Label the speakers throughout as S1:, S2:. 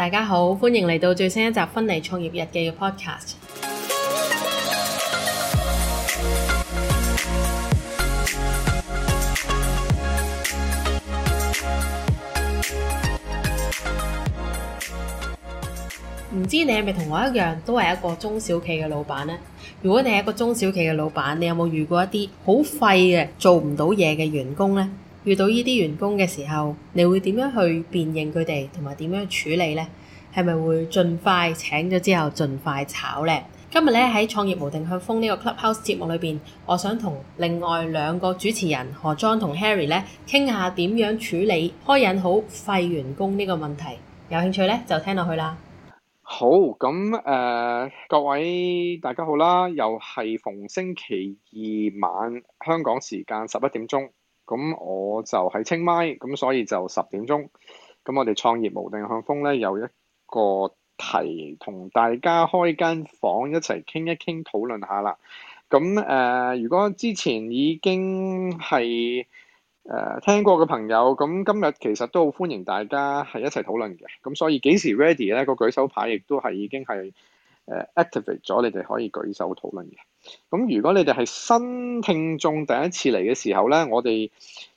S1: 大家好，歡迎嚟到最新一集《芬尼創業日記》嘅 Podcast。唔知你係咪同我一樣，都係一個中小企嘅老闆呢？如果你係一個中小企嘅老闆，你有冇遇過一啲好廢嘅、做唔到嘢嘅員工呢？遇到呢啲員工嘅時候，你會點樣去辨認佢哋，同埋點樣處理呢？係咪會盡快請咗之後，盡快炒呢？今日呢，喺創業無定向瘋呢個 Clubhouse 節目裏邊，我想同另外兩個主持人何莊同 Harry 呢，傾下點樣處理開引好廢員工呢個問題。有興趣呢，
S2: 就聽落去啦。
S3: 好，咁誒、呃，各位大家好啦，又係逢星期二晚香港時間十一點鐘。咁我就係清邁，咁所以就十點鐘，咁我哋創業無定向瘋咧有一個題同大家開間房一齊傾一傾討論下啦。咁誒、呃，如果之前已經係誒、呃、聽過嘅朋友，咁今日其實都好歡迎大家係一齊討論嘅。咁所以幾時 ready 咧？個舉手牌亦都係已經係誒 activate 咗，呃、Activ 你哋可以舉手討論嘅。咁如果你哋係新聽眾第一次嚟嘅時候咧，我哋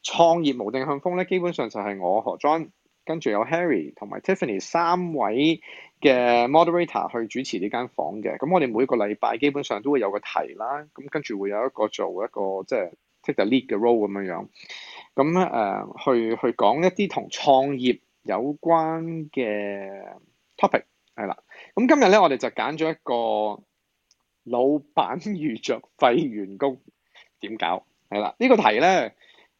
S3: 創業無定向瘋咧，基本上就係我何 John 跟住有 Harry 同埋 Tiffany 三位嘅 moderator 去主持呢間房嘅。咁我哋每個禮拜基本上都會有個題啦，咁跟住會有一個做一個即係 take the lead 嘅 role 咁樣樣。咁誒、呃，去去講一啲同創業有關嘅 topic 係啦。咁今日咧，我哋就揀咗一個。老闆遇著廢員工點搞？係啦，呢個題咧，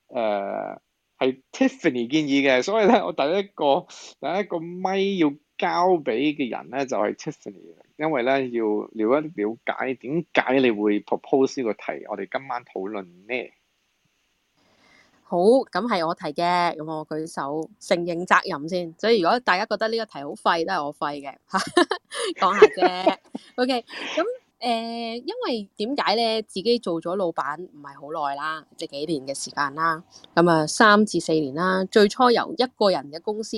S3: 誒，係 Tiffany 建議嘅，所以咧，我第一個第一個咪要交俾嘅人咧，就係 Tiffany，因為咧要了了解點解你會 propose 呢個題，我哋今晚討論咩？
S1: 好，咁係我提嘅，咁我舉手承認責任先。所以如果大家覺得呢個題好廢，都係我廢嘅，講下啫。OK，咁。誒、呃，因為點解咧？自己做咗老闆唔係好耐啦，即係幾年嘅時間啦。咁、嗯、啊，三至四年啦。最初由一個人嘅公司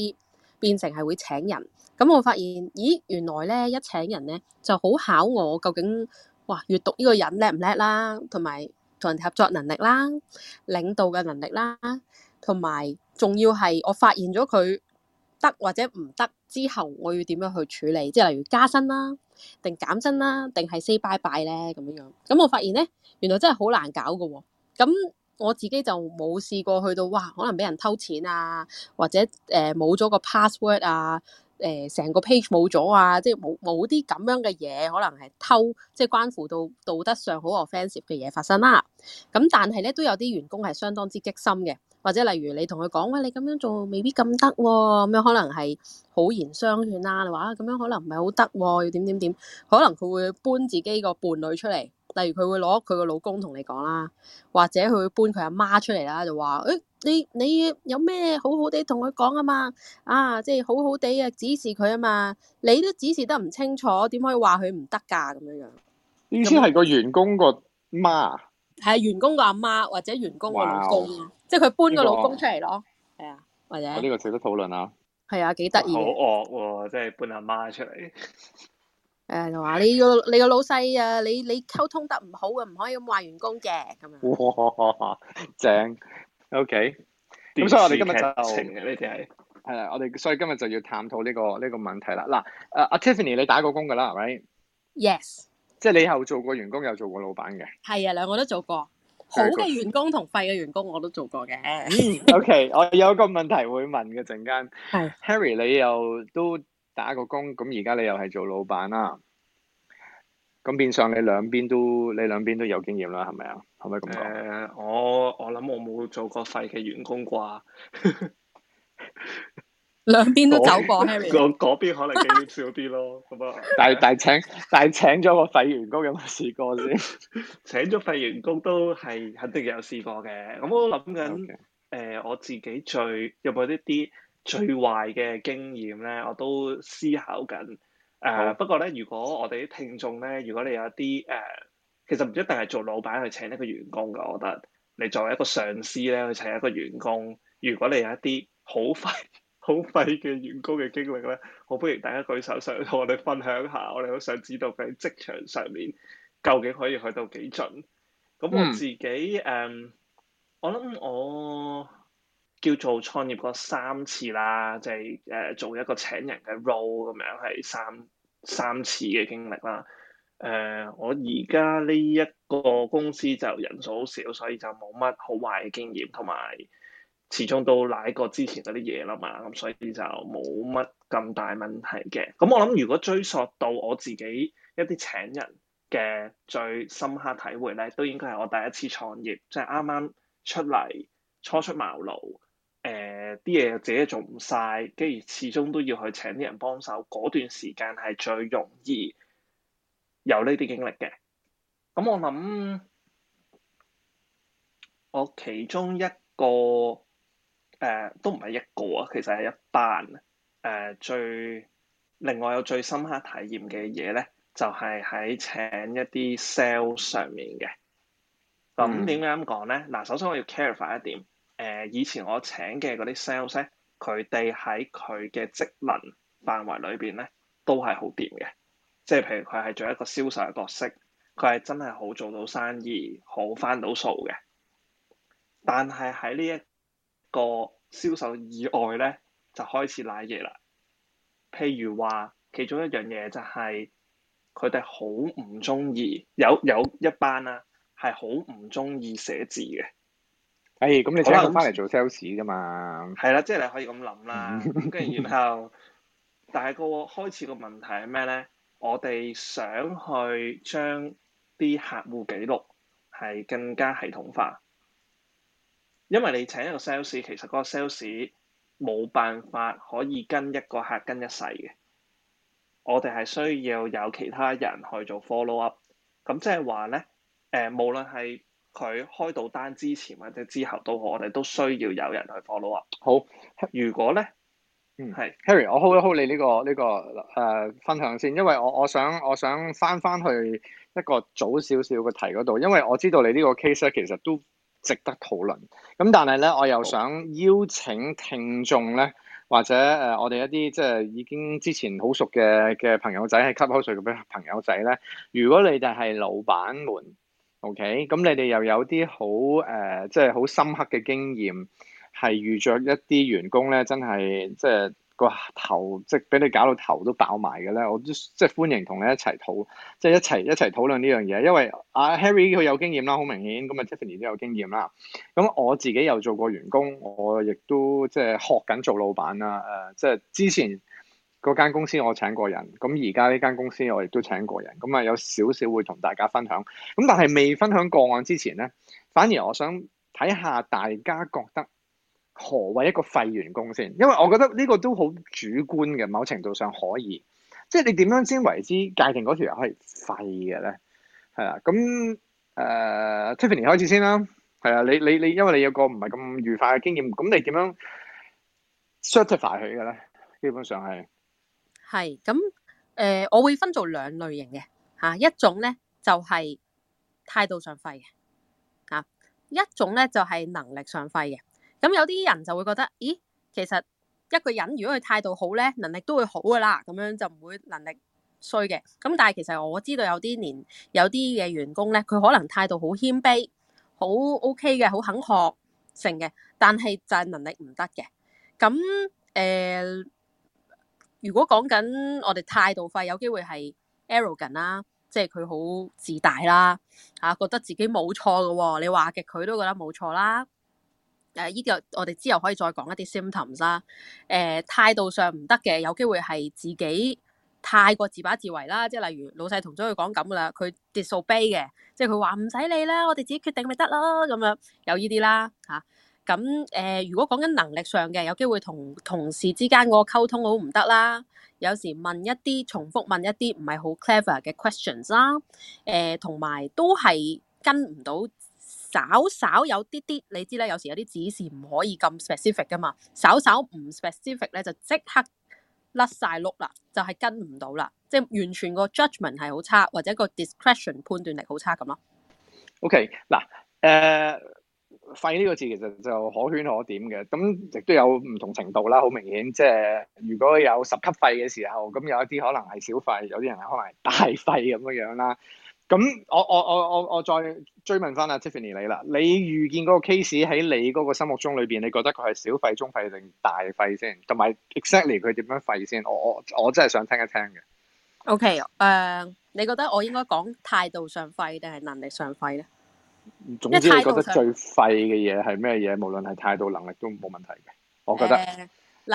S1: 變成係會請人，咁、嗯、我發現，咦，原來咧一請人咧就好考我究竟，哇，閱讀呢個人叻唔叻啦，同埋同人哋合作能力啦、領導嘅能力啦，同埋仲要係我發現咗佢得或者唔得之後，我要點樣去處理？即係例如加薪啦。定減薪啦，定係、啊、say bye bye 咧咁樣樣。咁我發現呢，原來真係好難搞噶、啊。咁我自己就冇試過去到，哇，可能俾人偷錢啊，或者誒冇咗個 password 啊。誒成、呃、個 page 冇咗啊！即係冇冇啲咁樣嘅嘢，可能係偷，即係關乎到道德上好 offensive 嘅嘢發生啦。咁但係咧，都有啲員工係相當之激心嘅，或者例如你同佢講，喂、哎，你咁樣做未必咁得、哦，咁樣可能係好言相勸啦、啊，你話咁樣可能唔係好得、哦，要點點點，可能佢會搬自己個伴侶出嚟，例如佢會攞佢個老公同你講啦，或者佢會搬佢阿媽出嚟啦，就話誒。哎你你有咩好好、啊、好好地同佢講啊？嘛啊，即係好好地啊，指示佢啊嘛。你都指示得唔清楚，點可以話佢唔得噶咁樣樣？
S4: 呢啲係個
S3: 員工個媽
S1: 啊，係員工個阿媽或者員工個老公、哦、即係佢搬個老公出嚟咯，係、這個、啊，或者我呢
S3: 個值得討論啊，
S1: 係啊，幾得意，好
S5: 惡喎、啊，即係搬阿媽出
S1: 嚟誒，話、 啊、你個你個老細啊，你你溝通得唔好嘅，唔可以咁話員工嘅
S3: 咁樣正。OK，
S5: 咁所以我哋今
S3: 日就呢啲係，係啦， 我哋所以今日就要探討呢個呢個問題啦。嗱，啊，阿 Tiffany 你打過工噶啦，係咪？Yes，即係你又做過員工又做過老闆嘅。
S1: 係啊，兩個都做過，好嘅員工同廢嘅員工我都做過嘅。
S3: OK，我有一個問題會問嘅陣間。係 Harry 你又都打過工，咁而家你又係做老闆啦。咁變相你兩邊都
S5: 你兩邊都有經驗啦，係咪啊？可唔可以咁講？誒，我我諗我冇做過廢嘅員工啩，
S2: 兩 邊 都走過。
S5: 嗰嗰邊可能經驗少啲咯。咁啊，但係但係請但係請咗個廢員工有冇試過先？ 請咗廢員工都係肯定有試過嘅。咁我諗緊誒，我自己最有冇一啲最壞嘅經驗咧，我都思考緊。誒、uh, 嗯、不過咧，如果我哋啲聽眾咧，如果你有一啲誒，其實唔一定係做老闆去請一個員工㗎，我覺得，你作為一個上司咧去請一個員工，如果你有一啲好廢好廢嘅員工嘅經歷咧，我歡迎大家舉手上同我哋分享下，我哋好想知道佢喺職場上面究竟可以去到幾盡。咁我自己誒，嗯 um, 我諗我。叫做創業過三次啦，就係、是、誒、呃、做一個請人嘅 role 咁樣，係三三次嘅經歷啦。誒、呃，我而家呢一個公司就人數好少，所以就冇乜好壞嘅經驗，同埋始終都奶過之前嗰啲嘢啦嘛，咁所以就冇乜咁大問題嘅。咁我諗，如果追溯到我自己一啲請人嘅最深刻體會咧，都應該係我第一次創業，即係啱啱出嚟初出茅廬。誒啲嘢自己做唔晒，跟住始終都要去請啲人幫手。嗰段時間係最容易有呢啲經歷嘅。咁、嗯、我諗，我其中一個誒、呃、都唔係一個啊，其實係一班誒、呃、最另外有最深刻體驗嘅嘢咧，就係、是、喺請一啲 sales 上面嘅。咁點解咁講咧？嗱、嗯，首先我要 clarify 一點。誒、呃、以前我請嘅嗰啲 sales 咧，佢哋喺佢嘅職能範圍裏邊咧，都係好掂嘅。即係譬如佢係做一個銷售嘅角色，佢係真係好做到生意，好翻到數嘅。但係喺呢一個銷售以外咧，就開始瀨嘢啦。譬如話，其中一樣嘢就係佢哋好唔中意有有一班啦、啊，係好唔中意寫字嘅。哎，咁你請個翻嚟做
S3: sales 噶嘛？係啦、嗯， 即係你可
S5: 以咁諗啦。跟然，然後，但係個開始個問題係咩咧？我哋想去將啲客戶記錄係更加系統化，因為你請一個 sales，其實個 sales 冇辦法可以跟一個客跟一世嘅。我哋係需要有其他人去做 follow up。咁即係話咧，誒，無論係。佢開到單之前或者之後都好，我哋都需要有人去 follow 啊。好，如果咧，嗯，係 Harry，我 hold 一 hold 你呢個呢個
S3: 誒分享先，因為我我想我想翻翻去一個早少少嘅題嗰度，因為我知道你呢個 case 咧，其實都值得討論。咁但係咧，我又想邀請聽眾咧，或者誒我哋一啲即係已經之前好熟嘅嘅朋友仔，係吸口水嘅朋友仔咧，如果你哋係老闆們。O.K.，咁你哋又有啲好誒，即係好深刻嘅經驗，係遇着一啲員工咧，真係即係個頭，即係俾你搞到頭都爆埋嘅咧。我都即係歡迎同你一齊討，即係一齊一齊討論呢樣嘢。因為阿、啊、Harry 佢有經驗啦，好明顯。咁啊，Tiffany 都有經驗啦。咁、嗯、我自己又做過員工，我亦都即係學緊做老闆啦。誒、呃，即係之前。嗰間公司我請過人，咁而家呢間公司我亦都請過人，咁啊有少少會同大家分享。咁但係未分享個案之前呢，反而我想睇下大家覺得何謂一個廢員工先？因為我覺得呢個都好主觀嘅，某程度上可以，即係你點樣先為之界定嗰條人係廢嘅呢？係啦，咁誒、呃、Tiffany 開始先啦。係啊，你你，你因為你有個唔係咁愉快嘅經驗，咁你點樣 certify 佢嘅呢？基本上係。
S1: 係咁誒，我會分做兩類型嘅吓、啊，一種咧就係、是、態度上廢嘅啊，一種咧就係、是、能力上廢嘅。咁、啊、有啲人就會覺得，咦，其實一個人如果佢態度好咧，能力都會好噶啦，咁樣就唔會能力衰嘅。咁、啊、但係其實我知道有啲年有啲嘅員工咧，佢可能態度好謙卑，好 O K 嘅，好肯學成嘅，但係就係能力唔得嘅。咁、啊、誒。呃如果講緊我哋態度廢有機會係 arrogant 啦，即係佢好自大啦，嚇、啊、覺得自己冇錯嘅喎，你話嘅佢都覺得冇錯啦。誒、啊、依、這個我哋之後可以再講一啲 symptoms 啦、啊。誒態度上唔得嘅有機會係自己太過自把自為啦，即係例如老細同咗佢講咁噶啦，佢 disobey 嘅，即係佢話唔使理啦，我哋自己決定咪得咯咁樣，有依啲啦嚇。啊咁誒，如果講緊能力上嘅，有機會同同事之間嗰個溝通好唔得啦。有時問一啲重複問一啲唔係好 clever 嘅 questions 啦。誒、呃，同埋都係跟唔到，稍稍有啲啲。你知啦，有時有啲指示唔可以咁 specific 噶嘛，稍稍唔 specific 咧就即刻甩晒碌啦，就係、是、跟唔到啦，即係完全個 judgment 係好差，或者個 discretion 判斷力好差咁咯。
S3: OK，嗱誒。呃廢呢個字其實就可圈可點嘅，咁亦都有唔同程度啦。好明顯，即係如果有十級廢嘅時候，咁有一啲可能係小廢，有啲人係可能大廢咁嘅樣啦。咁我我我我我再追問翻阿 Tiffany 你啦，你預見嗰個 case 喺你嗰個心目中裏邊，你覺得佢係小廢、中廢定大廢先？同埋 exactly 佢點樣廢先？我我我真係想聽一聽嘅。
S1: OK，誒，uh，你覺得我應該講態度上廢定係能力上廢咧？
S3: 總之你覺得最廢嘅嘢係咩嘢？無論係態度、能力都冇問題嘅。我覺得、呃、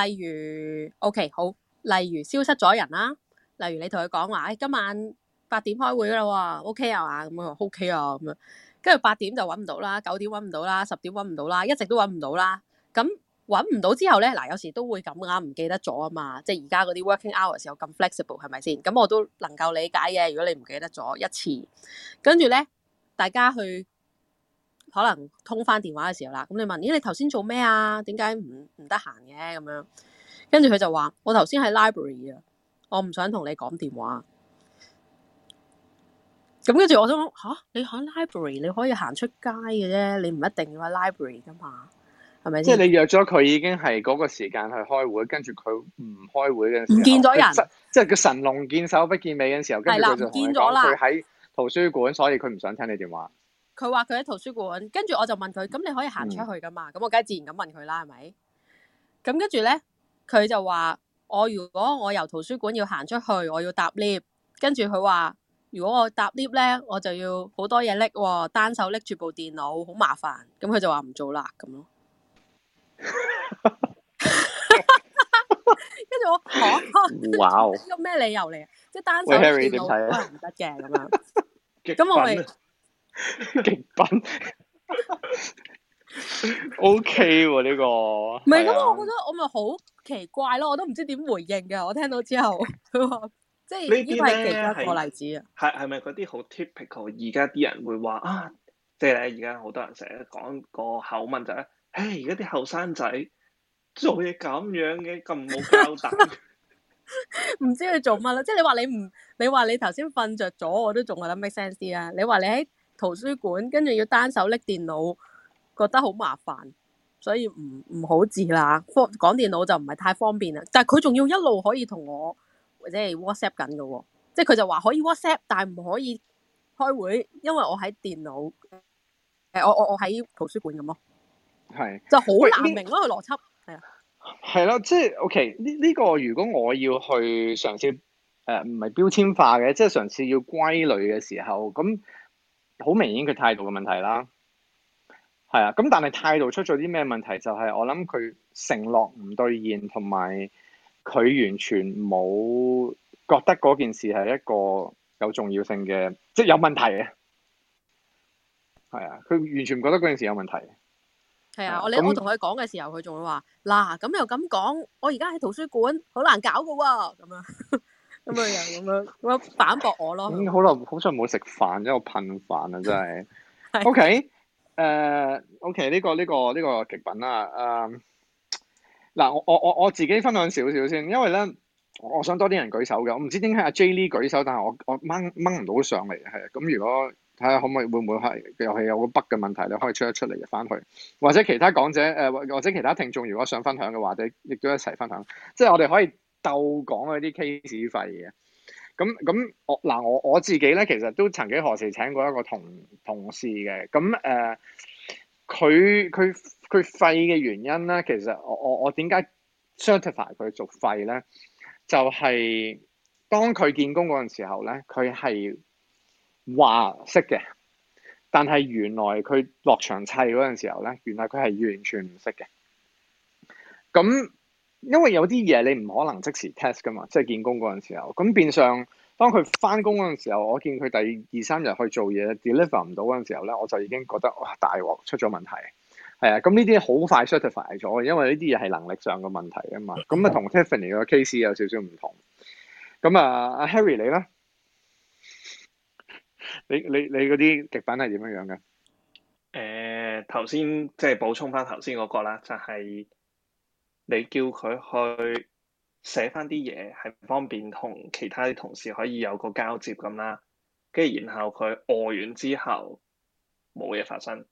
S1: 例如 OK，好，例如消失咗人啦，例如你同佢講話，誒、欸，今晚八點開會啦。OK 啊嘛，咁 OK 啊咁樣，跟住八點就搵唔到啦，九點搵唔到啦，十點搵唔到啦，一直都搵唔到啦。咁搵唔到之後咧，嗱、呃、有時都會咁噶，唔記得咗啊嘛。即係而家嗰啲 working hours 有咁 flexible，係咪先？咁我都能夠理解嘅。如果你唔記得咗一次，跟住咧，大家去。可能通翻電話嘅時候啦，咁你問，咦、欸、你頭先做咩啊？點解唔唔得閒嘅咁樣？跟住佢就話，我頭先喺 library 啊，我唔想同你講電話。咁跟住我想吓，你喺 library 你可以行出街嘅啫，你唔一定要、啊、喺 library 噶嘛，係咪？即係你
S3: 約咗佢已經係嗰個時間去開會，跟住佢唔開會嘅，唔見咗人，即係佢神龍見首不見尾嘅時候，時候跟住佢就同我講，佢喺圖書館，所以佢唔想
S1: 聽你電話。佢話佢喺圖書館，跟住我就問佢：咁你可以行出去噶嘛？咁、嗯、我梗係自然咁問佢啦，係咪？咁跟住咧，佢就話：我如果我由圖書館要行出去，我要搭 lift。跟住佢話：如果我搭 lift 咧，我就要好多嘢拎，單手拎住部電腦好麻煩。咁佢就話唔做啦，咁咯。跟住 我，哇、啊！呢個咩理由嚟？即係單手拎住部電腦都係唔得嘅咁樣。咁我咪。極極品
S5: ，O K 喎呢個，唔係咁，我覺
S1: 得我咪好奇怪咯，我都唔知點回應嘅。我聽到之後，佢話即係呢啲係其中一個例子
S5: 是是 pical，啊，係係咪嗰啲好 typical？而家啲人會話啊，即係而家好多人成日講個口吻就係、是，唉、欸，而家啲後生仔做嘢咁樣嘅咁冇交代，
S1: 唔 知佢做乜啦。即係 你話你唔，你話你頭先瞓着咗，我都仲係諗 make sense 啲你話你喺。圖書館跟住要單手拎電腦，覺得好麻煩，所以唔唔好字啦。方講電腦就唔係太方便啦。但係佢仲要一路可以同我或者係 WhatsApp 緊嘅，即係佢就話可以 WhatsApp，但係唔可以開會，因為我喺電腦誒、呃，我我我喺圖書館咁咯，
S3: 係是就好難明
S1: 咯個邏輯係啊，
S3: 係咯，即係 OK 呢，這個？呢個如果我要去嘗試誒、唔、呃、係標籤化嘅，即係嘗試要歸類嘅時候咁。好明顯佢態度嘅問題啦，係啊，咁但係態度出咗啲咩問題？就係、是、我諗佢承諾唔兌現，同埋佢完全冇覺得嗰件事係一個有重要性嘅，即係有問題嘅，係啊，佢完全唔覺得嗰件事有問題。
S1: 係的啊，有我哋你我同佢講嘅時候，佢仲那會話：嗱，咁又咁講，我而家喺圖書館好難搞㗎喎咁樣。 咁啊，又咁樣咁樣反駁我
S3: 咯。咁好耐，好長冇食飯，因為我噴飯啊，真係。
S1: O K，誒
S3: ，O K，呢個呢、呢個呢、呢個極品、uh, 啦。誒，嗱，我我我我自己分享少少先，因為咧，我想多啲人舉手嘅。我唔知點解阿 J Lee 舉手，但係我我掹掹唔到上嚟，係。咁如果睇下可唔可以會唔會係遊戲有個 bug 嘅問題，你可以出一出嚟翻去，或者其他講者誒，或者其他聽眾如果想分享嘅話，你亦都一齊分享。即係我哋可以。鬥講嗰啲 case 廢嘅，咁咁我嗱我我自己咧，其實都曾幾何時請過一個同同事嘅，咁誒佢佢佢廢嘅原因咧，其實我我我點解 certify 佢做廢咧，就係、是、當佢見工嗰陣時候咧，佢係話識嘅，但係原來佢落場砌嗰陣時候咧，原來佢係完全唔識嘅，咁。因為有啲嘢你唔可能即時 test 噶嘛，即係見工嗰陣時候。咁變相當佢翻工嗰陣時候，我見佢第二三日去做嘢 deliver 唔到嗰陣時候咧，我就已經覺得哇，大鑊，出咗問題。係啊，咁呢啲好快 certify 咗，因為呢啲嘢係能力上嘅問題啊嘛。咁啊，同 Tiffany 個 case 有少少唔同。咁啊，Harry 你咧？
S5: 你你你嗰啲極品係點樣樣嘅？誒、呃，頭先即係補充翻頭先嗰個啦，就係、是。你叫佢去寫返啲嘢，係方便同其他啲同事可以有個交接咁啦。跟住然後佢哦完之後冇嘢發生，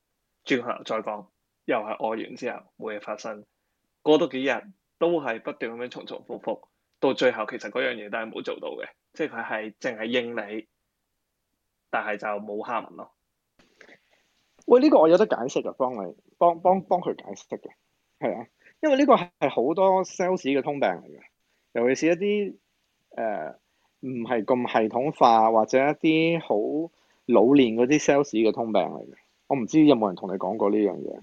S5: 轉頭再講又係哦完之後冇嘢發生。過多幾日都係不斷咁樣重重複複，到最後其實嗰樣嘢都係冇做到嘅，即係佢係淨係應你，但係就冇下文囉。
S3: 喂，呢個我有得解釋就幫你幫幫幫佢解釋得嘅，係啊。因為呢個係好多 sales 嘅通病嚟嘅，尤其是一啲誒唔係咁系統化或者一啲好老練嗰啲 sales 嘅通病嚟嘅。我唔知有冇人同你講過呢樣嘢？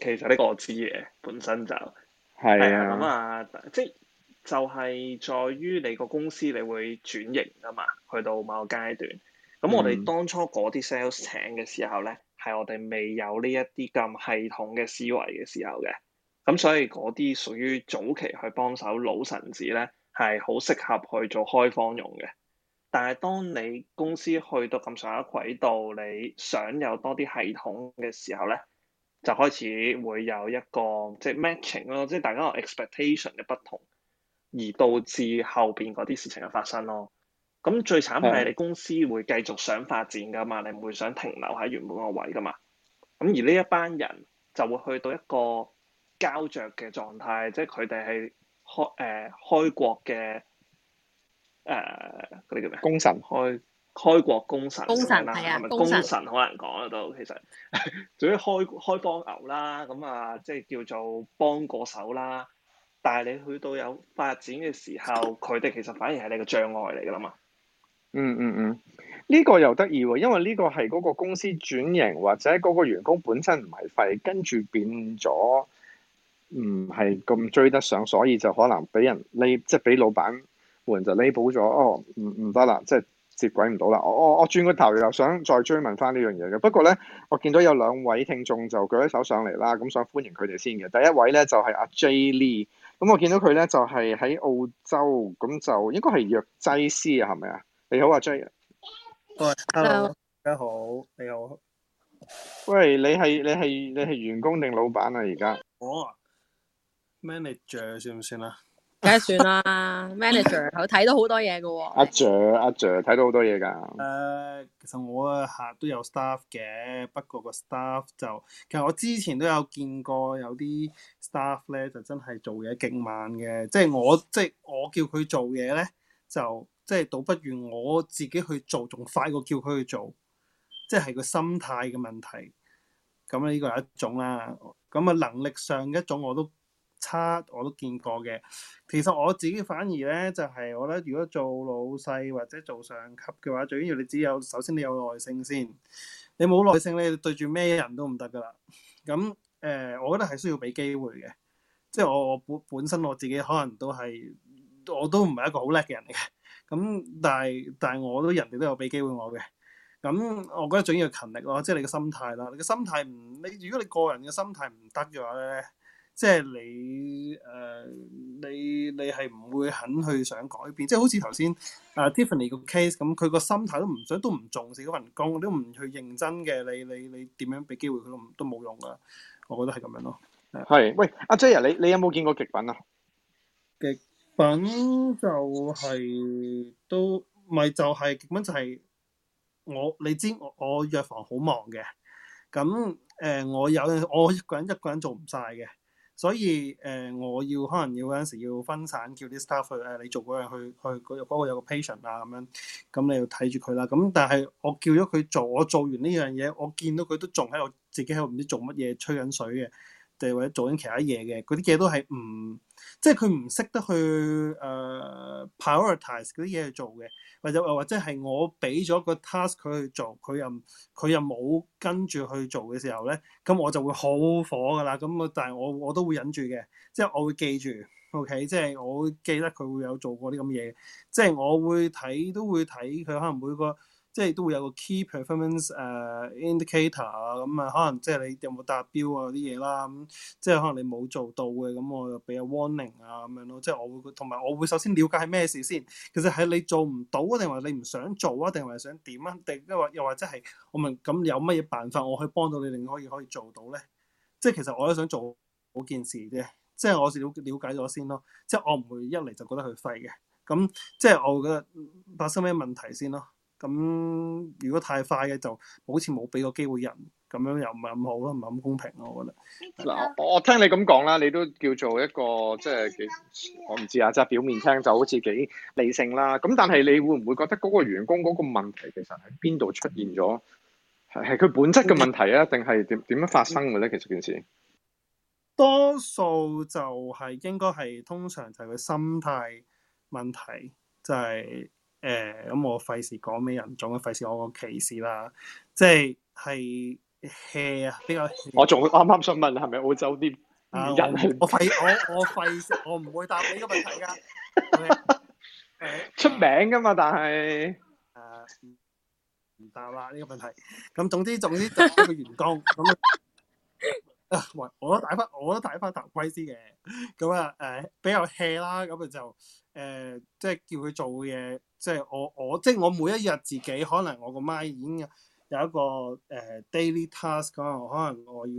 S5: 其實呢個我知嘅，本身就係啊嘛，即係、嗯嗯、就係、是、在於你個公司你會轉型啊嘛，去到某個階段。咁我哋當初嗰啲 sales 請嘅時候咧，係我哋未有呢一啲咁系統嘅思維嘅時候嘅。咁所以嗰啲屬於早期去幫手老臣子咧，係好適合去做開荒用嘅。但係當你公司去到咁上一軌道，你想有多啲系統嘅時候咧，就開始會有一個即係 matching 咯，即係大家個 expectation 嘅不同，而導致後邊嗰啲事情嘅發生咯。咁最慘係你公司會繼續想發展噶嘛，你唔會想停留喺原本個位噶嘛。咁而呢一班人就會去到一個。膠着嘅狀態，即係佢哋係開誒、呃、開國嘅誒嗰啲叫咩？功臣開開國功臣，功臣係啊，係咪功臣好難講啊？都其實，總之開開荒牛啦，咁啊，啊即係叫做幫過手啦，啊。但係你去到有發展嘅時候，佢哋其實反而係你嘅障礙嚟噶嘛？嗯
S3: 嗯嗯，呢、這個又得意喎，因為呢個係嗰個公司轉型，或者嗰個員工本身唔係廢，跟住變咗。唔係咁追得上，所以就可能俾人 lay，即係俾老闆換人就 lay 補咗哦。唔唔得啦，即係接軌唔到啦。我我我轉個頭又想再追問翻呢樣嘢嘅。不過咧，我見到有兩位聽眾就舉一手上嚟啦，咁想歡迎佢哋先嘅。第一位咧就係、是、阿 J Lee，咁、嗯、我見到佢咧就係、是、喺澳洲，咁、嗯、就應該係藥劑師啊，係咪啊？你好啊，阿 J。喂
S6: ，hello，大家好，你好。
S3: Hello. 喂，你係你係你係員工定老闆啊？而家我啊。Oh. manager
S6: 算唔算啊？梗
S1: 係算啦，manager 佢睇到好多嘢㗎
S3: 喎。阿 Joe，阿 Joe 睇到好多嘢噶。
S6: 誒，其實我咧客都有 staff 嘅，不過個 staff 就其實我之前都有見過有啲 staff 咧就真係做嘢勁慢嘅，即係我即係我叫佢做嘢咧，就即係倒不如我自己去做，仲快過叫佢去做，即係係個心態嘅問題。咁呢個係一種啦，咁啊能力上嘅一種我都。差我都見過嘅，其實我自己反而咧就係、是、我覺得如果做老細或者做上級嘅話，最緊要你只有首先你有耐性先，你冇耐性咧，你對住咩人都唔得噶啦。咁誒、呃，我覺得係需要俾機會嘅，即係我我本本身我自己可能都係我都唔係一個好叻嘅人嚟嘅，咁但係但係我都人哋都有俾機會我嘅，咁我覺得最緊要勤力咯，即、就、係、是、你嘅心態啦，你嘅心態唔你如果你個人嘅心態唔得嘅話咧。即係你誒、uh，你你係唔會肯去想改變，即係好似頭先阿 Tiffany 個 case 咁，佢個心態都唔想，都唔重視嗰份工，都唔去認真嘅。你你你點樣俾機會佢都都冇用噶。我覺得係咁樣咯。係喂，阿 j e y 你你有冇見過極品啊、就是就是？極品就係都咪就係極品就係，我你知我我藥房好忙嘅咁誒，我有我一個人一個人做唔晒嘅。所以誒、呃，我要可能有陣時要分散，叫啲 staff 去誒、啊，你做嗰樣去去嗰、嗰個有個 patient 啊咁樣，咁你要睇住佢啦。咁但係我叫咗佢做，我做完呢樣嘢，我見到佢都仲喺度，自己喺度唔知做乜嘢，吹緊水嘅。或者做緊其他嘢嘅，嗰啲嘢都係唔，即係佢唔識得去誒、uh, prioritize 嗰啲嘢去做嘅，或者或或者係我俾咗個 task 佢去做，佢又佢又冇跟住去做嘅時候咧，咁我就會好火㗎啦。咁啊，但係我我都會忍住嘅，即係我會記住，OK，即係我會記得佢會有做過啲咁嘅嘢，即係我會睇都會睇佢可能每個。即係都會有個 key performance 誒 indicator 啊，咁啊，可能即係你有冇達標啊啲嘢啦。咁、嗯、即係可能你冇做到嘅，咁、嗯、我俾個 warning 啊咁樣咯。即係我會同埋我會首先了解係咩事先。其實係你做唔到啊，定係你唔想做啊，定係想點啊？定即或又或者係我問，咁有乜嘢辦法我可以幫到你，令可以可以做到咧？即係其實我都想做嗰件事啫。即係我了了解咗先咯。即係我唔會一嚟就覺得佢廢嘅。咁、嗯、即係我會覺得發生咩問題先咯。咁如果太快嘅就好，好似冇俾個機會人，咁樣又唔係咁好咯，唔係咁公平咯，我覺得，我
S3: 覺得。嗱， 我聽你咁講啦，你都叫做一個即係幾，我唔知啊，即係表面聽就好似幾理性啦。咁但係你會唔會覺得嗰個員工嗰個問題其實喺邊度出現咗？係佢 本質嘅問題啊，定係點點樣發生嘅咧？其實件事，
S6: 多數就係、係、應該係通常就係佢心態問題，就係、係。誒，咁、欸、我費事講咩人種，我費事講我歧視啦，即係係 hea 啊，呢個我仲啱啱想問係咪澳洲啲人係我費我我費事，我唔 會答你個問題噶，誒、okay.，
S3: 出
S6: 名噶嘛，但係誒唔答啦呢、這個問題，咁總之總之就係個員工咁。 啊， 我都帶翻，我都帶翻頭盔先嘅。咁 啊、嗯，誒比較 hea 啦。咁佢就誒、嗯，即係叫佢做嘅，即係我我即係我每一日自己，可能我個麥已經有一個誒 daily task 咁啊，可能我要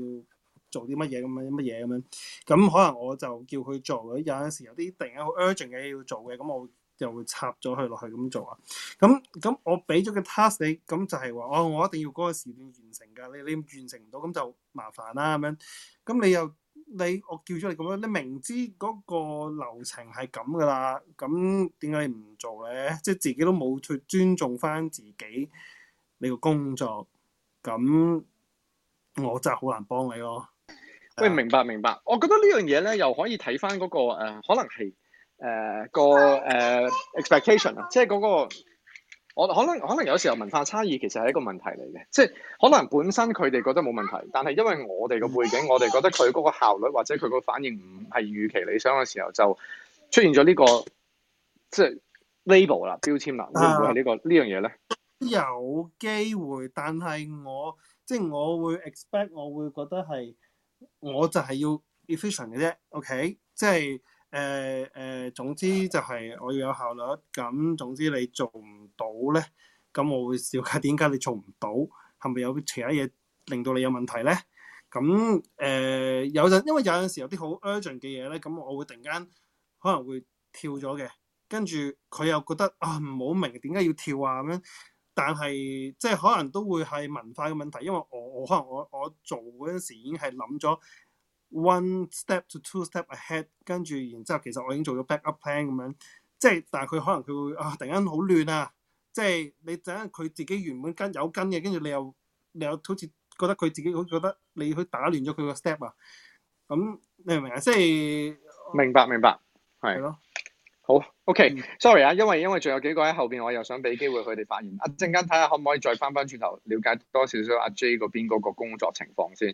S6: 做啲乜嘢咁樣乜嘢咁樣。咁、嗯、可能我就叫佢做，有陣時有啲突然間好 urgent 嘅嘢要做嘅，咁、嗯、我。就會插咗佢落去咁做啊！咁咁我俾咗個 task 你，咁就係話哦，我一定要嗰個時段完成㗎。你你完成唔到，咁就麻煩啦咁樣。咁你又你我叫咗你咁樣，你明知嗰個流程係咁噶啦，咁點解你唔做咧？即係自己都冇去尊重翻自己你個工作，咁我真係好難幫你咯。喂，
S3: 啊、明白明白。
S6: 我覺得呢樣嘢
S3: 咧，又可以睇翻嗰個、呃、可能係。誒、uh, uh, 那個誒 expectation 啊，即係嗰個我可能可能有時候文化差異其實係一個問題嚟嘅，即係可能本身佢哋覺得冇問題，但係因為我哋個背景，我哋覺得佢嗰個效率或者佢個反應唔係預期理想嘅時候，就出現咗呢、這個即係 label 啦標籤啦，會唔會係呢個呢樣嘢
S6: 咧？有機會，但係我即係我會 expect，我會覺得係我就係要 efficient 嘅啫，OK？即係。誒誒、呃，總之就係我要有效率。咁總之你做唔到咧，咁我會笑解點解你做唔到？係咪有其他嘢令到你有問題咧？咁誒、呃、有陣，因為有陣時有啲好 urgent 嘅嘢咧，咁我會突然間可能會跳咗嘅。跟住佢又覺得啊，唔好明點解要跳啊咁樣。但係即係可能都會係文化嘅問題，因為我我可能我我做嗰陣時已經係諗咗。One step to two step ahead，跟住然之後其實我已經做咗 backup plan 咁樣，即係但係佢可能佢會啊、哦、突然間好亂啊，即、就、係、是、你等下佢自己原本跟有跟嘅，跟住你又你又好似覺得佢自己好覺得你去打亂咗佢個 step 啊，咁、嗯、你明唔明？啊、就是？即係
S3: 明白明白，係咯，的好
S6: OK，sorry、OK, 嗯、啊，因為因為仲有
S3: 幾個喺後邊，我又想俾機會佢哋發言。啊，陣間睇下可唔可以再翻翻轉頭了解多少少阿 J 嗰邊嗰個工作情況先。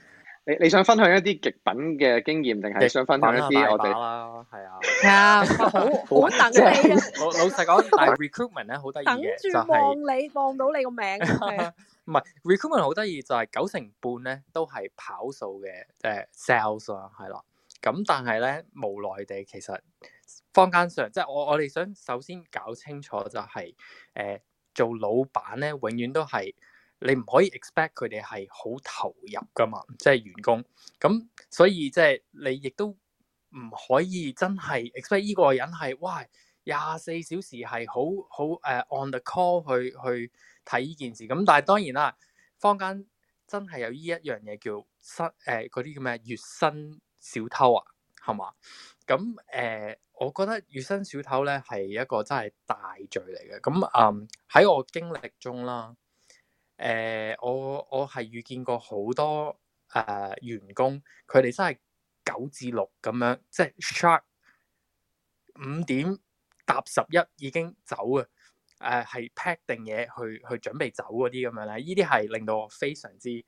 S3: 你你想分享一啲極品嘅經驗，定係你想分享一啲我哋？係們啊，
S1: 係 啊，好本能、 啊、 老
S3: 老實講，係 recruitment 咧好
S7: 得意嘅，等住望
S1: 你望到、就是、
S2: 你個
S7: 名。唔係 recruitment 好得意，就係、是、九成半咧都係跑數嘅誒 sales 啊，係、就、啦、是。咁 但係咧無奈地，其實坊間上即係我我哋想首先搞清楚就係、是、誒、呃、做老闆咧，永遠都係。你唔可以 expect 佢哋係好投入噶嘛，即係員工。咁所以即係你亦都唔可以真係 expect 依個人係，哇！廿四小時係好好誒 on the call 去去睇呢件事。咁但係當然啦，坊間真係有依一樣嘢叫新誒嗰啲叫咩月薪小偷啊，係嘛？咁誒、呃，我覺得月薪小偷咧係一個真係大罪嚟嘅。咁嗯喺我經歷中啦。誒、um，我我係遇見過好多誒、uh, 員工，佢哋真係九至六咁樣，即係 shock 五點搭十一已經走啊！誒，係 pack 定嘢去去準備走嗰啲咁樣咧，呢啲係令到我非常之誒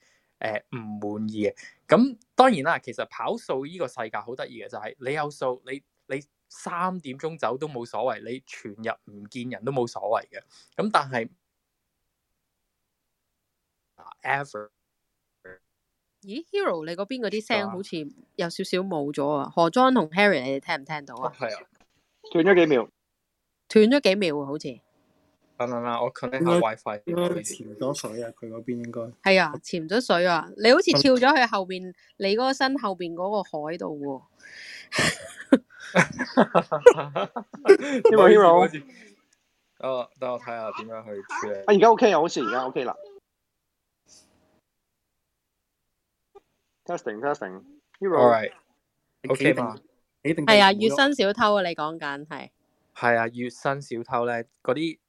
S7: 唔滿意嘅。咁當然啦，其實跑數呢個世界好得意嘅，就係、是、你有數，你你三點鐘走都冇所謂，你全日唔見人都冇所謂嘅。咁但係。
S1: Ever 咦，Hero，你嗰邊嗰啲聲好似有少少冇咗啊！何莊同 Harry，你哋聽唔聽到啊？係啊，斷咗幾秒，斷咗幾秒，好似。
S7: 等等嗱，我 connect 下 WiFi，潛咗水啊！
S6: 佢嗰邊應該
S1: 係啊，潛咗水啊！你好似跳咗去後邊，你嗰個身後邊嗰個海度喎。哈！ 哈、 啊！哈！哈！哈、啊！哈、OK,
S7: OK！哈！哈！哈！哈！哈！哈！哈！哈！哈！哈！哈！哈！而家 OK 哈！哈！哈！哈！哈！
S3: 哈！哈！哈！哈！哈！testing testing，alright，OK 嘛？你
S7: 一定係啊，月薪
S1: 小偷啊，你講緊係
S7: 係啊，yeah, 月薪小偷咧，嗰啲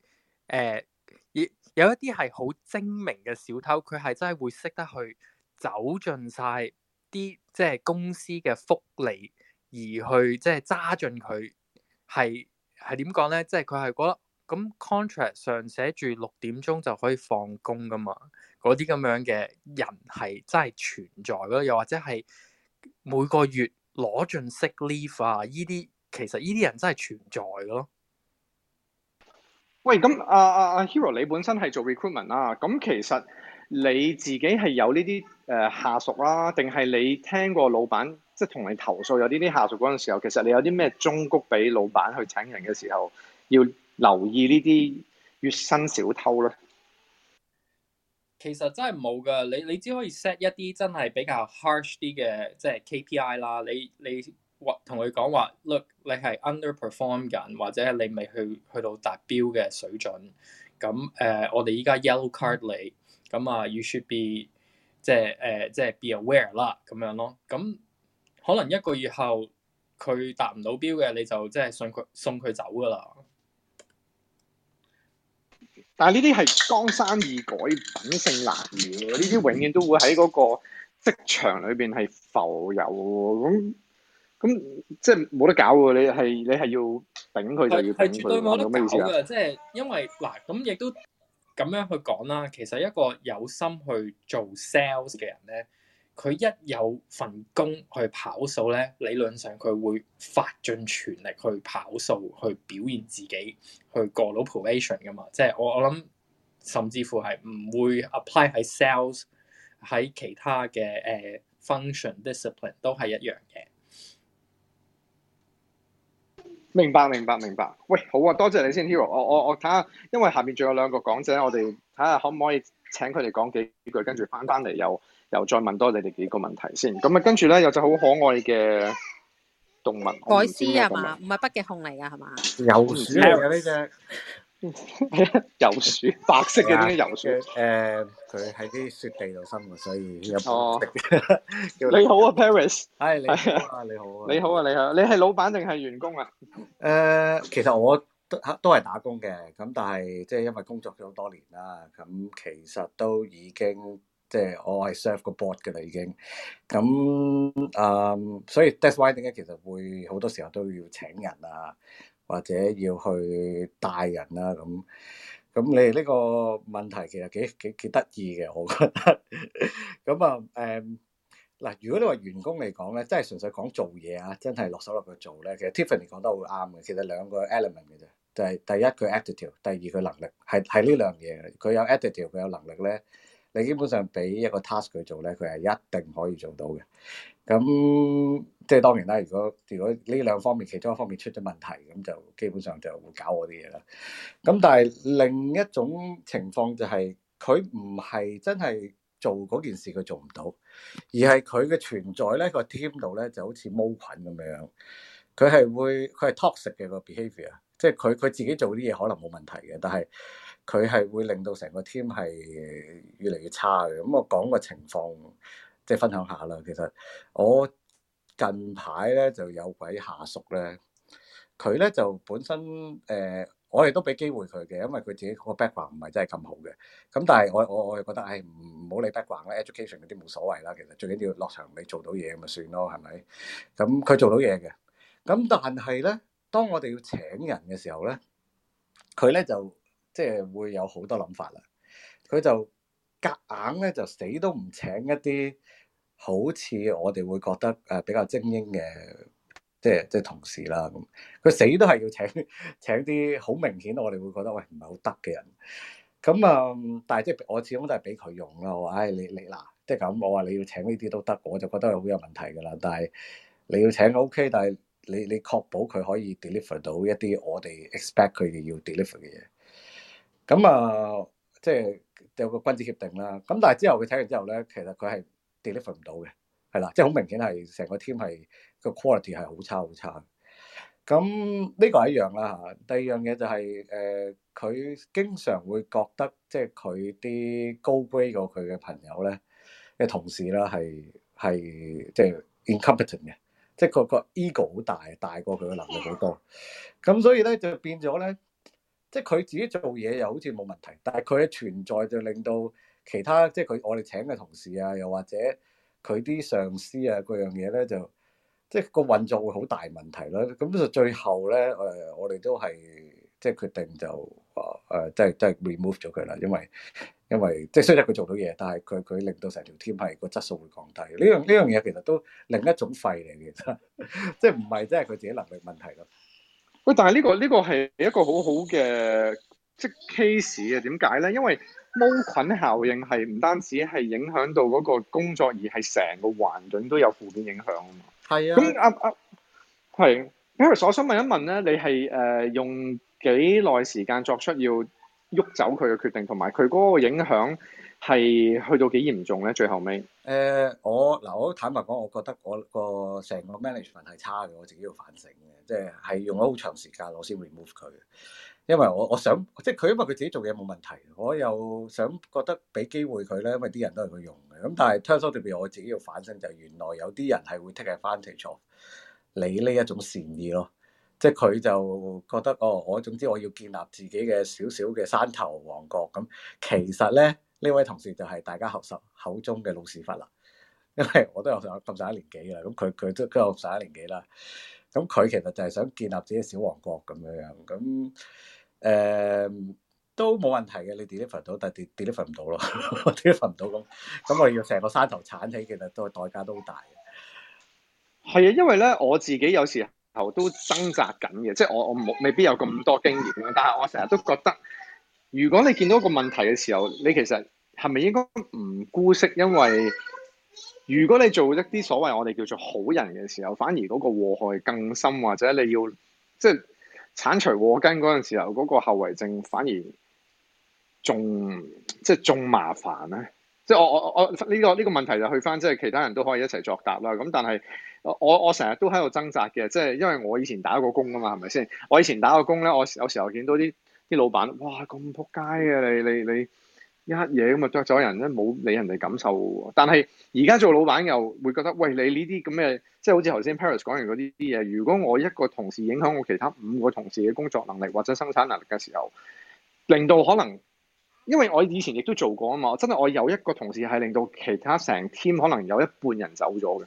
S7: 誒，有有一啲係好精明嘅小偷，佢係真係會識得去走盡晒啲即係公司嘅福利，而去即係揸進佢係係點講咧？即係佢係覺得咁 contract 上寫住六點鐘就可以放工噶嘛？嗰啲咁樣嘅人係真係存在咯，又或者係每個月攞盡 sick leave 啊，依啲其實依啲人真係存在
S3: 咯。喂，咁阿阿阿 Hero，你本身係做 recruitment 啦、啊，咁其實你自己係有呢啲誒下屬啦、啊，定係你聽過老闆即係同你投訴有呢啲下屬嗰陣時候，其實你有啲咩忠告俾老闆去請人嘅時候，要留意呢啲月薪小偷咧？
S7: 其實真係冇㗎，你你只可以 set 一啲真係比較 harsh 啲嘅，即係 KPI 啦。你你話同佢講話，Look，你係 underperform 緊，或者你未去去到達標嘅水準。咁誒，uh, 我哋依家 yellow card 你，咁啊，you should be 即係誒，uh, 即係 be aware 啦，咁樣咯。咁可能一個月後佢達唔到標嘅，你就即係送佢送
S3: 佢走㗎啦。但係呢啲係江山易改，品性難移呢啲永遠都會喺嗰個職場裏邊係浮游咁，咁即係冇得搞喎。你係你係要頂佢就要頂佢，係，係絕對冇得搞，冇得咩意思啊？
S7: 即係因為嗱，咁亦都咁樣去講啦。其實一個有心去做 sales 嘅人咧。佢一有份工去跑數咧，理論上佢會發盡全力去跑數，去表現自己，去過到 probation 噶嘛？即係我我諗，甚至乎係唔會 apply 喺 sales，喺其他嘅誒、uh, function
S3: discipline 都係一樣嘅。明白，明白，明白。喂，好啊，多謝你先，Hero。我我我睇下，因為下面仲有兩個講者，我哋睇下可唔可以請佢哋講幾句，跟住翻翻嚟又。又再問多你哋幾個問題先，咁啊，跟住咧有隻好可愛嘅動物，海獅啊嘛，
S1: 唔係北極熊嚟噶係嘛？
S8: 游鼠啊，呢隻游鼠，白色嘅呢隻游鼠，誒，佢喺啲雪地度生活，所以有白色。你好啊，Paris。係你好啊，你好啊，
S3: 你好
S8: 啊，你好，你係老闆定係員工啊？誒，其實我都都係打工嘅，咁但係即係因為工作咗好多年啦，咁其實都已經。即係我係 serve 個 board 嘅啦，已經咁，誒，所以 that's why 點解其實會好多時候都要請人啊，或者要去帶人啦，咁咁你呢個問題其實幾幾幾得意嘅，我覺得。咁啊誒嗱，如果你話員工嚟講咧，真係純粹講做嘢啊，真係落手落腳做咧，其實 Tiffany 講得好啱嘅，其實兩個 element 嘅啫，就係第一佢 attitude，第二佢能力係係呢兩嘢嘅，佢有 attitude，佢有能力咧。你基本上俾一個 task 佢做咧，佢係一定可以做到嘅。咁即係當然啦。如果如果呢兩方面其中一方面出咗問題，咁就基本上就會搞我啲嘢啦。咁但係另一種情況就係佢唔係真係做嗰件事佢做唔到，而係佢嘅存在咧、個 team 度咧就好似毛菌咁樣，佢係會佢係 toxic 嘅、個 behaviour，即係佢佢自己做啲嘢可能冇問題嘅，但係。佢係會令到成個 team 係越嚟越差嘅，咁、嗯、我講個情況，即係分享下啦。其實我近排咧就有位下屬咧，佢咧就本身誒、呃，我哋都俾機會佢嘅，因為佢自己個 background 唔係真係咁好嘅。咁但係我我我又覺得，誒唔唔好理 background 啦 education 嗰啲冇所謂啦。其實最緊要落場你做到嘢咁咪算咯，係咪？咁佢做到嘢嘅，咁但係咧，當我哋要請人嘅時候咧，佢咧就。即係會有好多諗法啦。佢就夾硬咧，就死都唔請一啲好似我哋會覺得誒比較精英嘅，即係即係同事啦。咁佢死都係要請請啲好明顯，我哋會覺得喂唔係好得嘅人咁啊、嗯。但係即係我始終都係俾佢用啦。我話，唉、哎，你你嗱、啊，即係咁，我話你要請呢啲都得，我就覺得係好有問題㗎啦。但係你要請，OK，但係你你確保佢可以 deliver 到一啲我哋 expect 佢要 deliver 嘅嘢。咁啊，即係有個君子協定啦。咁但係之後佢睇完之後咧，其實佢係 deliver 唔到嘅，係啦，即係好明顯係成個 team 係個 quality 係好差好差。咁呢個係一樣啦嚇。第二樣嘢就係誒，佢經常會覺得即係佢啲高 grade 過佢嘅朋友咧嘅同事啦，係係即係 incompetent 嘅，即係個個 ego 好大，大過佢嘅能力好多。咁所以咧就變咗咧。即係佢自己做嘢又好似冇問題，但係佢嘅存在就令到其他即係佢我哋請嘅同事啊，又或者佢啲上司啊嗰樣嘢咧，就即係個運作會好大問題啦。咁就最後咧，誒、呃、我哋都係即係決定就誒誒、呃，即係即係 remove 咗佢啦。因為因為即係雖然佢做到嘢，但係佢佢令到成條 team 係個質素會降低。呢樣呢樣嘢其實都另一種廢嚟嘅，其 即係唔係真係佢自己能力問題咯。
S3: 喂，但係呢個呢個係一個好好嘅即 case 嘅，點解咧？因為毛菌效應係唔單止係影響到嗰個工作，而係成個環境都有負面影響啊嘛。
S8: 係啊，咁阿阿
S3: 係 Elias，我想問一問咧，你係誒、呃、用幾耐時間作出要喐走佢嘅決定，同埋佢嗰個影響？係去到幾嚴重咧？最後尾
S8: 誒、呃，我嗱，我坦白講，我覺得我,我個成個 management 係差嘅，我自己要反省嘅，即係係用咗好長時間我先 remove 佢，因為我我想即係佢，因為佢自己做嘢冇問題，我又想覺得俾機會佢咧，因為啲人都係佢用嘅。咁但係 turnaround 我自己要反省就原來有啲人係會 take advantage of 你呢一種善意咯，即係佢就覺得哦，我總之我要建立自己嘅少少嘅山頭王國咁，其實咧。呢位同事就係大家口實口中嘅老屎忽啦，因為我都有上六十一年幾啦，咁佢佢都都六十一年幾啦，咁佢其實就係想建立自己小王國咁樣樣，咁誒、呃、都冇問題嘅，你 deliver 到，但係 deliver 唔到咯，deliver 唔到咁，咁 我哋要成個山頭剷起，其實代代價都好大
S3: 嘅。係啊，因為咧我自己有時候都掙扎緊嘅，即係我我未必有咁多經驗，但係我成日都覺得。如果你見到個問題嘅時候，你其實係咪應該唔姑息？因為如果你做一啲所謂我哋叫做好人嘅時候，反而嗰個禍害更深，或者你要即係剷除禍根嗰陣時候，嗰個後遺症反而仲即係仲麻煩咧。即係我我我呢個呢個問題就去翻，即係其他人都可以一齊作答啦。咁但係我我成日都喺度掙扎嘅，即係因為我以前打過工啊嘛，係咪先？我以前打過工咧，我有時候見到啲老闆，哇，咁仆街啊！你，你，你，你一嘢咁啊，着咗人咧，冇理人哋感受。但係而家做老闆又會覺得，喂，你呢啲咁嘅，即係好似頭先 Paris 講完嗰啲啲嘢。如果我一個同事影響我其他五個同事嘅工作能力或者生產能力嘅時候，令到可能因為我以前亦都做過啊嘛，真係我有一個同事係令到其他成 team 可能有一半人走咗嘅。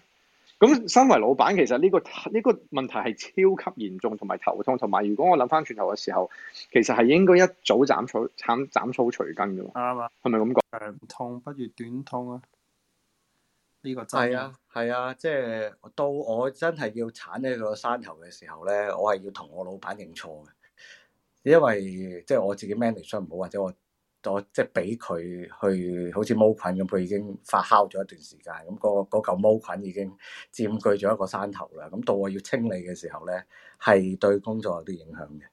S3: 咁身為老闆，其實呢個呢個問題係超級嚴重同埋頭痛，同埋如果我諗翻轉頭嘅時候，其實係應該一早斬草斬斬草除根嘅
S6: 喎。啱啊，係咪咁講？長痛不如短痛啊！呢個真係啊係啊，即係
S8: 到我真係要剷呢個山頭嘅時候咧，我係要同我老闆認錯嘅，因為即係我自己 management 唔好或者我。我即係俾佢去好似毛菌咁，佢已經發酵咗一段時間，咁嗰嗰嚿毛菌已經佔據咗一個山頭啦。咁到我要清理嘅時候咧，係對工作有啲影響嘅。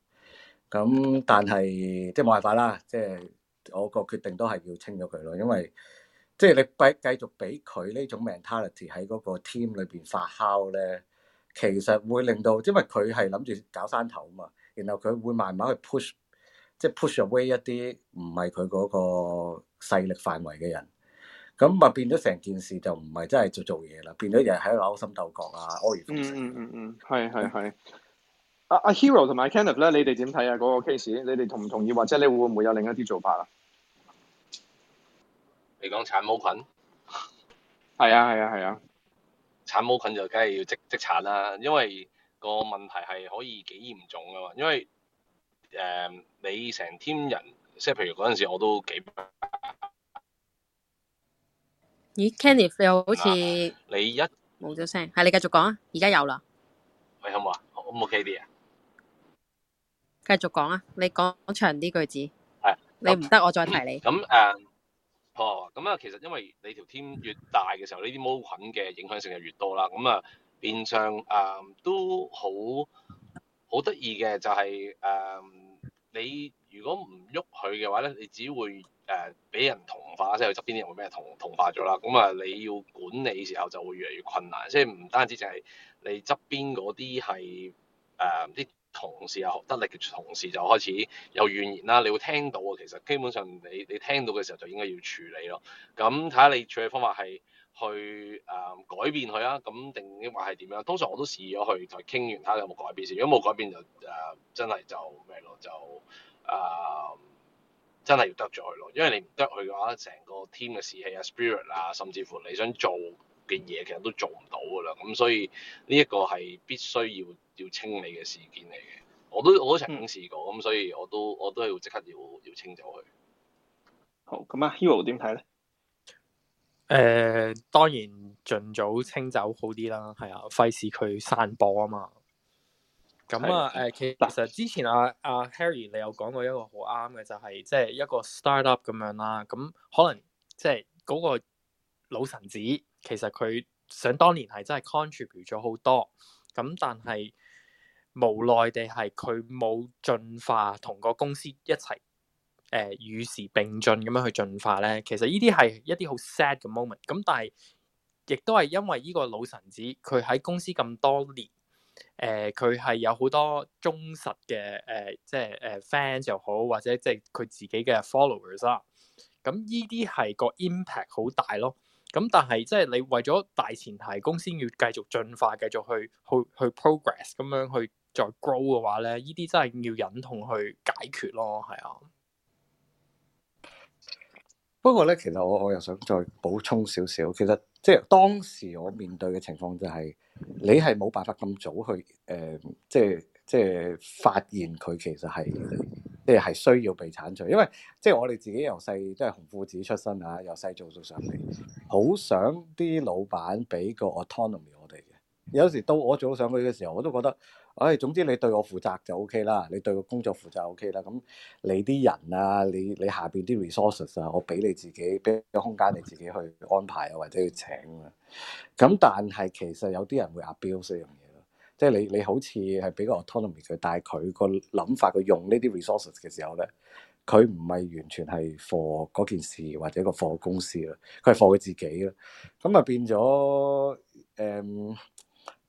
S8: 咁但係即係冇辦法啦，即係我個決定都係要清咗佢咯，因為即係你俾繼續俾佢呢種 mentality 喺嗰個 team 裏邊發酵咧，其實會令到，因為佢係諗住搞山頭啊嘛，然後佢會慢慢去 push。即係 push away 一啲唔係佢嗰個勢力範圍嘅人，咁咪變咗成件事就唔係真係做做嘢啦，變咗人喺度勾心鬥角啊，安於
S3: 嗯嗯嗯嗯，係係係。阿、嗯、阿 Hero 同埋 Kenneth 咧，你哋點睇啊？嗰、嗰個 case，你哋同唔同意，或者你會唔會有另一啲做法啊？
S4: 你講產母菌？係啊係啊係啊！啊啊產母菌就梗係要即即剷啦，因為個問題係可以幾嚴重㗎嘛，因為。誒，你成 team 人，即係譬如嗰陣時，我都幾。
S1: 咦 Kenny 又好似。你一冇咗聲，係你繼續講啊！而家有啦。
S4: 喂，好唔好啊？好唔 OK 啲啊？
S1: 繼續講啊！你講長啲句子。係的。你唔得，嗯、我再提你。咁誒，
S4: 哦，咁啊，其實因為你條 team 越大嘅時候，呢啲毛菌嘅影響性就越多啦。咁、嗯、啊，uh, 變相誒、um, 都好，好得意嘅就係、是、誒。Um, 你如果唔喐佢嘅話咧，你只會誒俾人同化，即係佢側邊啲人會俾人同化咗啦。咁啊，你要管理嘅時候就會越嚟越困難，即係唔單止淨係你側邊嗰啲係誒啲同事啊得力嘅同事就開始有怨言啦，你會聽到啊。其實基本上你你聽到嘅時候就應該要處理咯。咁睇下你處理方法係。去誒、呃、改變佢啊，咁定話係點樣？通常我都試咗去，就傾、是、完睇下有冇改變先。如果冇改變就誒、呃，真係就咩咯？就、呃、誒，真係要得咗佢咯。因為你唔得佢嘅話，成個 team 嘅士氣啊、spirit 啊，甚至乎你想做嘅嘢，其實都做唔到噶啦。咁所以呢一個係必須要要清理嘅事件嚟嘅。我都我都曾經試過，咁、嗯、所以我都我都要即刻要要清走佢。
S5: 好，咁啊，Hero
S7: 點睇咧？誒、呃，當然盡早清走好啲啦，係啊，費事佢散播啊嘛。咁啊，誒，其實之前阿、啊、阿、啊、Harry 你有講過一個好啱嘅，就係即係一個 startup 咁樣啦。咁可能即係個老臣子，其實佢想當年係真係 contribute 咗好多，咁但係無奈地係佢冇進化同個公司一齊。誒、呃、與時並進咁樣去進化咧，其實呢啲係一啲好 sad 嘅 moment。咁但係亦都係因為呢個老臣子，佢喺公司咁多年，誒佢係有好多忠實嘅誒、呃，即係誒、呃、fans 又好，或者即係佢自己嘅 followers 啦、啊。咁呢啲係個 impact 好大咯。咁但係即係你為咗大前提公司要繼續進化，繼續去去去 progress 咁樣去再 grow 嘅話咧，呢啲真係要忍痛去解決咯。係啊。
S8: 不過咧，其實我我又想再補充少少，其實即係當時我面對嘅情況就係，是，你係冇辦法咁早去誒，即係即係發現佢其實係，即係係需要被剷除，因為即係我哋自己由細都係紅褲子出身嚇，由細做到上嚟，好想啲老闆俾個 autonomy 我哋嘅，有時到我做上去嘅時候，我都覺得。唉、哎，總之你對我負責就 OK 啦，你對個工作負責 OK 啦。咁你啲人啊，你你下邊啲 resources 啊，我俾你自己，俾個空間你自己去安排啊，或者去請啊。咁但係其實有啲人會 abuse 呢樣嘢咯，即係，你你好似係俾個 autonomy 佢，但係佢個諗法佢用呢啲 resources 嘅時候咧，佢唔係完全係 for 嗰件事或者個 for 公司咯，佢係 for 佢自己咯。咁啊變咗誒。嗯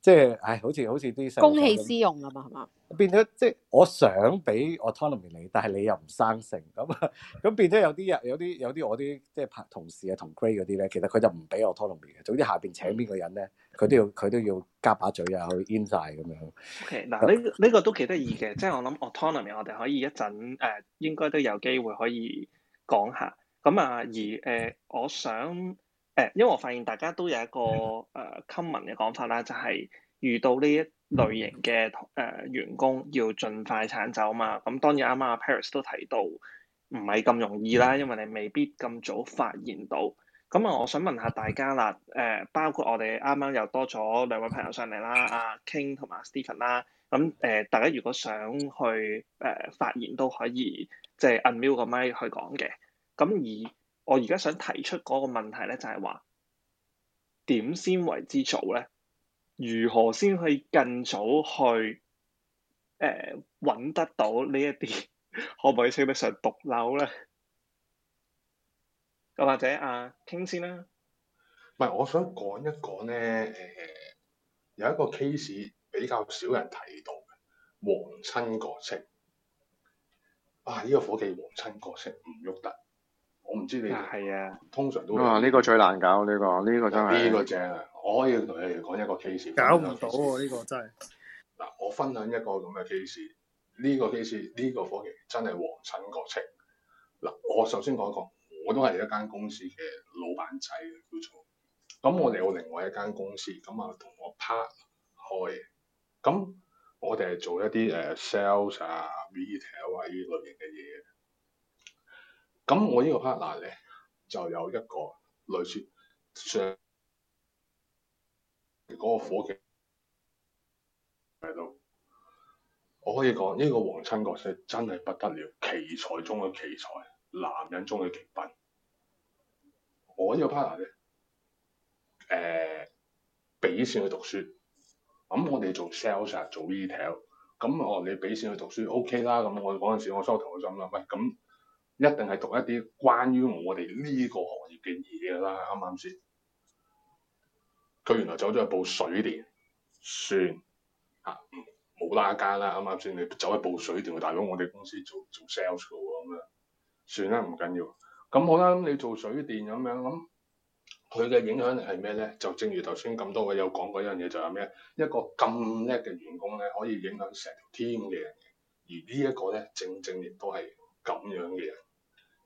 S8: 即係、就是，唉，好似好似啲公器私
S1: 用啊嘛，係
S8: 嘛？變咗即係我想俾 autonomy 你，但係你又唔生性咁，咁變咗有啲人，有啲有啲我啲即係拍同事啊同 grade 嗰啲咧，其實佢就唔俾 autonomy 嘅。總之下邊請邊個人咧，佢都要佢都要夾把嘴啊，去 in 晒。咁樣。
S5: O K，嗱呢呢個都幾得意嘅，即係 我諗 autonomy 我哋可以一陣誒、呃，應該都有機會可以講下咁啊。而誒、呃呃呃，我想。誒，因為我發現大家都有一個誒、呃、common 嘅講法啦，就係、是、遇到呢一類型嘅誒、呃、員工，要盡快剷走嘛。咁、嗯、當然啱啱阿 Paris 都提到，唔係咁容易啦，因為你未必咁早發現到。咁、嗯、啊、嗯，我想問下大家啦，誒、呃，包括我哋啱啱又多咗兩位朋友上嚟啦，阿、啊、King 同埋 Stephen 啦。咁、嗯、誒、呃，大家如果想去誒、呃、發言，都可以即係 unmute 個麥去講嘅。咁、嗯、而我而家想提出嗰個問題咧，就係話點先為之早咧？如何先可以更早去誒揾、呃、得到呢一啲可唔可以稱得上毒瘤咧？
S9: 又或者啊，傾先啦。唔係，我想講一講咧誒，有一個 case 比較少人睇到嘅皇親國戚。啊！呢、這個伙計皇親國戚唔喐得。唔知你係啊？通常都啊，呢個
S3: 最難搞，呢、這個呢、這個真係呢個正
S9: 啊！我可以同你哋講一個 case，搞唔到喎，呢釋個真係嗱，我分享一個咁嘅 case。呢個 case 呢個伙計真係皇親國戚。嗱，我首先講個，
S2: 我都係一
S9: 間公司嘅老闆仔叫做。咁我哋有另外一間公司，咁啊同我 partner 開。咁我哋係做一啲誒、uh, sales 啊、retail 啊呢類型嘅嘢。咁我呢個 partner 咧就有一個類似上嗰個夥計喺度，我可以講呢個皇親國戚真係不得了，奇才中嘅奇才，男人中嘅極品。我呢個 partner 咧，誒俾錢去讀書，咁我哋做 sales 做 retail，咁我你俾錢去讀書 OK 啦，咁我嗰陣時我收徒弟就諗啦，喂咁。一定係讀一啲關於我哋呢個行業嘅嘢啦，啱啱先？佢原來走咗去報水電，算吓，冇、啊嗯、拉家啦，啱啱先？你走去報水電，大佬我哋公司做做 sales 咁樣、嗯、算啦，唔緊要。咁、嗯、好啦，咁你做水電咁樣，咁佢嘅影響力係咩咧？就正如頭先咁多位有講過一樣嘢，就係、是、咩？一個咁叻嘅員工咧，可以影響成天嘅人，而呢一個咧，正正亦都係咁樣嘅人。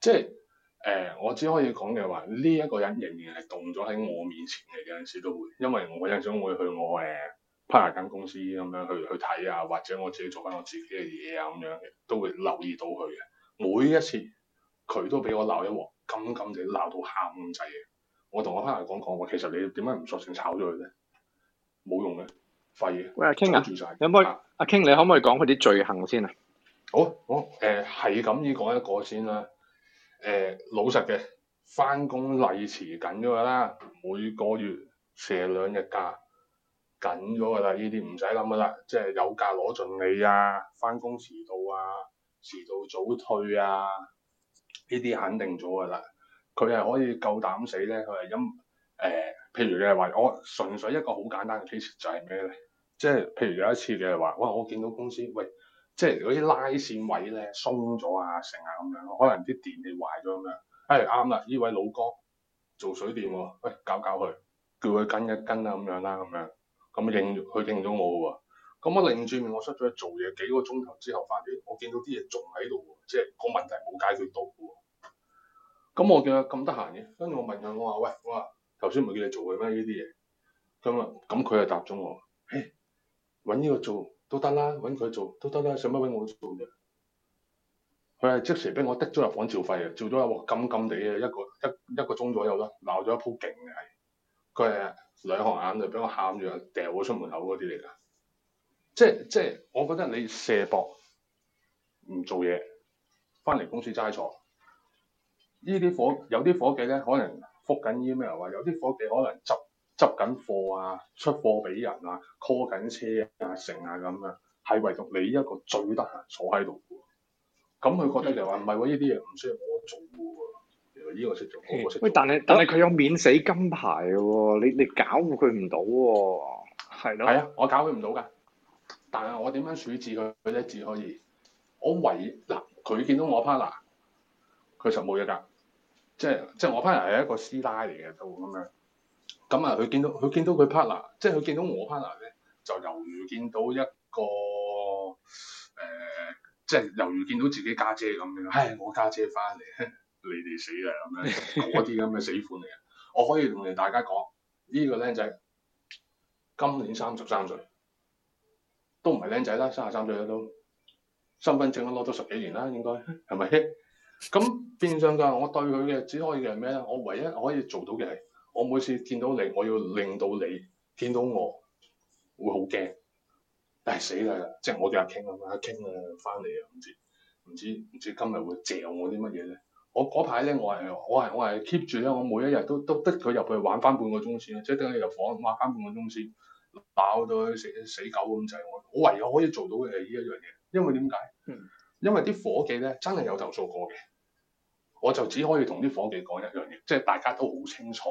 S9: 即係誒，我只可以講嘅話，呢、這、一個人仍然係動咗喺我面前嚟，有陣時都會，因為我有陣會去我誒 partner 間公司咁樣去去睇啊，或者我自己做翻我自己嘅嘢啊，咁樣嘅都會留意到佢嘅。每一次佢都俾我鬧一鑊，咁咁就鬧到喊咁滯嘅。我同我 partner 講講話，其實你點解唔索性炒咗佢咧？冇用嘅，廢，專注晒。可唔可
S3: 以，阿 King，你可唔可以講佢啲罪行先啊？
S9: 好，我誒係咁依講一個先啦。誒老實嘅，翻工例遲緊咗㗎啦，每個月射兩日假緊咗㗎啦，呢啲唔使諗㗎啦，即係有假攞盡你啊，翻工遲到啊，遲到早退啊，呢啲肯定咗㗎啦。佢係可以夠膽死咧，佢係因誒，譬如你係話，我純粹一個好簡單嘅 case 就係咩咧，即係譬如有一次嘅話，哇，我見到公司喂。即係嗰啲拉線位咧鬆咗啊，成啊咁樣，可能啲電器壞咗咁樣。誒啱啦，呢位老哥做水電喎，喂，搞搞佢，叫佢跟一跟啦咁樣啦，咁樣咁應佢應咗我喎。咁我擰住面，我出咗去做嘢幾個鐘頭之後，發現我見到啲嘢仲喺度喎，即係個問題冇解決到喎。咁我見佢咁得閒嘅，跟住我問佢，我話喂，我話頭先唔係叫你做嘅咩呢啲嘢？咁啊咁佢又答咗我，誒揾呢個做。都得啦，揾佢做都得啦，使乜揾我做嘅。佢係即時俾我滴咗入房照肺，啊，照咗一,一鑊金金地嘅一個一一個鐘左右啦，鬧咗一鋪勁嘅。佢係兩行眼就俾我喊住掉咗出門口嗰啲嚟㗎。即即我覺得你卸博唔做嘢，翻嚟公司齋坐。伙伙呢啲夥有啲夥計咧，可能覆緊 email 啊，話有啲夥計可能執。執緊貨啊，出貨俾人啊，call 緊車啊，成啊咁樣，係唯獨你一個最得閒坐喺度喎。咁佢覺得你話唔係喎，呢啲嘢唔需要我做喎。呢、呢個識做，呢唔識做。欸、喂，但係但係佢有免死金牌嘅、啊、喎，你你搞佢唔到喎。係咯。係啊，我搞佢唔到㗎。但係我點樣處置佢佢咧？只可以，我唯嗱佢、啊、見到我 partner，佢實冇嘢㗎。即係即係我 partner 係一個師奶嚟嘅都咁樣。咁啊！佢見到佢見到佢 partner，即係佢見到我 partner 咧，就猶如見到一個誒，即、呃、係、就是、猶如見到自己家姐咁樣。係、哎、我家姐翻嚟，你哋死啦咁樣，嗰啲咁嘅死款嚟嘅。 我可以同你大家講，呢、這個僆仔今年三十三歲，都唔係僆仔啦，三十三歲啦都，身份證都攞咗十幾年啦，應該係咪？咁變相嘅，我對佢嘅只可以嘅係咩咧？我唯一可以做到嘅係。我每次見到你，我要令到你見到我會好驚。唉，死啦！即係我哋阿 King 啊，阿 King 啊，翻嚟啊，唔知唔知唔知今日會嚼我啲乜嘢咧？我嗰排咧，我係我係我係 keep 住咧，我每一日都都逼佢入去玩翻半個鐘先，即係等佢入房玩翻半個鐘先，鬧到佢死死狗咁滯。就是、我我唯有可以做到嘅係呢一樣嘢，因為點解？嗯、因為啲伙計咧真係有投訴過嘅，我就只可以同啲伙計講一樣嘢，即係大家都好清楚。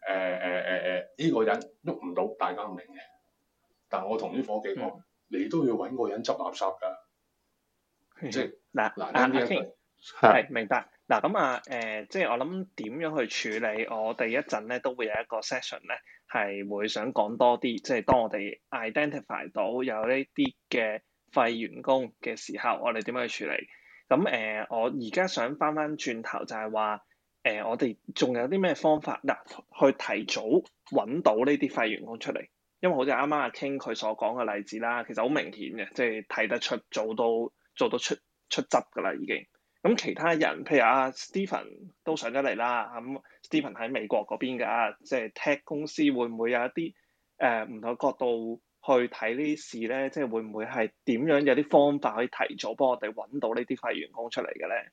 S9: 誒誒誒誒，依、呃呃呃呢個人喐唔到，大家唔明嘅。但我同啲伙計講，嗯、你都要揾個人執垃圾㗎。嗱、嗯，
S5: 啱
S9: 啱先係明白。嗱咁啊，誒、呃，即係我諗
S5: 點樣去處理我？我哋一陣咧都會有一個 session 咧，係會想講多啲。即係當我哋 identify 到有呢啲嘅廢員工嘅時候，我哋點樣去處理？咁誒、呃，我而家想翻翻轉頭就，就係話。誒、呃，我哋仲有啲咩方法嗱、啊，去提早揾到呢啲廢員工出嚟？因為好似啱啱阿 King 佢所講嘅例子啦，其實好明顯嘅，即係睇得出做到做到出出汁噶啦已經。咁、嗯、其他人，譬如阿、啊、Stephen 都上咗嚟啦，咁、嗯、Stephen 喺美國嗰邊嘅，即係 Tech 公司會唔會有一啲誒唔同角度去睇呢啲事咧？即、就、係、是、會唔會係點樣有啲方法可以提早
S10: 幫我哋揾到呢啲廢員工出嚟嘅咧？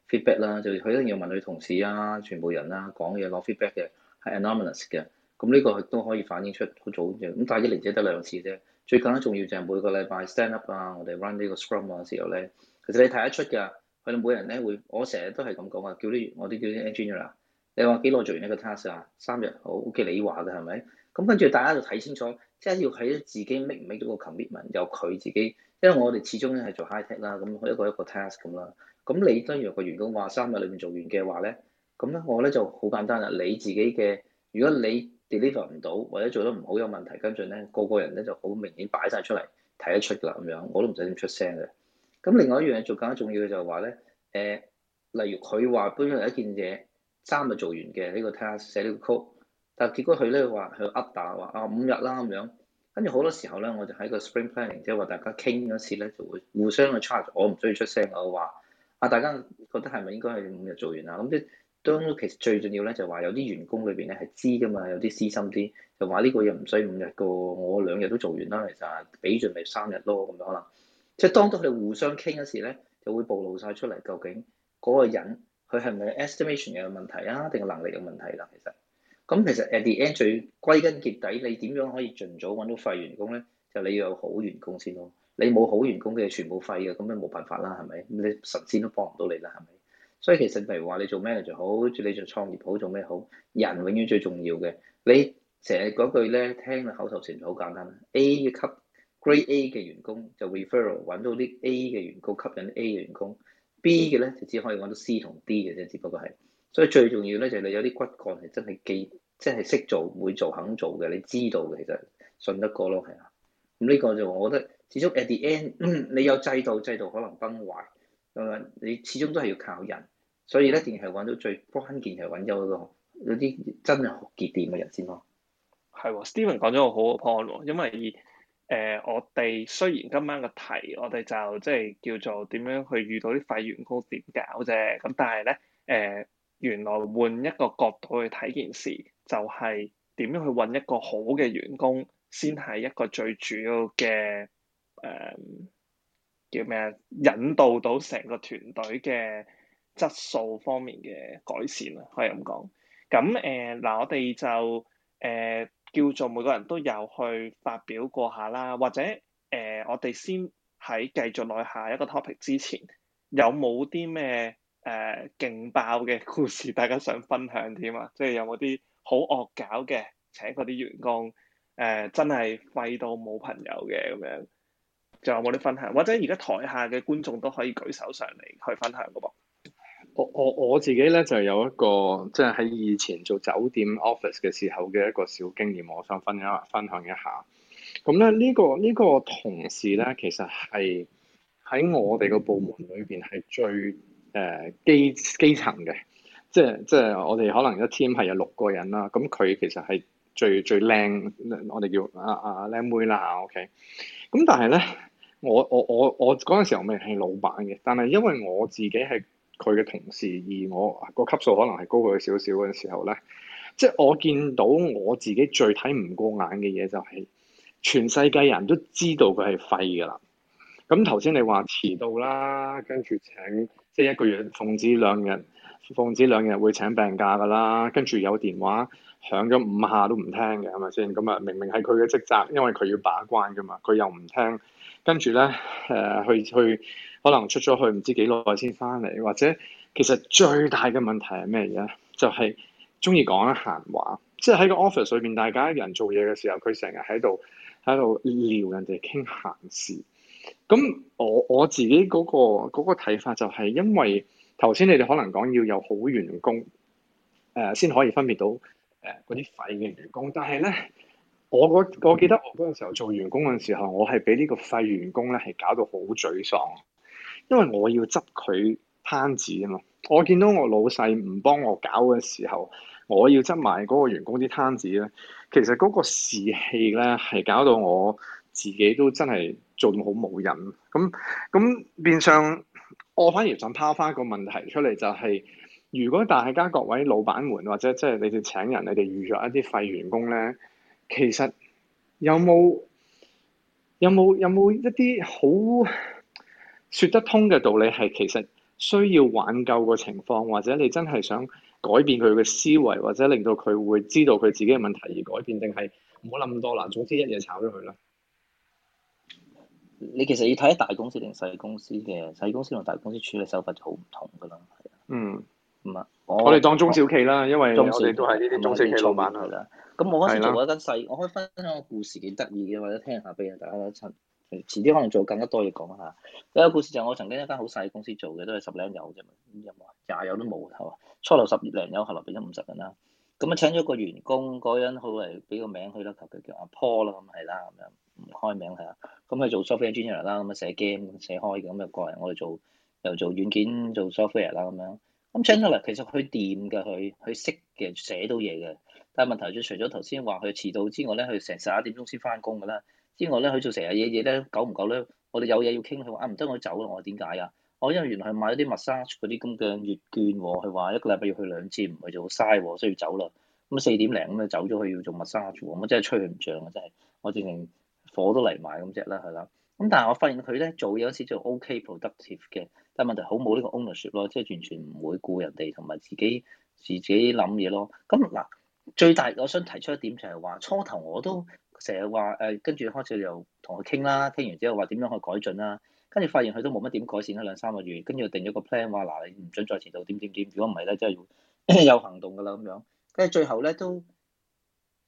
S10: feedback 啦，feed back，就佢一定要問女同事啊，全部人啦講嘢攞 feedback 嘅係 anonymous 嘅。咁呢個亦都可以反映出好早嘅。咁但係一年只得兩次啫。最近咧重要就係每個禮拜 stand up 啊，我哋 run 呢個 scrum 嘅時候咧，其實你睇得出㗎。佢哋每人咧會，我成日都係咁講啊，叫啲我啲叫啲 engineer。你話幾耐做完一個 task 啊？三日好 OK，你話嘅係咪？咁跟住大家就睇清楚，即係要喺自己 make 唔 make 到個 commitment，由佢自己。因為我哋始終係做 high tech 啦，咁一個一個 task 咁啦。咁你都約個員工話三日裏面做完嘅話咧，咁咧我咧就好簡單啦。你自己嘅，如果你 deliver 唔到或者做得唔好有問題，跟住咧個個人咧就好明顯擺晒出嚟睇得出㗎啦。咁樣我都唔使點出聲嘅。咁另外一樣嘢做更加重要嘅就係話咧，誒、欸，例如佢話本身係一件嘢三日做完嘅，呢、這個睇下寫呢個 code，但係結果佢咧話佢 update 話啊五日啦咁樣，跟住好多時候咧我就喺個 spring planning 即係話大家傾嗰時咧就會互相嘅 chat 我唔需要出聲我話。啊！大家覺得係咪應該係五日做完啊？咁即當其實最重要咧，就話有啲員工裏邊咧係知噶嘛，有啲私心啲，就話呢個嘢唔使五日㗎，我兩日都做完啦，其實俾盡咪三日咯，咁樣可能即當到佢哋互相傾嘅時咧，就會暴露晒出嚟究竟嗰個人佢係咪 estimation 嘅問題啊，定係能力嘅問題啦、啊？其實咁其實 at the end 最歸根結底，你點樣可以盡早揾到廢員工咧？就你要有好員工先咯。你冇好員工嘅全部廢嘅，咁咪冇辦法啦？係咪？你神仙都幫唔到你啦？係咪？所以其實譬如話你做 manager 好，好似你做創業好，做咩好？人永遠最重要嘅。你成日嗰句咧，聽口頭禪好簡單啦。A 級 grade A 嘅員工就 referral 揾到啲 A 嘅員工，吸引 A 嘅員工。B 嘅咧就只可以揾到 C 同 D 嘅啫，只不過係。所以最重要咧就係你有啲骨幹係真係記，即係識做、會做、肯做嘅，你知道嘅，其實信得過咯，係啊。咁呢個就我覺得。始終 at the end，你有制度，制度可能崩壞咁樣。你始終都係要靠人，所以咧，一定係揾到最關鍵係揾咗咯。有啲真係傑電嘅人先咯。係 Steven 講
S5: 咗個好嘅 point，因為誒、呃，我哋雖然今晚嘅題，我哋就即係、就是、叫做點樣去遇到啲廢員工點搞啫？咁但係咧誒，原來換一個角度去睇件事，就係、是、點樣去揾一個好嘅員工，先係一個最主要嘅。誒，um, 叫咩啊？引導到成個團隊嘅質素方面嘅改善啦，可以咁講。咁誒，嗱、呃，我哋就誒、呃、叫做每個人都有去發表過下啦，或者誒、呃，我哋先喺繼續落去下一個 topic 之前，有冇啲咩誒勁爆嘅故事？大家想分享添啊？即係有冇啲好惡搞嘅，請嗰啲員工誒、呃、真係廢到冇朋友嘅咁樣？仲有冇分享？或者而家台下嘅觀眾都可以舉手上嚟去分享噶噃。我我
S3: 我自己咧就有一個，即係喺以前做酒店 office 嘅時候嘅一個小經驗，我想分一分享一下。咁咧呢個呢、呢個同事咧，其實係喺我哋個部門裏邊係最誒、呃、基基層嘅。即係即係我哋可能一 team 係有六個人啦。咁、嗯、佢其實係最最靚，我哋叫阿阿靚妹啦。OK，咁、嗯、但係咧。我我我我嗰陣時候未係老闆嘅，但係因為我自己係佢嘅同事，而我個級數可能係高佢少少嘅時候咧，即係我見到我自己最睇唔過眼嘅嘢就係、是、全世界人都知道佢係廢㗎啦。咁頭先你話遲到啦，跟住請即係一個月奉旨兩日奉旨兩日會請病假㗎啦，跟住有電話響咗五下都唔聽嘅係咪先？咁啊明明係佢嘅職責，因為佢要把關㗎嘛，佢又唔聽。跟住咧，誒、呃、去去，可能出咗去唔知幾耐先翻嚟，或者其實最大嘅問題係咩嘢咧？就係中意講閒話，即係喺個 office 裏邊，大家人做嘢嘅時候，佢成日喺度喺度撩人哋傾閒事。咁我我自己嗰、嗰個睇、嗰個、法就係，因為頭先你哋可能講要有好員工，誒、呃、先可以分別到誒嗰啲廢嘅員工，但係咧。我我我記得我嗰個時候做員工嗰陣時候，我係俾呢個廢員工咧，係搞到好沮喪。因為我要執佢攤子啊嘛！我見到我老細唔幫我搞嘅時候，我要執埋嗰個員工啲攤子咧，其實嗰個士氣咧係搞到我自己都真係做到好冇癮。咁咁變相，我反而想拋翻個問題出嚟，就是，就係如果大家各位老闆們，或者即係你哋請人，你哋預約一啲廢員工咧。其實有冇有冇有冇一啲好說得通嘅道理係其實需要挽救嘅情況，或者你真係想改變佢嘅思維，或者令到佢會知道佢自己嘅問題而改變，
S10: 定係唔好諗咁多啦。總之一嘢炒咗佢啦。
S8: 你其實要
S3: 睇
S10: 大公司定細公司嘅，細公司同大公司處理手法就好唔同㗎喇。嗯。唔啊！我哋當中小企啦，因為我哋都係呢啲中小企老闆係啦。咁我嗰時做嗰間細，的我可以分享個故事幾得意嘅，或者聽下俾大家一陣。遲啲可能做更加多嘢講一下。有、那、一個故事就係我曾經一間好細公司做嘅，都係十零友啫，廿友都冇係嘛。初頭、十零友，後來變咗五十咁啦。咁啊請咗個員工嗰人，好嚟俾個名佢，啦，求其叫阿 Paul 啦，咁係啦咁樣，唔開名係啊。咁佢做 software engineer 啦，咁啊寫 game 寫開咁啊、過嚟我哋做又做軟件做 software 啦咁樣。咁 Charles 其實佢掂㗎，佢佢識嘅寫到嘢嘅。但係問題就除咗頭先話佢遲到之外咧，佢成十一點鐘先返工㗎啦。之外咧，佢做成日嘢嘢咧，久唔久咧？我哋有嘢要傾，佢話啊唔得，我走咯。我點解啊？我因為原來佢買咗啲 massage 嗰啲咁嘅月券喎。佢話一個禮拜要去兩次，唔係就嘥，所以要走咯。
S2: 咁四點
S10: 零咁就走咗，佢要做 massage 喎。咁真係吹佢唔漲啊！真係，我直情火都嚟埋咁啫啦，係啦。咁但係我發現佢咧做嘢嗰時就 OK productive 嘅。問題好冇呢個 ownership 咯，即係完全唔會顧人哋同埋自己自己諗嘢咯。咁嗱，最大我想提出一點就係、是、話，初頭我都成日話誒，跟、呃、住開始又同佢傾啦，傾完之後話點樣去改進啦，跟住發現佢都冇乜點改善啦兩三個月，跟住又定咗個 plan 話嗱、呃，你唔准再遲到點點點，如果唔係咧，真係有行動噶啦咁樣。跟住最後咧都，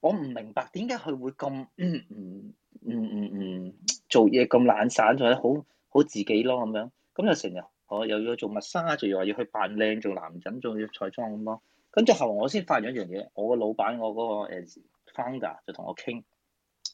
S10: 我唔明白點解佢會咁唔唔唔唔做嘢咁懶散，或者好好自己咯咁樣，咁又成日。我又要做蜜砂，仲要話要去扮靚，做男人，仲要彩妝咁咯。跟住後嚟，我先發現一樣嘢，我個老闆我嗰個誒 founder 就同我傾，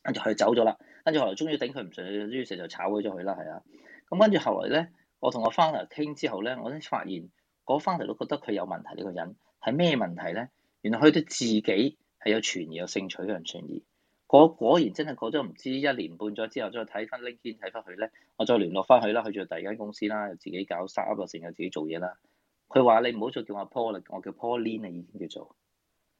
S10: 跟住佢走咗啦。跟住後，後來終於頂佢唔順，於是就炒咗佢啦，係啊。咁跟住後來咧，我同我 founder 傾之後咧，我先發現嗰 founder 都覺得佢有問題呢、這個人，係咩問題咧？原來佢對自己係有存疑，有性取向存疑。果果然真係過咗唔知一年半咗之後，再睇翻 LinkedIn 睇翻佢咧，我再聯絡翻佢啦，去咗第二間公司啦，又自己搞沙盒啊，成日自己做嘢啦。佢話，你唔好再叫我 Paul 啦，我叫 Pauline 啊，已經叫做。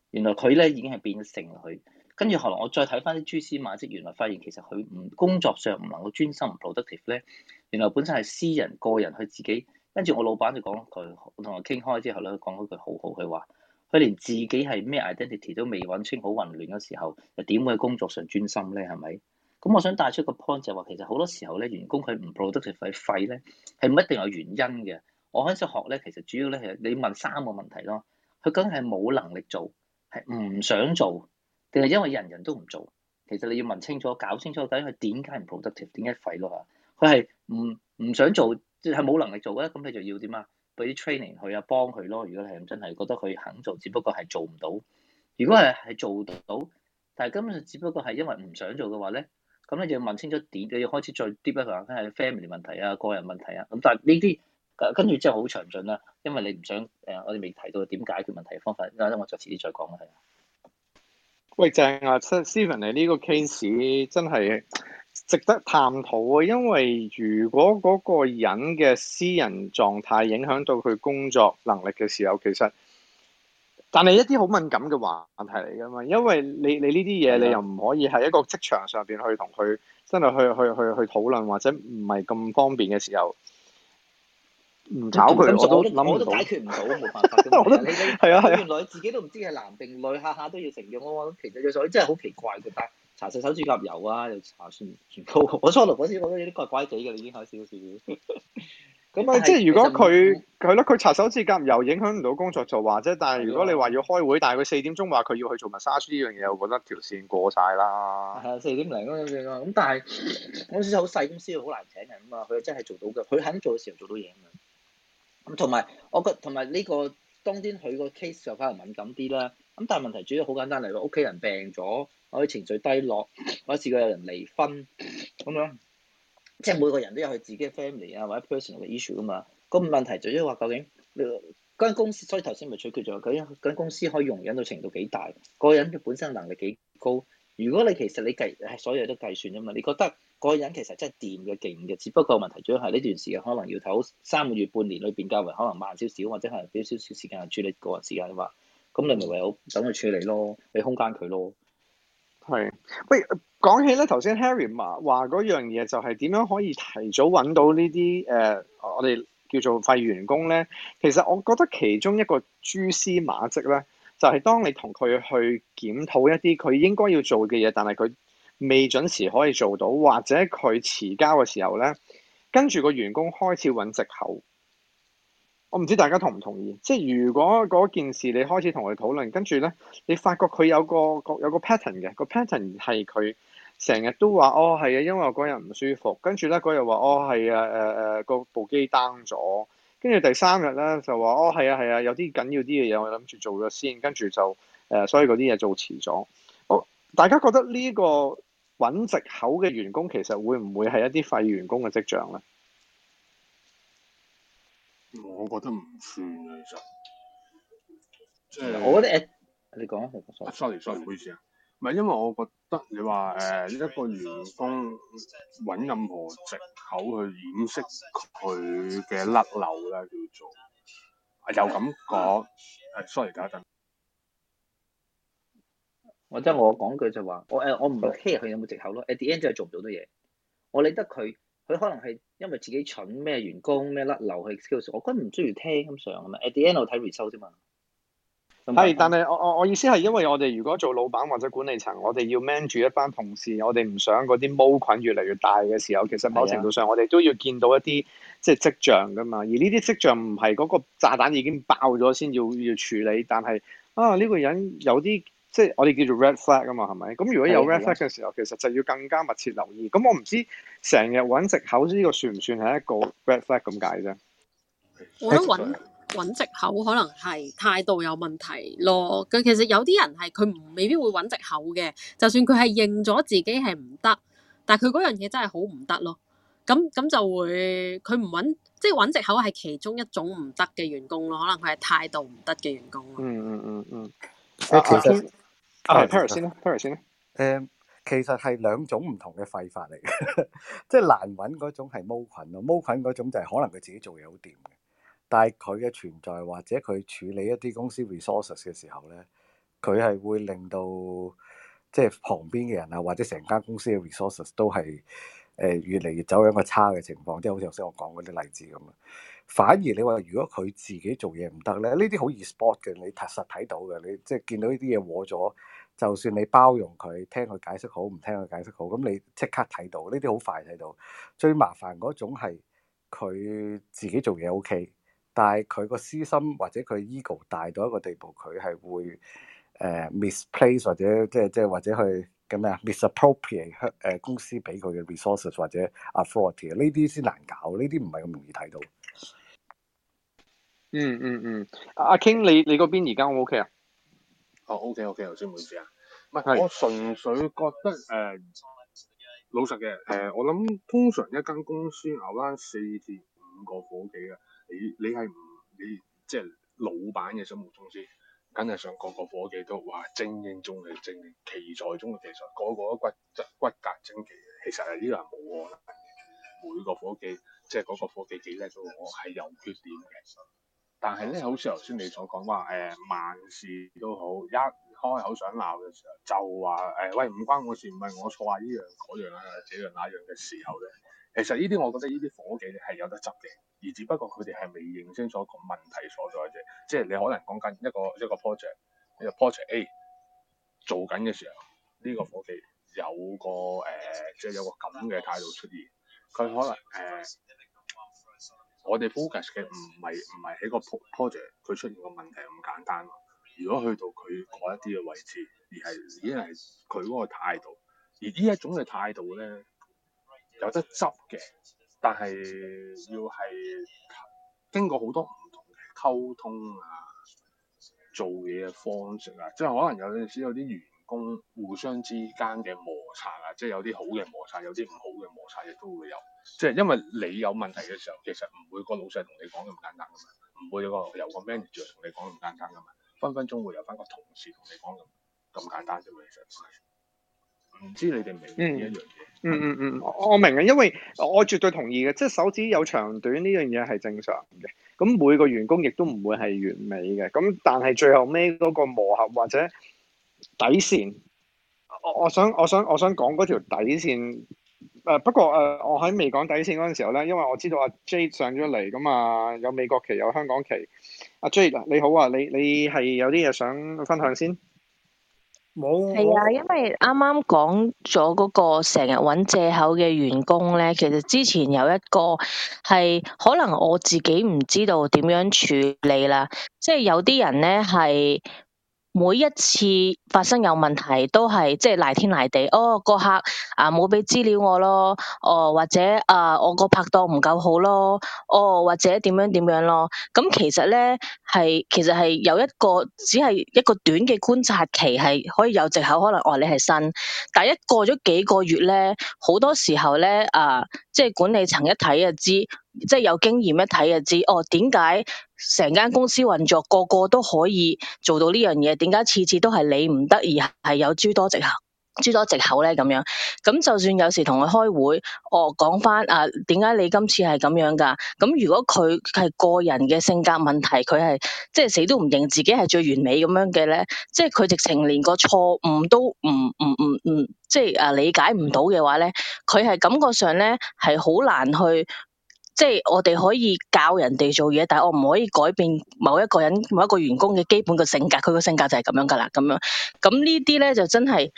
S10: 原來佢咧已經係變咗成佢，跟住後來我再睇翻啲蛛絲馬跡，原來發現其實佢唔工作上唔能夠專心，唔 productive 咧。原來本身係私人個人去自己。跟住我老闆就講一句，我同佢傾開之後咧，講嗰句好好，佢話。佢連自己係咩 identity 都未揾清，好混亂嘅時候，又點會喺工作上專心咧？係咪？咁我想帶出一個 point 就係話，其實好多時候咧，員工佢唔 productive，佢廢咧，係唔一定有原因嘅。我喺上學咧，其實主要咧係你問三個問題咯。佢究竟係冇能力做，係唔想做，定係因為人人都唔做？其實你要問清楚，搞清楚究竟佢點解唔 productive，點解廢咯嚇？佢係唔唔想做，即係冇能力做咧，咁你就要點啊？俾啲 training 佢啊，幫佢咯。如果你係咁，真係覺得佢肯做，只不過係做唔到。
S2: 如果係
S10: 係做到，但係根本上只不過係因為唔想做嘅話咧，咁你就要問清楚點。你要開始再 deep dive 下，梗係 family 問題啊、個人問題啊。咁但係呢啲跟住真係好詳盡啦。因為你唔想誒，我哋未提到點解決問題嘅方法，等等我再遲啲再講啦。係。
S3: 喂，鄭啊，Stephen，你呢個 case 真係～值得探討啊，因為如果嗰個人嘅私人狀態影響到佢工作能力嘅時候，其實但係一啲好敏感嘅話題嚟㗎嘛，因為你你呢啲嘢你又唔可以係一個職場上邊去同佢真係去去去去討論，或者唔係咁方便嘅時候唔炒佢我都諗唔到，解決唔到，冇辦法嘅。係啊係啊，原
S10: 來自己都唔知係男定女，下下都要承認啊！其實所以真係好奇怪嘅，但。搽手手指甲油啊，又搽算全包。算高 我初咯，嗰時覺得有啲怪怪地嘅，已經開始少少。咁啊是，即係實如果佢，係咯、嗯，佢
S3: 搽手指甲油影響唔到工作做或者，但係如果你話要開會，但係佢四點鐘話佢要去做埋沙書呢樣嘢，我覺得條線過晒啦。
S10: 係啊，四點零嗰陣時咯。咁但係公司好細，公司好難請人啊嘛。佢真係做到嘅，佢肯做嘅時候做到嘢啊嘛。咁同埋我覺得、呢個同埋呢個當天佢個 case 就反而敏感啲啦。咁但係問題主要好簡單，例如屋企人病咗，或者情緒低落，或者試過有人離婚，咁樣，即係每個人都有佢自己嘅 family 啊或者 personal 嘅 issue 噶嘛。個問題主要話究竟嗰間公司，所以頭先咪取決咗，究竟嗰間公司可以容忍到程度幾大，嗰個人佢本身能力幾高。如果你其實你計所有都計算啫嘛，你覺得嗰個人其實真係掂嘅勁嘅，只不過問題主要係呢段時間可能要唞三個月半年裏邊較為可能慢少少，或者係畀少少時間去處理個人時間嘅話。咁你咪唯有等佢處理咯，俾空間佢咯。
S3: 係，喂，講起咧，頭先 Harry 話話嗰樣嘢就係點樣可以提早揾到呢啲誒，我哋叫做廢員工咧。其實我覺得其中一個蛛絲馬跡咧，就係、是、當你同佢去檢討一啲佢應該要做嘅嘢，但係佢未準時可以做到，或者佢遲交嘅時候咧，跟住個員工開始揾藉口。我唔知大家同唔同意，即係如果嗰件事你開始同佢討論，跟住呢，你發覺佢有個有個 pattern 嘅，個 pattern 係佢成日都話哦係啊，因為我嗰日唔舒服，跟住呢，嗰日話哦係啊，誒誒個部機 down 咗，跟住第三日呢，就話哦係啊係啊，有啲緊要啲嘅嘢我諗住做咗先，跟住就誒、呃、所以嗰啲嘢做遲咗。大家覺得呢個揾藉口嘅員工其實會唔會係一啲廢員工嘅跡象呢？
S9: 我覺得唔算，其實即係我覺得誒，你講啊，sorry，sorry，唔 sorry，好意思啊，唔係因為我覺得你話誒，一、呃這個員工搵任何藉口去掩飾佢嘅甩漏咧，叫做感覺啊，又咁講，
S10: 誒，sorry，等一陣，我即係我講句就話，我誒，我唔 care 佢有冇藉口咯，誒，the end 就係做唔到啲嘢，我理得佢。佢可能係因為自己蠢咩員工咩甩漏去 excuse 我覺得唔中意聽咁上啊嘛，at the end 我睇 result 啫嘛。係、mm
S3: hmm.，但係我我我意思係因為我哋如果做老闆或者管理層，我哋要 manage 一班同事，我哋唔想嗰啲毛菌越嚟越大嘅時候，其實某程度上我哋都要見到一啲、啊、即係跡象㗎嘛。而呢啲跡象唔係嗰個炸彈已經爆咗先要要,要處理，但係啊呢、呢個人有啲。即係我哋叫做 red flag 啊嘛，係咪？咁如果有 red flag 嘅時候，的其實就要更加密切留意。咁我唔知成日揾藉口呢個算唔算係一個 red flag 咁解啫？
S1: 我覺得揾揾 藉口可能係態度有問題咯。佢其實有啲人係佢唔未必會揾藉口嘅，就算佢係認咗自己係唔得，但係佢嗰樣嘢真係好唔得咯。咁咁就會佢唔揾，即係揾藉口係其中一種唔得嘅員工咯。可能佢係態度唔
S2: 得嘅員工咯。
S8: 嗯嗯嗯嗯，嗯嗯啊、其實。啊譬如先啦譬如先啦。誒、嗯，其實係兩種唔同嘅廢法嚟嘅， 即係難揾嗰種係毛菌咯，毛菌嗰種就係可能佢自己做嘢好掂嘅，但係佢嘅存在或者佢處理一啲公司 resources 嘅時候咧，佢係會令到即係、就是、旁邊嘅人啊，或者成間公司嘅 resources 都係誒越嚟越走向一個差嘅情況，即係好似頭先我講嗰啲例子咁啊。反而你話如果佢自己做嘢唔得咧，呢啲好易 spot r 嘅，你實實睇到嘅，你即係見到呢啲嘢錯咗。就算你包容佢，聽佢解釋好，唔聽佢解釋好，咁你即刻睇到呢啲好快睇到。最麻煩嗰種係佢自己做嘢 OK，但係佢個私心或者佢 ego 大到一個地步，佢係會誒、呃、misplace 或者即係即係或者去叫咩啊 misappropriate 誒公司俾佢嘅 resources 或者 authority，呢啲先難搞，呢啲唔係咁容易睇到嗯。
S9: 嗯嗯嗯，阿、啊、King，你你嗰邊而家 O 唔 OK 啊？哦、oh，OK OK，頭先唔好意思啊，唔係 But, 是我純粹覺得誒、呃、老實嘅，誒、呃、我諗通常一間公司牛腩四至五個夥計嘅，你你係唔你即係老闆嘅心目中，梗係想個個夥計都哇，精英中嘅精英，奇才中嘅奇才，個個都骨骨骼精奇嘅，其實係呢個係冇可能嘅，每個夥計即係嗰個夥計幾叻都我係有缺點嘅。但係咧，好似頭先你所講話，誒萬事都好，一開口想鬧嘅時候，就話誒、欸、喂，唔關我事，唔係我錯啊，呢樣嗰樣啊，這樣那樣嘅時候咧，其實呢啲我覺得呢啲夥計係有得執嘅，而只不過佢哋係未認清楚個問題所在啫。即係你可能講緊一個一個 project，一個 project A、欸、做緊嘅時候，呢、這個夥計有個誒、呃，即係有個咁嘅態度出現，佢可能誒。呃我哋 focus 嘅唔係唔係喺個 project 佢出現個問題咁簡單，如果去到佢嗰一啲嘅位置，而係已經係佢嗰個態度，而呢一種嘅態度咧有得執嘅，但係要係經過好多唔同嘅溝通啊、做嘢嘅方式啊，即係可能有陣時有啲原因。工互相之間嘅摩擦啊，即係有啲好嘅摩擦，有啲唔好嘅摩擦亦都會有。即係因為你有問題嘅時候，其實唔會個老細同你講咁簡單噶嘛，唔會有個由個 manager 同你講咁簡單噶嘛，分分鐘會有翻個同事同你講咁咁簡單啫。其實唔知你哋明
S3: 唔明呢一樣嘢？嗯嗯嗯，我明啊，因為我絕對同意嘅，即係手指有長短呢樣嘢係正常嘅。咁每個員工亦都唔會係完美嘅。咁但係最後尾嗰個磨合或者，底線，我我想我想我想講嗰條底線。誒、呃，不過誒、呃，我喺未講底線嗰陣時候咧，因為我知道阿 J 上咗嚟㗎嘛，有美國旗有香港旗。阿、啊、J 嗱你好啊，你你係有啲嘢想分享先？
S2: 冇係啊，我因為啱啱講咗嗰個成日搵借口嘅員工咧，其實之前有一個係可能我自己唔知道點樣處理啦，即、就、係、是、有啲人咧係。每一次發生有問題都係即係賴天賴地，哦個客啊冇，俾資料我咯，哦或者啊我個拍檔唔夠好咯，哦或者點樣點樣咯。咁其實咧係其實係有一個只係一個短嘅觀察期係可以有藉口，可能話你係新，但係一過咗幾個月咧，好多時候咧啊，即係管理層一睇，就知即係有經驗一睇就知，哦點解？成間公司運作，個個都可以做到呢樣嘢，點解次次都係你唔得而係有諸多藉口，諸多藉口咧？咁樣咁就算有時同佢開會，哦講翻啊，點解你今次係咁樣噶？咁如果佢係個人嘅性格問題，佢係即係死都唔認自己係最完美咁樣嘅咧，即係佢直情連個錯誤都唔唔唔唔，即係啊理解唔到嘅話咧，佢係感覺上咧係好難去。即係我哋可以教人哋做嘢，但係我唔可以改變某一個人、某一個員工嘅基本嘅性格。佢個性格就係咁樣噶啦，咁樣咁呢啲咧就真係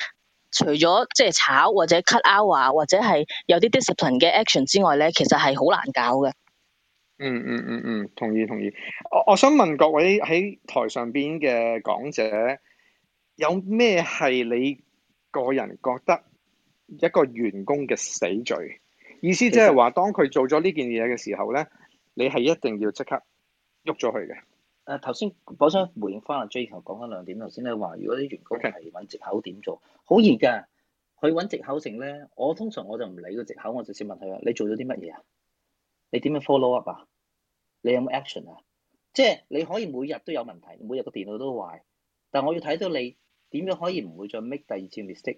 S2: 除咗即係炒或者 cut out 啊，或者係有啲 discipline 嘅 action 之外咧，其實係好難搞嘅、嗯。
S3: 嗯嗯嗯嗯，同意同意。我我想問各位喺台上邊嘅講者，有咩係你個人覺得一個員工嘅死罪？意思即係話，當佢做咗呢件
S10: 嘢嘅時候咧，你
S3: 係一定要即
S10: 刻喐咗佢嘅。誒頭先，我想回應翻阿 Jason 講嗰兩點。頭先你話，如果啲員工係揾藉口點做，好 Okay. 易㗎。佢揾藉口成咧，我通常我就唔理個藉口，我就先問佢啦。你做咗啲乜嘢？你點樣 follow up 啊？你有冇 action 啊？即係你可以每日都有問題，每日個電腦都壞，但我要睇到你點樣可以唔會再 make 第二次 mistake。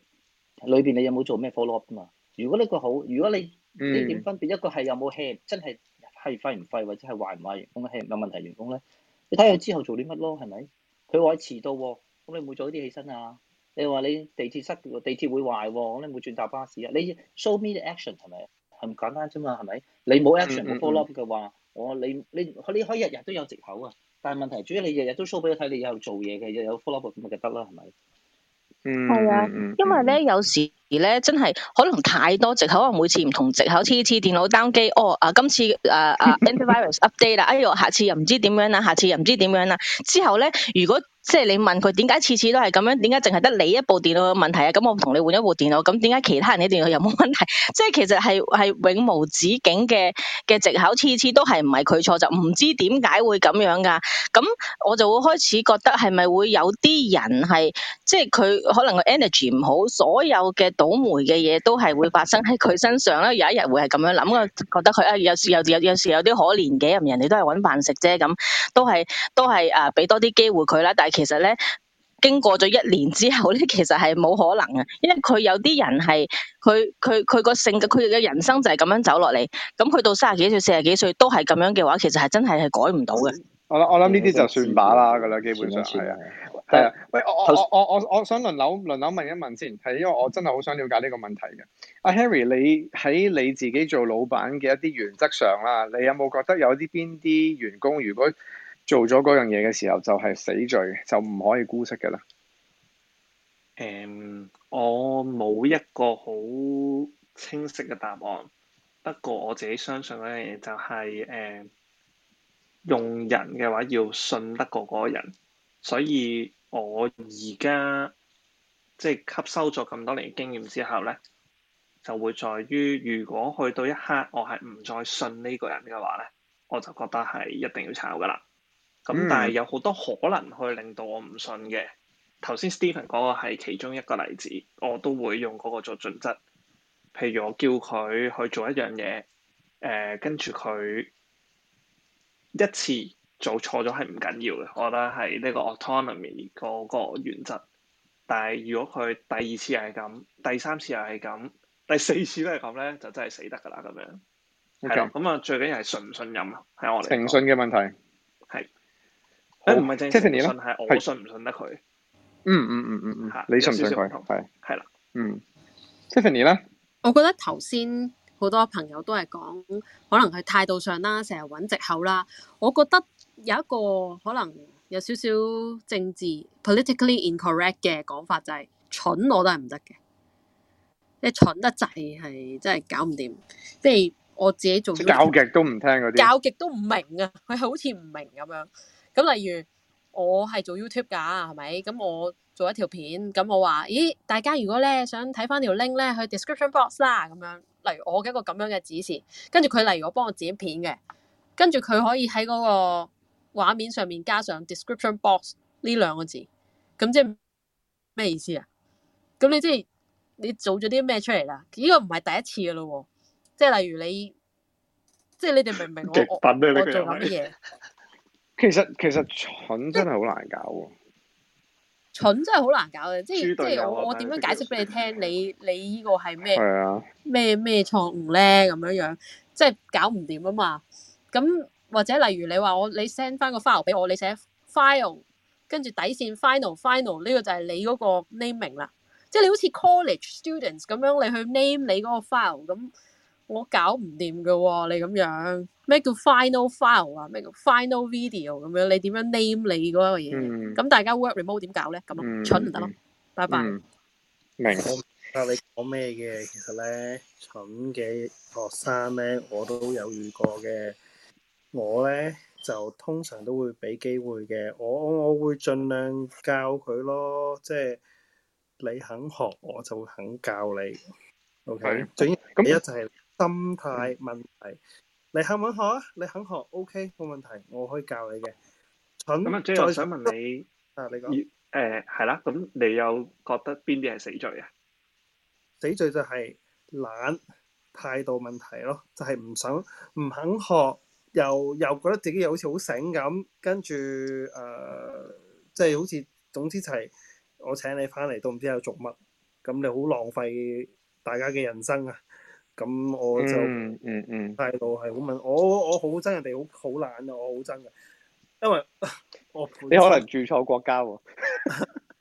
S10: 裏邊你有冇做咩 follow up 啊嘛？如果呢個好，如果你你點分別一個係有冇 heat？真係係廢唔廢，或者係壞唔壞員工 heat 有問題員工咧，你睇佢之後做啲乜咯，係咪？佢話遲到喎，咁你唔會早啲起身啊？你話你地鐵塞，地鐵會壞喎，咁你唔會轉搭巴士啊？你 show me the action 係咪？係唔簡單啫嘛，係咪？你冇 action 冇 follow、嗯嗯嗯、up 嘅話，我你你可你，你可以日日都有藉口啊。但係問題主要你日日都 show 俾佢睇，你有做嘢嘅，又有 follow up 咁咪就得啦，係咪？
S2: 係啊，嗯嗯、因為咧有時咧真係可能太多藉口，每次唔同藉口，次次電腦 down 機，哦，啊今次啊 啊，antivirus update 啦，哎喲，下次又唔知點樣啦，下次又唔知點樣啦，之後咧如果。即係你問佢點解次次都係咁樣？點解淨係得你一部電腦嘅問題啊？咁我同你換一部電腦，咁點解其他人啲電腦有冇問題？即 係其實係係永無止境嘅嘅借口，次次都係唔係佢錯就唔知點解會咁樣噶。咁我就會開始覺得係咪會有啲人係即係佢可能個 energy 唔好，所有嘅倒霉嘅嘢都係會發生喺佢身上啦。有一日會係咁樣諗啊，覺得佢啊有有有有時有啲可憐嘅，咁人哋都係揾飯食啫，咁都係都係啊，俾多啲機會佢啦，但其實咧，經過咗一年之後咧，其實係冇可能嘅，因為佢有啲人係佢佢佢個性格，佢嘅人生就係咁樣走落嚟。咁佢到三十幾歲、四十幾歲都係咁樣嘅話，其實係真係係改唔到
S3: 嘅。我我諗呢啲就算把啦，噶啦，基本上係啊，係啊。喂的是，我才我我我我，我想輪流輪流問一問先，係因為我真係好想了解呢個問題嘅。阿、嗯、Harry，你喺你自己做老闆嘅一啲原則上啦，你有冇覺得有啲邊啲員工如果？做咗嗰樣嘢嘅時候就係、是、死罪，就唔可以姑息嘅啦。
S5: 誒、嗯，我冇一個好清晰嘅答案。不過我自己相信嗰樣嘢就係、是、誒、嗯，用人嘅話要信得過嗰個人。所以我而家即係吸收咗咁多年經驗之後呢，就會在於如果去到一刻我係唔再信呢個人嘅話呢，我就覺得係一定要炒噶啦。咁、嗯、但係有好多可能去令到我唔信嘅。頭先 Stephen 嗰個係其中一個例子，我都會用嗰個作準則。譬如我叫佢去做一樣嘢，誒跟住佢一次做錯咗係唔緊要嘅，我覺得係呢個 autonomy 嗰、那個原則。但係如果佢第二次係咁，第三次又係咁，第四次都係咁咧，就真係死得噶啦咁樣。係咯 Okay.，咁啊最緊要係信唔信任咯，係我哋。誠信嘅問題係。
S3: 我唔係正，係信
S5: 係我
S3: 信唔信得佢？嗯嗯嗯嗯嗯，你信唔信佢？係係啦，嗯 Tiffany 咧，
S1: 我覺得頭先好多朋友都係講，可能係態度上啦，成日揾藉口啦。我覺得有一個可能有少少政治 politically incorrect 嘅講法，就係，就係蠢我都係唔得嘅，即係蠢得滯係真係搞唔掂，即係我自己做教極
S3: 都唔聽嗰啲，教
S1: 極都唔明啊，佢好似唔明咁樣。咁例如我係做 YouTube 噶，係咪？咁我做一條片，咁我話：咦，大家如果咧想睇翻條 link 咧，去 description box 啦。咁樣，例如我嘅一個咁樣嘅指示，跟住佢例如我幫我剪片嘅，跟住佢可以喺嗰個畫面上面加上 description box 呢兩個字。咁即係咩意思啊？咁你即係你做咗啲咩出嚟啦？呢個唔係第一次噶咯、哦，即係例如你，即係你哋明唔明我， 我，我，我做緊啲嘢？
S3: 其實其實
S1: 蠢真係好難搞喎、啊，蠢真係好難搞嘅、啊，即係即係我我點樣解釋俾你聽你 你？你你呢個係咩咩咩錯誤咧？咁 樣樣即係搞唔掂啊嘛！咁或者例如你話我你 send 翻個 file 俾我，你寫 file 跟住底線 final final 呢個就係你嗰個 naming 啦，即係你好似 college students 咁樣你去 name 你嗰個 file 咁。我搞唔掂噶喎，你咁樣咩叫 final file 啊？咩叫 final video 咁、啊、樣？你點樣 name 你嗰一個嘢？咁、嗯、大家 work remote 點搞咧？咁啊，嗯、蠢唔得咯？拜拜。
S6: 明。我唔知，你講咩嘅？其實咧，蠢嘅學生咧，我都有遇過嘅。我咧就通常都會俾機會嘅，我我會盡量教佢咯，即係你肯學，我就肯教你。O、okay? K 的。最咁一就係、嗯。嗯心態問題，你肯唔肯學啊？你肯學，OK，冇問題，我可以教你嘅。蠢，再想問你啊，你
S5: 講，誒、呃，係啦，咁你又覺得邊啲係死罪啊？
S6: 死罪就係懶態度問題咯，就係、係、唔想唔肯學，又又覺得自己又好似好醒咁，跟住誒，即、呃、係、就係、好似總之就係我請你翻嚟都唔知喺度做乜，咁你好浪費大家嘅人生啊！咁我就嗯嗯嗯，態度係好問，我我好憎人哋好好懶啊，我好憎嘅，因為 我身你可能住
S7: 錯國家喎、
S6: 哦，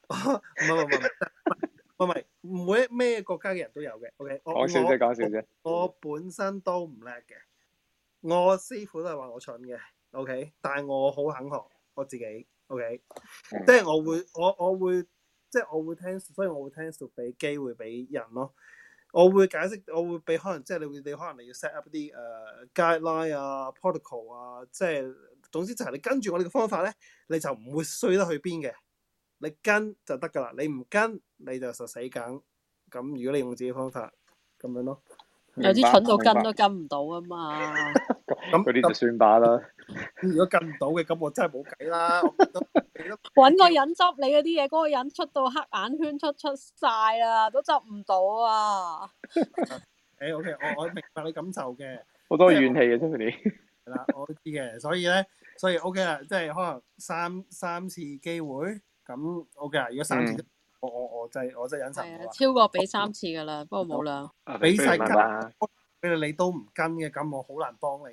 S6: 唔係唔係唔係唔係唔係，咩國家嘅人都有嘅。O K，講笑啫，講我笑啫。我本身都唔叻嘅，我師傅都係話我蠢嘅。O、okay? K，但係我好肯學，我自己。O K，即係我會，我我會，即、就、係、是我，就是、我會聽說，所以我會聽說機會人，俾機會俾人咯。我會解釋，我會俾可能即係你會，你可能你要 set up 啲誒、uh, guideline 啊、protocol 啊，即係總之就係你跟住我哋嘅方法咧，你就唔會衰得去邊嘅。你跟就得㗎啦，你唔跟你就實死梗。咁如果你用自己方法，咁樣咯，有啲蠢到跟都
S1: 跟唔到啊嘛～
S6: 咁佢呢啲就算罷啦。 如果跟唔到嘅，咁我真係冇計
S1: 啦。揾 個人執你嗰啲嘢，嗰、那個人出到黑眼圈出出晒啦，都執唔到啊。
S6: 誒、 欸、，OK，我我明白你感受嘅，
S3: 好 多怨氣嘅啫，
S2: 佢
S6: 哋係啦，我都知嘅。所以咧，所以 OK 啦，即係可能三三次機會，咁 OK 啦。如果三次，嗯、我我我,我,我,我,我真係我真係忍唔到。超
S1: 過俾三次噶啦，哦、不過冇啦，
S6: 俾晒啦。你都唔跟嘅，咁我好難幫你。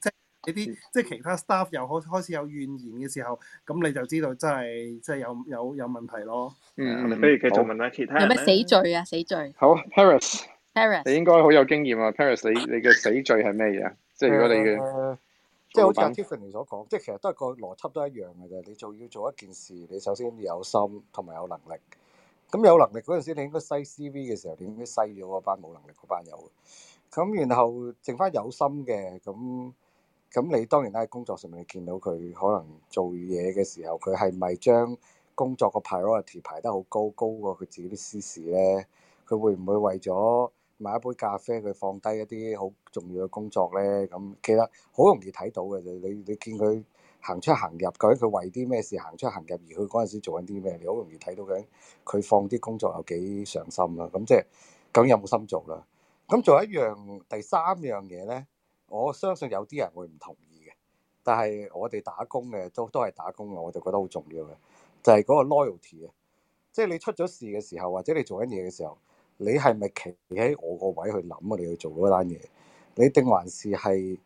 S6: 即係你啲即係其他 staff 又好開始有怨言嘅時候，咁你就知道真係真係有有有問題咯。嗯，嗯不如繼續問下其他有咩死罪啊？死罪
S3: 好，Paris，Paris，Paris。你應該好有經驗啊。Paris，你你嘅死罪係咩嘢？呃、即係如果你
S8: 嘅即係好似阿 Tiffany 所講，即係其實都係個邏輯都一樣嘅。咋你做要做一件事，你首先要有心同埋有能力。咁有能力嗰陣時，你應該篩 C.V 嘅時候你應該篩咗嗰班冇能力嗰班有？咁然後剩翻有心嘅，咁咁你當然喺工作上面見到佢可能做嘢嘅時候，佢係咪將工作個 priority 排得好高，高過佢自己啲私事咧？佢會唔會為咗買一杯咖啡，佢放低一啲好重要嘅工作咧？咁其實好容易睇到嘅，就你你見佢行出行入，究竟佢為啲咩事行出行入，而佢嗰陣時做緊啲咩，你好容易睇到嘅，究竟佢放啲工作有幾上心啦。咁即係咁有冇心做啦？咁做一樣第三樣嘢咧，我相信有啲人會唔同意嘅，但係我哋打工嘅都都係打工嘅，我就覺得好重要嘅，就係、是、嗰個 loyalty 啊，即係你出咗事嘅時候，或者你做緊嘢嘅時候，你係咪企喺我個位去諗我哋去做嗰單嘢，你定還是係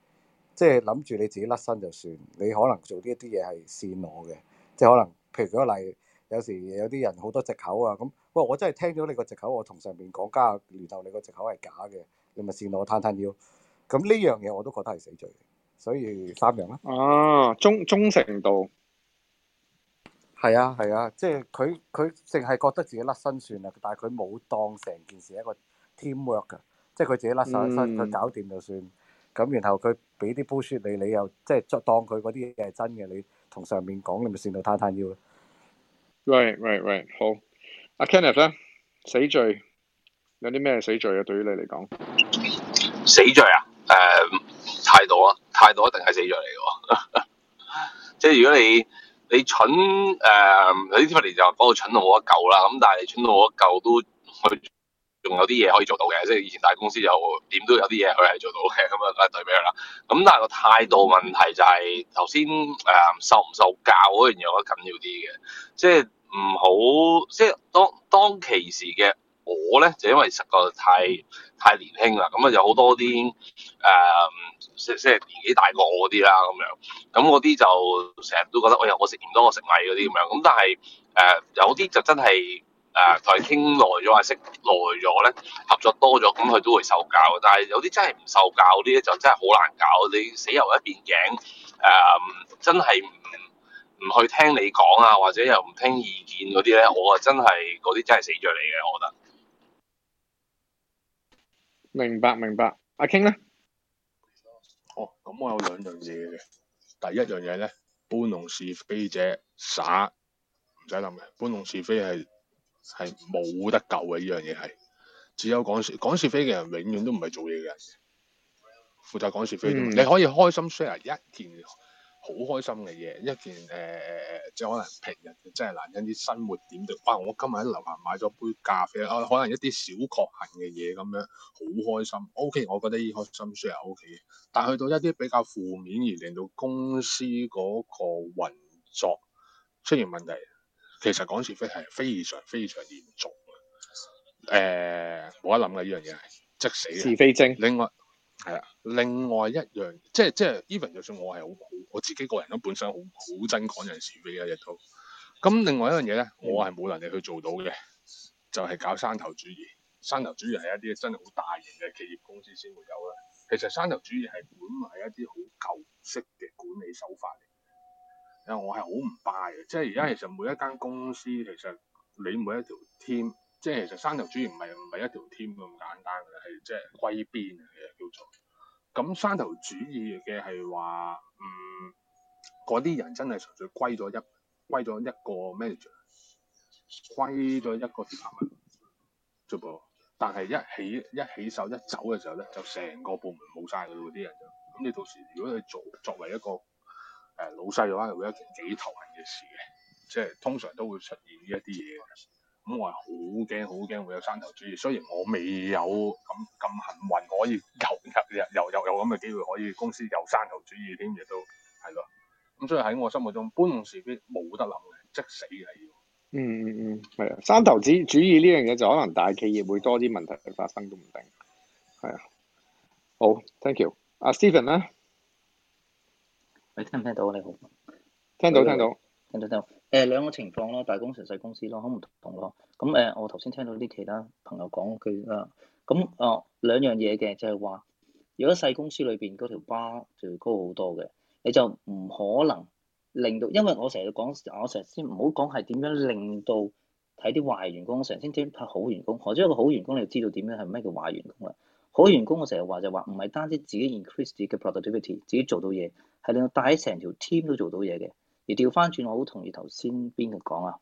S8: 即係諗住你自己甩身就算，你可能做呢啲嘢係線我嘅，即係可能譬如舉個例。有時有啲人好多藉口啊，咁喂，我真係聽咗你個藉口，我同上面講家下聯繫你個藉口係假嘅，你咪線路攤攤腰。咁呢樣嘢我都覺得係死罪，所以三樣啦。啊，忠忠誠度係啊係啊，即係佢佢淨係覺得自己甩身算啦，但係佢冇當成件事一個 teamwork 㗎，即係佢自己甩甩身佢、嗯、搞掂就算。咁然後佢俾啲 push 你，你又即係當佢嗰啲嘢係真嘅，你同上面講，你咪線路攤攤腰啦。
S3: 喂喂喂，right, right, right. 好。阿 Kenneth 咧，死罪有啲咩死、死罪啊？對於你嚟講，
S4: 死罪啊？誒，態度啊，態度一定係死罪嚟嘅。即係如果你你蠢誒，有啲出嚟就話嗰個蠢到冇得救啦。咁但係蠢到我一嚿都佢仲有啲嘢可以做到嘅，即係以前大公司又點都有啲嘢佢係做到嘅。咁啊，梗係對唔起啦。咁但係個態度問題就係頭先誒受唔受教嗰樣嘢，我覺得緊要啲嘅，即係。唔好，即係當當其時嘅我咧，就因為實在太太年輕啦，咁啊有好多啲誒、呃，即係年紀大過我啲啦咁樣，咁嗰啲就成日都覺得，哎呀我食鹽多，我食米嗰啲咁樣，咁但係誒、呃、有啲就真係誒同佢傾耐咗啊，識耐咗咧，合作多咗，咁佢都會受教。但係有啲真係唔受教嗰啲咧，就真係好難搞，你死柔一邊頸誒、呃，真係。唔去聽你講啊，或者又唔聽意見嗰啲咧，我啊真係嗰啲真係死咗你嘅，我覺得。
S9: 明白明白，阿 King 咧？哦，咁我有兩樣嘢嘅。第一樣嘢咧，搬弄是非者，傻，唔使諗嘅，搬弄是非係係冇得救嘅呢樣嘢係。只有講講是非嘅人，人，永遠都唔係做嘢嘅，負責講是非。你可以開心 share 一件。好開心嘅嘢，一件誒、呃、即係可能平日真係難因啲生活點滴哇！我今日喺樓下買咗杯咖啡啊、呃，可能一啲小確幸嘅嘢咁樣，好開心。O、OK, K，我覺得呢開心 share O K 嘅，但係去到一啲比較負面而令到公司嗰個運作出現問題，其實講是非係非常非常嚴重嘅，誒、呃、冇得諗嘅呢樣嘢係即死是非精，另外。係啊，另外一樣，即係即係，Even 就算我係好好，我自己個人都本身好好憎講人是非啊，亦都。咁另外一樣嘢咧，嗯、我係冇能力去做到嘅，就係、是、搞山頭主義。山頭主義係一啲真係好大型嘅企業公司先會有啦。其實山頭主義係本嚟，一啲好舊式嘅管理手法嚟。因為我係好唔 buy 嘅，嗯、即係而家其實每一間公司，其實你每一條 team。即係其實山頭主義唔係唔係一條 team 咁簡單嘅，係即係歸邊嘅叫做。咁山頭主義嘅係話，嗯，嗰啲人真係純粹歸咗一歸咗一個 manager，歸咗一個 department 噃。但係一起一起手一走嘅時候咧，就成個部門冇晒佢喎，啲人就。咁你到時如果你做作為一個誒、呃、老細嘅話，係會一件幾頭痕嘅事嘅。即係通常都會出現呢一啲嘢。咁我係好驚，好驚會有山頭主義。雖然我未有咁咁幸運，我可以又又又又咁嘅機會，可以公司有山頭主義添嘅都係咯。咁所以喺我心目中，搬弄是非冇得諗嘅，即死嘅。要。嗯嗯
S3: 嗯，係啊，山頭主主義呢樣嘢就可能大企業會多啲問題發生都唔定。係啊，好，thank you，阿、uh, Stephen 咧，
S10: 你聽唔聽到？你好，聽到聽到。聽到。咁就誒兩個情況咯，大公司同細公司咯，好唔同咯。咁誒，我頭先聽到啲其他朋友講句啦，咁哦兩樣嘢嘅就係話，如果細公司裏邊嗰條 bar 就會高好多嘅，你就唔可能令到，因為我成日講，我成日先唔好講係點樣令到睇啲壞員工，我成日先點睇好員工。或者一個好員工，你就知道點樣係咩叫壞員工啦？好員工我成日話就話，唔係單止自己 increase 自己嘅 productivity，自己做到嘢，係令到帶起成條 team 都做到嘢嘅。而調翻轉，我好同意頭先邊個講啊，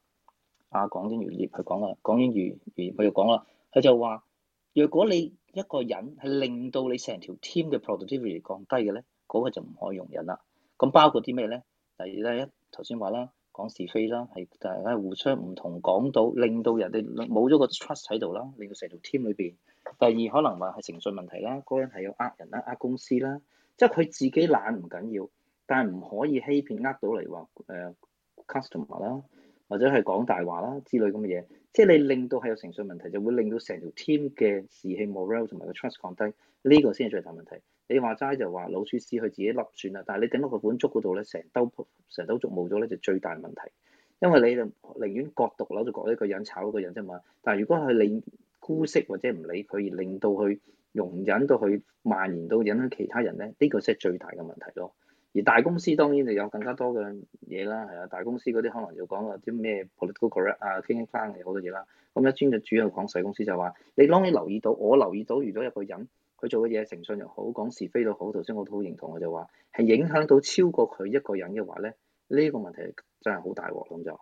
S10: 阿講英語業佢講啊。講英語業佢就講啦，佢就話：若果你一個人係令到你成條 team 嘅 productivity 降低嘅咧，嗰、那個就唔可以容忍啦。咁包括啲咩咧？第一頭先話啦，講是非啦，係大家互相唔同講到，令到人哋冇咗個 trust 喺度啦，令到成條 team 裏邊。第二可能話係誠信問題啦，嗰、那個人係要呃人啦、呃公司啦，即係佢自己懶唔緊要。但係唔可以欺騙呃到嚟話誒 customer 啦，或者係講大話啦之類咁嘅嘢，即係你令到係有誠信問題，就會令到成條 team 嘅士氣、moral 同埋個 trust 降低。呢個先係最大問題。你話齋就話老鼠屎，佢自己粒算啦，但係你頂落佢碗粥嗰度咧，成兜成兜粥冇咗咧，就最大問題。因為你就寧願割毒瘤，就割一個人炒一個人啫嘛，但係如果係你姑息或者唔理佢，而令到佢容忍到佢蔓延到影響其他人咧，呢個先係最大嘅問題咯。而大公司當然就有更加多嘅嘢啦，係啊，大公司嗰啲可能要講啊啲咩 political correct 啊，傾翻嘅好多嘢啦。咁一專嘅主要講細公司就話，你當你留意到我留意到，如果有個人佢做嘅嘢誠信又好，講是非都好，頭先我都好認同，我就話係影響到超過佢一個人嘅話咧，呢個問題真係好大鑊咁就。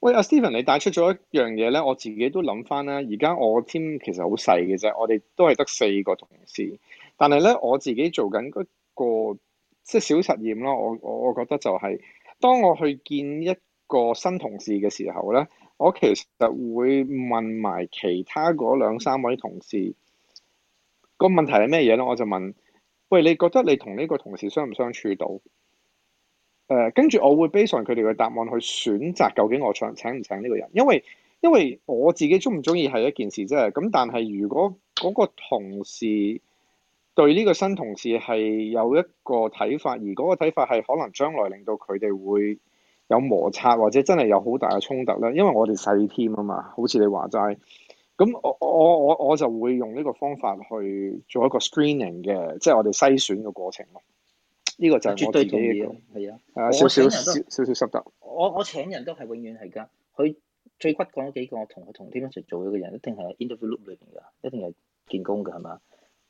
S3: 喂，阿 Steven，你帶出咗一樣嘢咧，我自己都諗翻啦。而家我 team 其實好細嘅啫，我哋都係得四個同事，但係咧我自己做緊嗰個。即係小實驗咯，我我我覺得就係當我去見一個新同事嘅時候呢，我其實會問埋其他嗰兩三位同事，個問題係咩嘢呢，我就問：喂，你覺得你同呢個同事相唔相處到？誒，跟住我會 base on 佢哋嘅答案去選擇究竟我想請唔請呢個人，因為因為我自己中唔中意係一件事啫。咁但係如果嗰個同事，對呢個新同事係有一個睇法，而嗰個睇法係可能將來令到佢哋會有摩擦，或者真係有好大嘅衝突咧。因為我哋細 team 啊嘛，好似你話齋，咁我我我我就會用呢個方法去做一個 screening 嘅，即係我哋篩選嘅過程咯。呢、
S10: 這個就係我自己嘅絕對同意啦，係啊，少少少少少心得。我我請人都係永遠係㗎，佢最骨講咗幾個，同佢同 team 一齊做嘅人，一定係 interview loop 裏面㗎，一定係見工㗎，係嘛？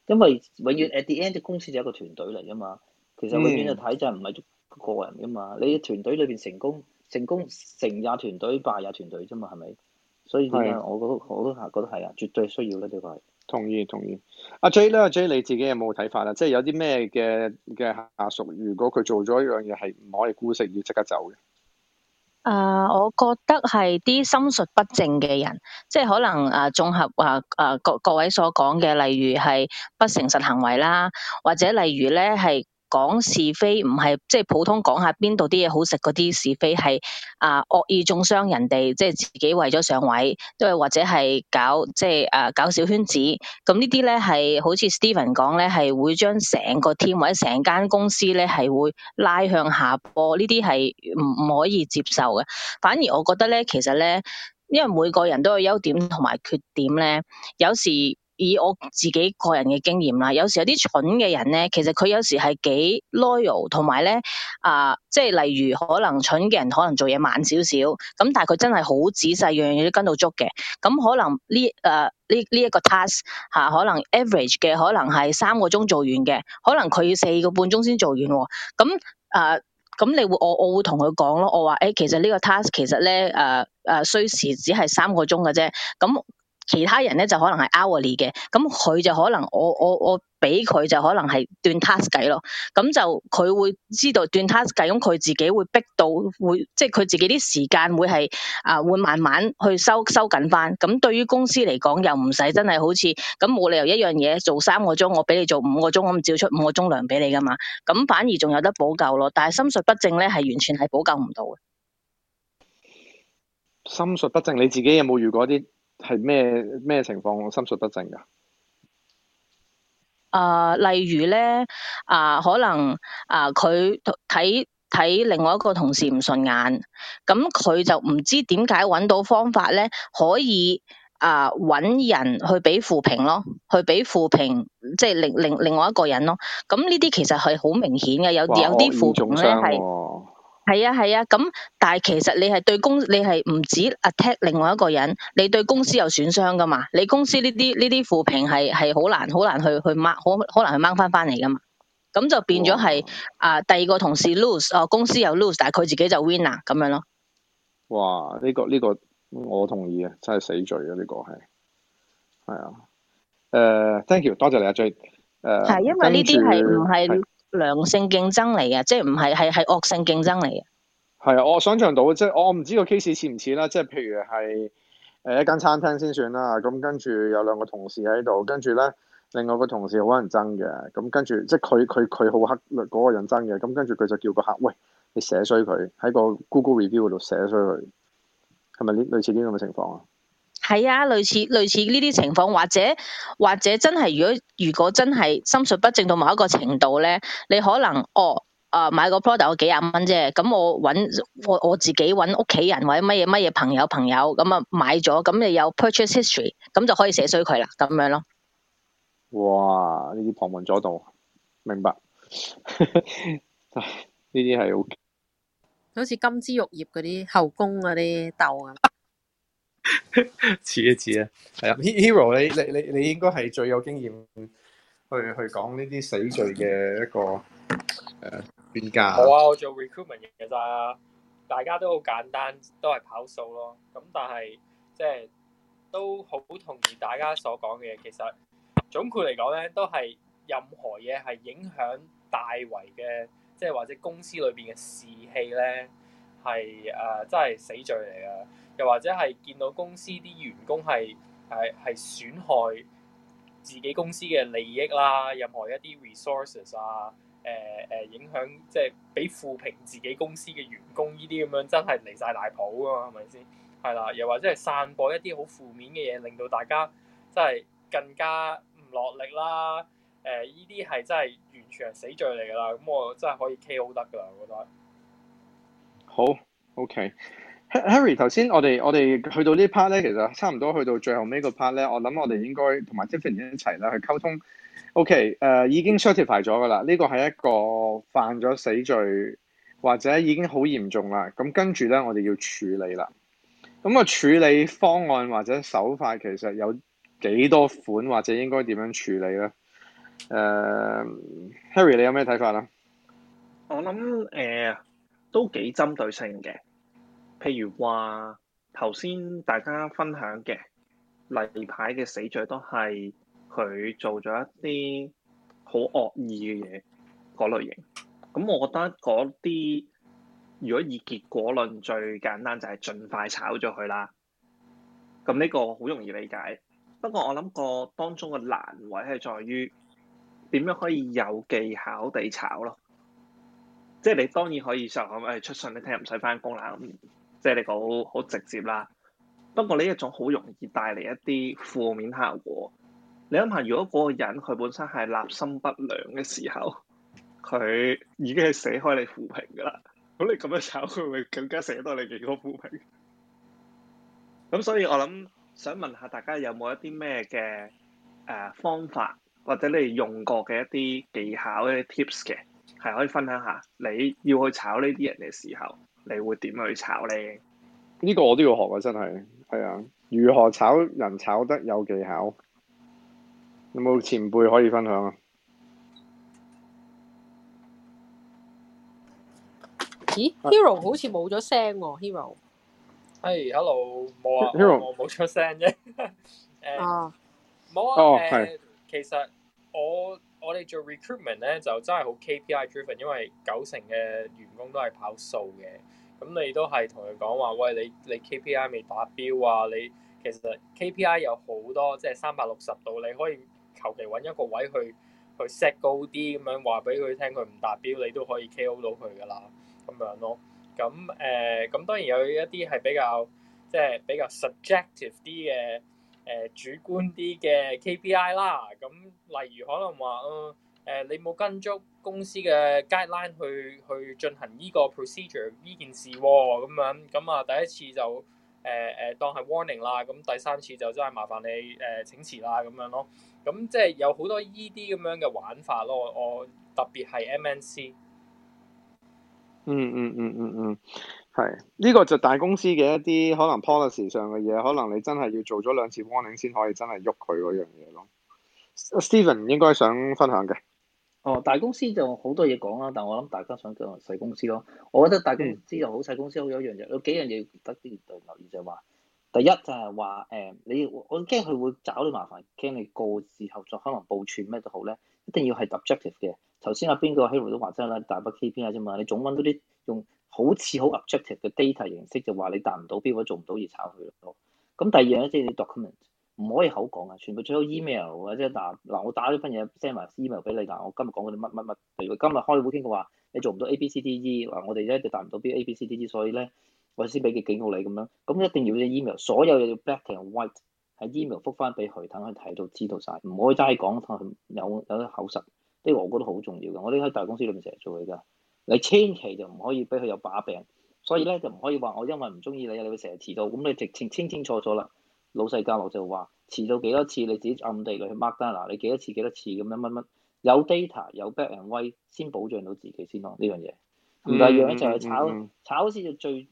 S10: 因為永遠 at the end，公司就係一個團隊嚟噶嘛，其實永遠就睇就唔係個人噶嘛。嗯、你團隊裏邊成功成功，成也團隊，敗也團隊啫嘛，係咪？所以咧，我覺得是的 我都係覺得係啊，絕對需要咧呢、呢
S3: 個係。同意同意。阿 J 咧，阿 J 你自己有冇睇法啊？即、就、係、係、有啲咩嘅嘅下屬，如果佢做咗一樣嘢係唔可以姑息，要即刻走嘅。
S2: 啊，uh, 我覺得係啲心術不正嘅人，即係可能啊，綜合啊，啊、呃，各各位所講嘅，例如係不誠實行為啦，或者例如咧係。講是非唔係即係普通講下邊度啲嘢好食嗰啲是非，係啊惡意中傷人哋，即係自己為咗上位，都係或者係搞即係啊搞小圈子。咁呢啲咧係好似 Steven 講咧，係會將成個 team 或者成間公司咧係會拉向下坡。呢啲係唔唔可以接受嘅。反而我覺得咧，其實咧，因為每個人都有優點同埋缺點咧，有時。以我自己個人嘅經驗啦，有時有啲蠢嘅人咧，其實佢有時係幾 loyal，同埋咧啊，即係例如可能蠢嘅人可能做嘢慢少少，咁但係佢真係好仔細，樣樣嘢都跟到足嘅。咁可能呢誒呢呢一個 task 嚇、啊，可能 average 嘅可能係三個鐘做完嘅，可能佢要四個半鐘先做完喎。咁啊咁，啊你會我我會同佢講咯，我話誒、欸，其實呢個 task 其實咧誒誒，需、呃呃、時只係三個鐘嘅啫。咁其他人咧就可能係 hourly 嘅，咁佢就可能我我我俾佢就可能係斷 task 計咯，咁就佢會知道斷 task 計，咁佢自己會逼到會，即係佢自己啲時間會係啊、呃，會慢慢去收收緊翻。咁對於公司嚟講又唔使真係好似咁冇理由一樣嘢做三個鐘，我俾你做五個鐘，咁照出五個鐘糧俾你噶嘛，咁反而仲有得補救咯。但係心術不正咧，係完全係補救唔到嘅。
S3: 心術不正，你自己有冇遇過啲？係咩咩情況我心術不正㗎？啊、
S2: 呃，例如咧啊、呃，可能啊，佢睇睇另外一個同事唔順眼，咁佢就唔知點解揾到方法咧，可以啊揾、呃、人去俾負評咯，去俾負評，即係另另另外一個人咯。咁呢啲其實係好明顯嘅，有哇有啲負評咧係。係啊係啊，咁、啊、但係其實你係對公，你係唔止 attack 另外一個人，你對公司有損傷噶嘛？你公司呢啲呢啲負評係係好難好難去難去掹，好好難去掹翻翻嚟噶嘛？咁就變咗係哇啊，第二個同事 lose，啊公司又 lose，但係佢自己就 winner 咁樣咯。
S3: 哇！呢、呢個呢、呢個我同意、呢個、啊，真係死罪啊！呢個係係啊，誒，thank you，多謝你啊，J 誒。係因為呢啲係唔係。
S2: 良性競爭嚟嘅，即係唔係係係惡性競爭嚟嘅。
S3: 係啊，我想象到即係我唔知個 case 似唔似啦，即係譬如係誒一間餐廳先算啦，咁跟住有兩個同事喺度，跟住咧另外個同事可能爭嘅，咁跟住即係佢佢佢好黑嗰個人爭嘅，咁跟住佢就叫個客喂，你寫衰佢喺個 Google review 度寫衰佢，係咪呢類似呢咁嘅情況啊？
S2: 係啊，類似類似呢啲情況，或者或者真係如果如果真係心術不正到某一個程度咧，你可能哦，啊、呃、買個 product 我幾廿蚊啫，咁我搵我我自己搵屋企人或者乜嘢乜嘢朋友朋友咁啊買咗，咁你有 purchase history，咁就可以寫衰佢啦，咁樣咯。
S3: 哇！呢啲旁門左道，明白。呢啲係好，
S1: 好似金枝玉葉嗰啲後宮嗰啲鬥咁。
S3: 似一次啊，係啊，Hero，你你你你應該係最有經驗去去講呢啲死罪嘅一個誒專家。呃、我啊，我
S7: 做 recruitment 嘅咋，大家都好簡單，都係跑數咯。咁但係即係都好同意大家所講嘅嘢。其實總括嚟講咧，都係任何嘢係影響大圍嘅，即係或者公司裏邊嘅士氣咧，係誒、呃、真係死罪嚟噶。又或者係見到公司啲員工係係係損害自己公司嘅利益啦，任何一啲 resources 啊，誒、呃、誒、呃、影響即係俾負評自己公司嘅員工呢啲咁樣，真係離晒大譜啊，係咪先？係啦，又或者係散播一啲好負面嘅嘢，令到大家真係更加唔落力啦。誒、呃，呢啲係真係完全係死罪嚟㗎啦。咁我真係可以 KO 得㗎啦，我覺得。
S3: 好，OK。Harry，頭先我哋我哋去到呢 part 咧，其實差唔多去到最後尾個 part 咧，我諗我哋應該同埋 Jeffrey 一齊啦去溝通。OK，誒、呃、已經 certify 咗噶啦，呢、這個係一個犯咗死罪或者已經好嚴重啦。咁跟住咧，我哋要處理啦。咁個處理方案或者手法其實有幾多款，或者應該點樣處理咧？誒、呃、Harry，你有咩睇法啊？
S5: 我諗誒、呃、都幾針對性嘅。譬如話頭先大家分享嘅例牌嘅死罪都係佢做咗一啲好惡意嘅嘢嗰類型，咁我覺得嗰啲如果以結果論，最簡單就係盡快炒咗佢啦。咁呢個好容易理解，不過我諗個當中嘅難位係在於點樣可以有技巧地炒咯，即係你當然可以就咁誒出信你聽日，唔使翻工啦咁。即係你講好直接啦，不過呢一種好容易帶嚟一啲負面效果。你諗下，如果嗰個人佢本身係立心不良嘅時候，佢已經係寫開你負評噶啦。咁你咁樣炒，佢會更加寫到你幾多負評。咁所以我諗想，想問下大家有冇一啲咩嘅誒方法，或者你用過嘅一啲技巧一啲 tips 嘅，係可以分享下你要去炒呢啲人嘅時候。你會點去炒咧？呢個我都要學啊！真係，係啊，
S3: 如何炒人炒得有技巧？有冇前輩可以分享啊？
S1: 咦，Hero 好似冇咗聲喎，Hero。
S7: 誒、hey，Hello，冇啊，Hero，我冇出聲啫。誒，冇啊。哦，係、uh. 啊。Oh, 呃、其實我我哋做 recruitment 咧，就真係好 KPI driven，因為九成嘅員工都係跑數嘅。咁你都係同佢講話，喂，你你 KPI 未達標啊！你其實 KPI 有好多，即係三百六十度，你可以求其揾一個位去去 set 高啲咁樣話俾佢聽，佢唔達標，你都可以 KO 到佢噶啦，咁樣咯。咁誒，咁、呃、當然有一啲係比較即係比較 subjective 啲嘅誒、呃、主觀啲嘅 KPI 啦。咁例如可能話嗯。呃誒，你冇跟足公司嘅 guideline 去去進行呢個 procedure 呢件事喎、哦，咁樣咁啊，第一次就誒誒、呃、當係 warning 啦。咁第三次就真係麻煩你誒、呃、請辭啦，咁樣咯。咁即係有好多呢啲咁樣嘅玩法咯。我特別係 MNC。嗯嗯嗯嗯嗯，係、
S3: 嗯、呢、嗯嗯呢個就大公司嘅一啲可能 policy 上嘅嘢，可能你真係要做咗兩次 warning 先可以真係喐佢嗰樣嘢咯。Steven 應該想分享嘅。
S10: 哦，大公司就好多嘢講啦，但我諗大家想講細公司咯。我覺得大公司道好細公司好有一樣嘢，有幾樣嘢得啲人留意，就係話，第一就係話誒，你我驚佢會找你麻煩，驚你過咗之後可能報串咩都好咧，一定要係 objective 嘅。頭先阿邊個喺度都話真係啦，大把 KPI 啫嘛，你總揾嗰啲用好似好 objective 嘅 data 形式就話你達唔到標，做唔到而炒佢。咯。咁第二樣即係 document。就是你唔可以口講啊，全部做到 email 啊，即係嗱我打咗份嘢 send 埋 email 俾你，但、啊、係我今日講嗰啲乜乜乜，譬如今日開會傾嘅話你做唔到 A B C D E，嗱、啊、我哋咧就達唔到 B A B C D D，所以咧我先俾佢警告你咁樣，咁、嗯、一定要用 email，所有嘢要 black and white，喺 email 覆返俾佢，等佢睇到知道晒。唔可以齋講，有有啲口實，呢個我覺得好重要嘅，我哋喺大公司裏面成日做嘢㗎，你千祈就唔可以俾佢有把柄，所以咧就唔可以話我因為唔中意你，你會成日遲到，咁你直情清清楚楚啦。老細教落就話遲到幾多次，你自己暗地裏去 mark 啦。嗱，你幾多次幾多次咁樣乜乜有 data 有 backing 威先保障到自己先咯。呢樣嘢唔第二樣咧就係炒炒先就最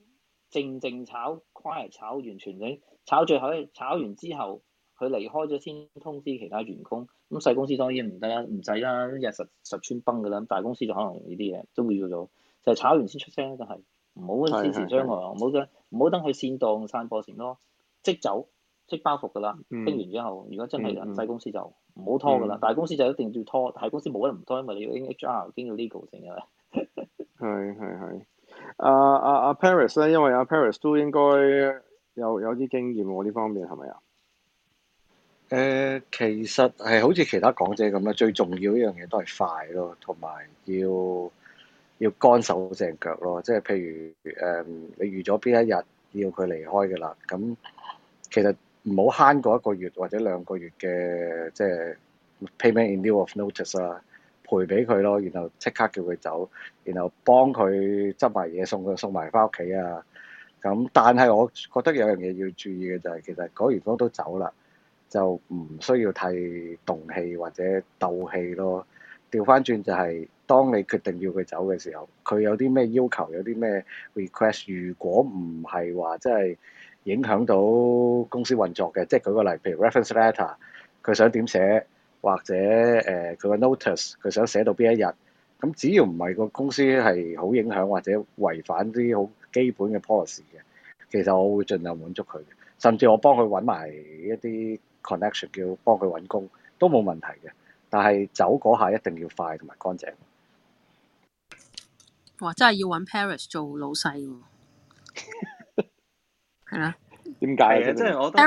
S10: 靜靜炒 quiet 炒，完全你炒最後炒完之後佢離開咗先通知其他員工。咁細公司當然唔得啦，唔使啦，日日實實穿崩噶啦。咁大公司就可能呢啲嘢都會要做，就係、是、炒完先出聲就係唔好先前傷害，唔好等唔好等佢煽動散播成咯，即走。即包袱噶啦，拎、嗯、完之後，如果真係人細、嗯、公司就
S9: 唔好拖噶啦，嗯、大公司
S10: 就一定要拖。大公司冇得唔拖，因為你要應 HR、 經要 legal 成嘅。係係
S3: 係。阿阿阿 Paris 咧，因為阿、uh, Paris 都應該有有啲經驗喎，呢方面係咪啊？
S8: 誒、呃，其實係好似其他港姐咁樣，最重要一樣嘢都係快咯，同埋要要乾手淨腳咯。即係譬如誒，um, 你預咗邊一日要佢離開噶啦，咁其實。唔好慳過一個月或者兩個月嘅即係、就是、payment in lieu of notice 啦，賠俾佢咯，然後即刻叫佢走，然後幫佢執埋嘢送佢送埋翻屋企啊。咁但係我覺得有樣嘢要注意嘅就係、是，其實嗰員工都走啦，就唔需要太動氣或者鬥氣咯。調翻轉就係、是，當你決定要佢走嘅時候，佢有啲咩要求，有啲咩 request，如果唔係話即係。就是影響到公司運作嘅，即係舉個例，譬如 reference letter，佢想點寫，或者誒佢個 notice 佢想寫到邊一日，咁只要唔係個公司係好影響或者違反啲好基本嘅 policy 嘅，其實我會盡量滿足佢嘅，甚至我幫佢揾埋一啲 connection 叫幫佢揾工都冇問題嘅。但係走嗰下一定要快同埋乾淨。
S1: 哇！真係要揾 Paris 做老細。 係啦，點解嘅？即係、就是、我都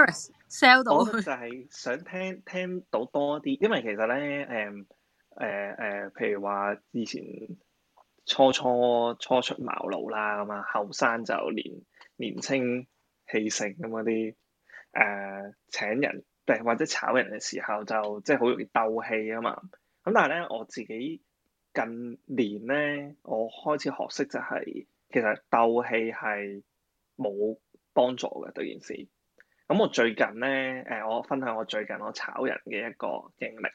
S1: ，sell 到我覺得就係想聽聽
S5: 到多啲，因為其實咧，誒、呃，誒，誒，譬如話以前初初初出茅廬啦，咁啊，後生就年年輕氣盛咁嗰啲，誒、呃，請人定或者炒人嘅時候就，就即係好容易鬥氣啊嘛。咁但係咧，我自己近年咧，我開始學識就係、是，其實鬥氣係冇。幫助嘅對件事，咁我最近咧，誒、呃，我分享我最近我炒人嘅一個經歷，